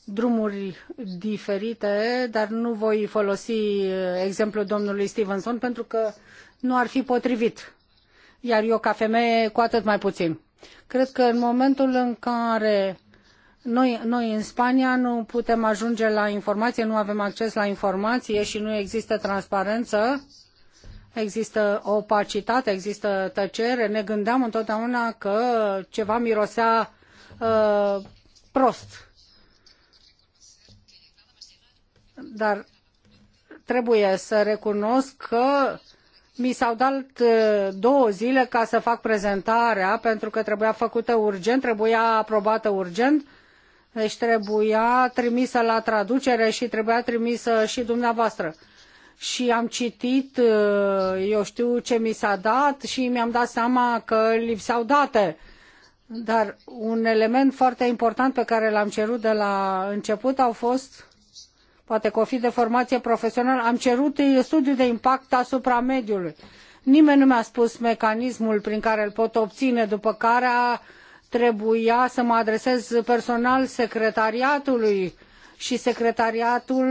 drumuri diferite, dar nu voi folosi uh, exemplul domnului Stevenson pentru că nu ar fi potrivit. Iar eu, ca femeie, cu atât mai puțin. Cred că în momentul în care noi, în Spania nu putem ajunge la informație, nu avem acces la informație și nu există transparență, există opacitate, există tăcere. Ne gândeam întotdeauna că ceva mirosea uh, prost. Dar trebuie să recunosc că mi s-au dat uh, două zile ca să fac prezentarea pentru că trebuia făcută urgent, trebuia aprobată urgent deci trebuia trimisă la traducere și trebuia trimisă și dumneavoastră. Și am citit, uh, eu știu ce mi s-a dat și mi-am dat seama că lipseau date. Dar un element foarte important pe care l-am cerut de la început au fost, poate că o fi de formație profesională, am cerut studiu de impact asupra mediului. Nimeni nu mi-a spus mecanismul prin care îl pot obține, după care a, trebuia să mă adresez personal secretariatului și secretariatul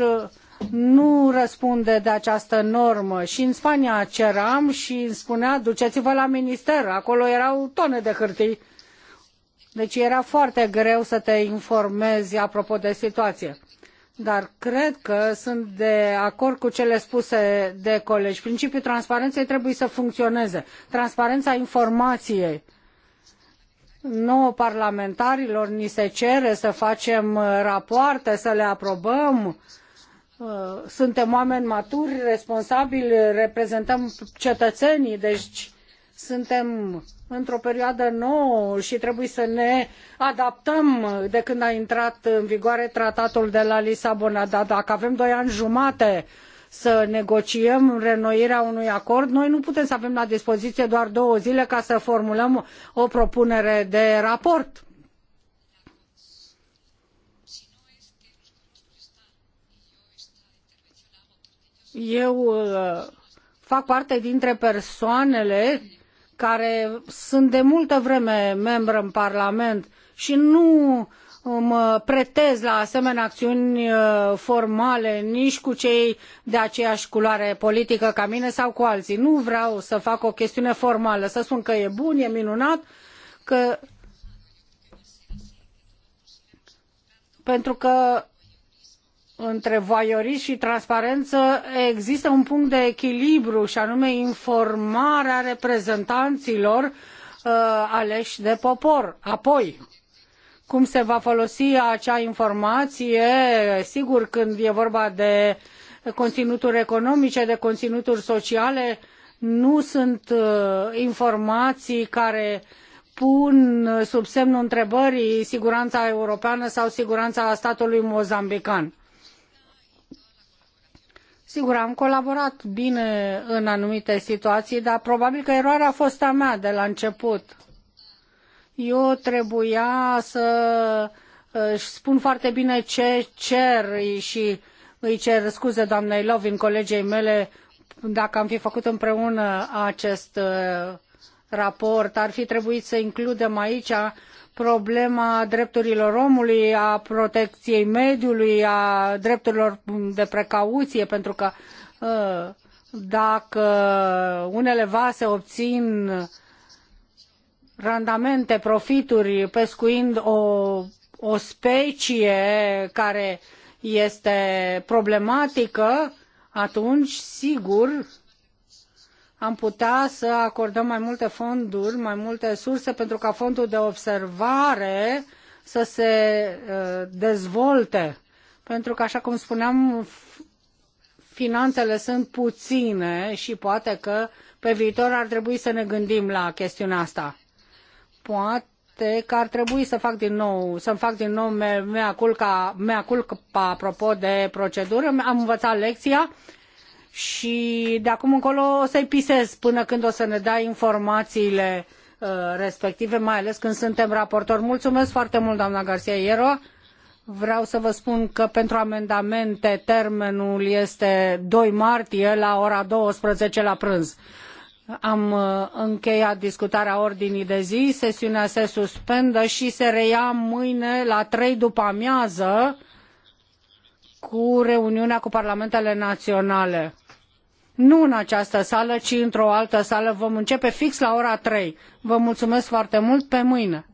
uh, nu răspunde de această normă. Și în Spania ceram și îmi spunea, duceți-vă la minister, acolo erau tone de hârtii. Deci era foarte greu să te informezi apropo de situație. Dar cred că sunt de acord cu cele spuse de colegi. Principiul transparenței trebuie să funcționeze. Transparența informației nouă parlamentarilor ni se cere să facem uh, rapoarte, să le aprobăm. Uh, suntem oameni maturi, responsabili, reprezentăm cetățenii, deci suntem într-o perioadă nouă și trebuie să ne adaptăm de când a intrat în vigoare tratatul de la Lisabona. Dar dacă avem doi ani jumate să negociem renoirea unui acord, noi nu putem să avem la dispoziție doar două zile ca să formulăm o propunere de raport. Eu uh, fac parte dintre persoanele care sunt de multă vreme membră în Parlament și nu mă pretez la asemenea acțiuni uh, formale nici cu cei de aceeași culoare politică ca mine sau cu alții. Nu vreau să fac o chestiune formală, să spun că e bun, e minunat, că pentru că între voyeurism și transparență există un punct de echilibru și anume informarea reprezentanților uh, aleși de popor. Apoi, cum se va folosi acea informație, sigur când e vorba de conținuturi economice, de conținuturi sociale, nu sunt uh, informații care pun sub semnul întrebării siguranța europeană sau siguranța statului mozambican. Sigur, am colaborat bine în anumite situații, dar probabil că eroarea a fost a mea de la început eu trebuia să uh, spun foarte bine ce cer și îi cer scuze doamnei Lovin, colegei mele, dacă am fi făcut împreună acest uh, raport. Ar fi trebuit să includem aici problema drepturilor omului, a protecției mediului, a drepturilor de precauție, pentru că uh, dacă unele vase obțin randamente, profituri, pescuind o, o specie care este problematică, atunci, sigur, am putea să acordăm mai multe fonduri, mai multe surse pentru ca fondul de observare să se uh, dezvolte. Pentru că, așa cum spuneam, finanțele sunt puține și poate că pe viitor ar trebui să ne gândim la chestiunea asta poate că ar trebui să fac din nou, să fac din nou mea culpa, mea culpa apropo de procedură. Am învățat lecția și de acum încolo o să-i pisez până când o să ne dai informațiile uh, respective, mai ales când suntem raportori. Mulțumesc foarte mult, doamna Garcia Iero. Vreau să vă spun că pentru amendamente termenul este 2 martie la ora 12 la prânz. Am uh, încheiat discutarea ordinii de zi, sesiunea se suspendă și se reia mâine la trei după amiază cu reuniunea cu parlamentele naționale. Nu în această sală, ci într-o altă sală. Vom începe fix la ora trei. Vă mulțumesc foarte mult. Pe mâine!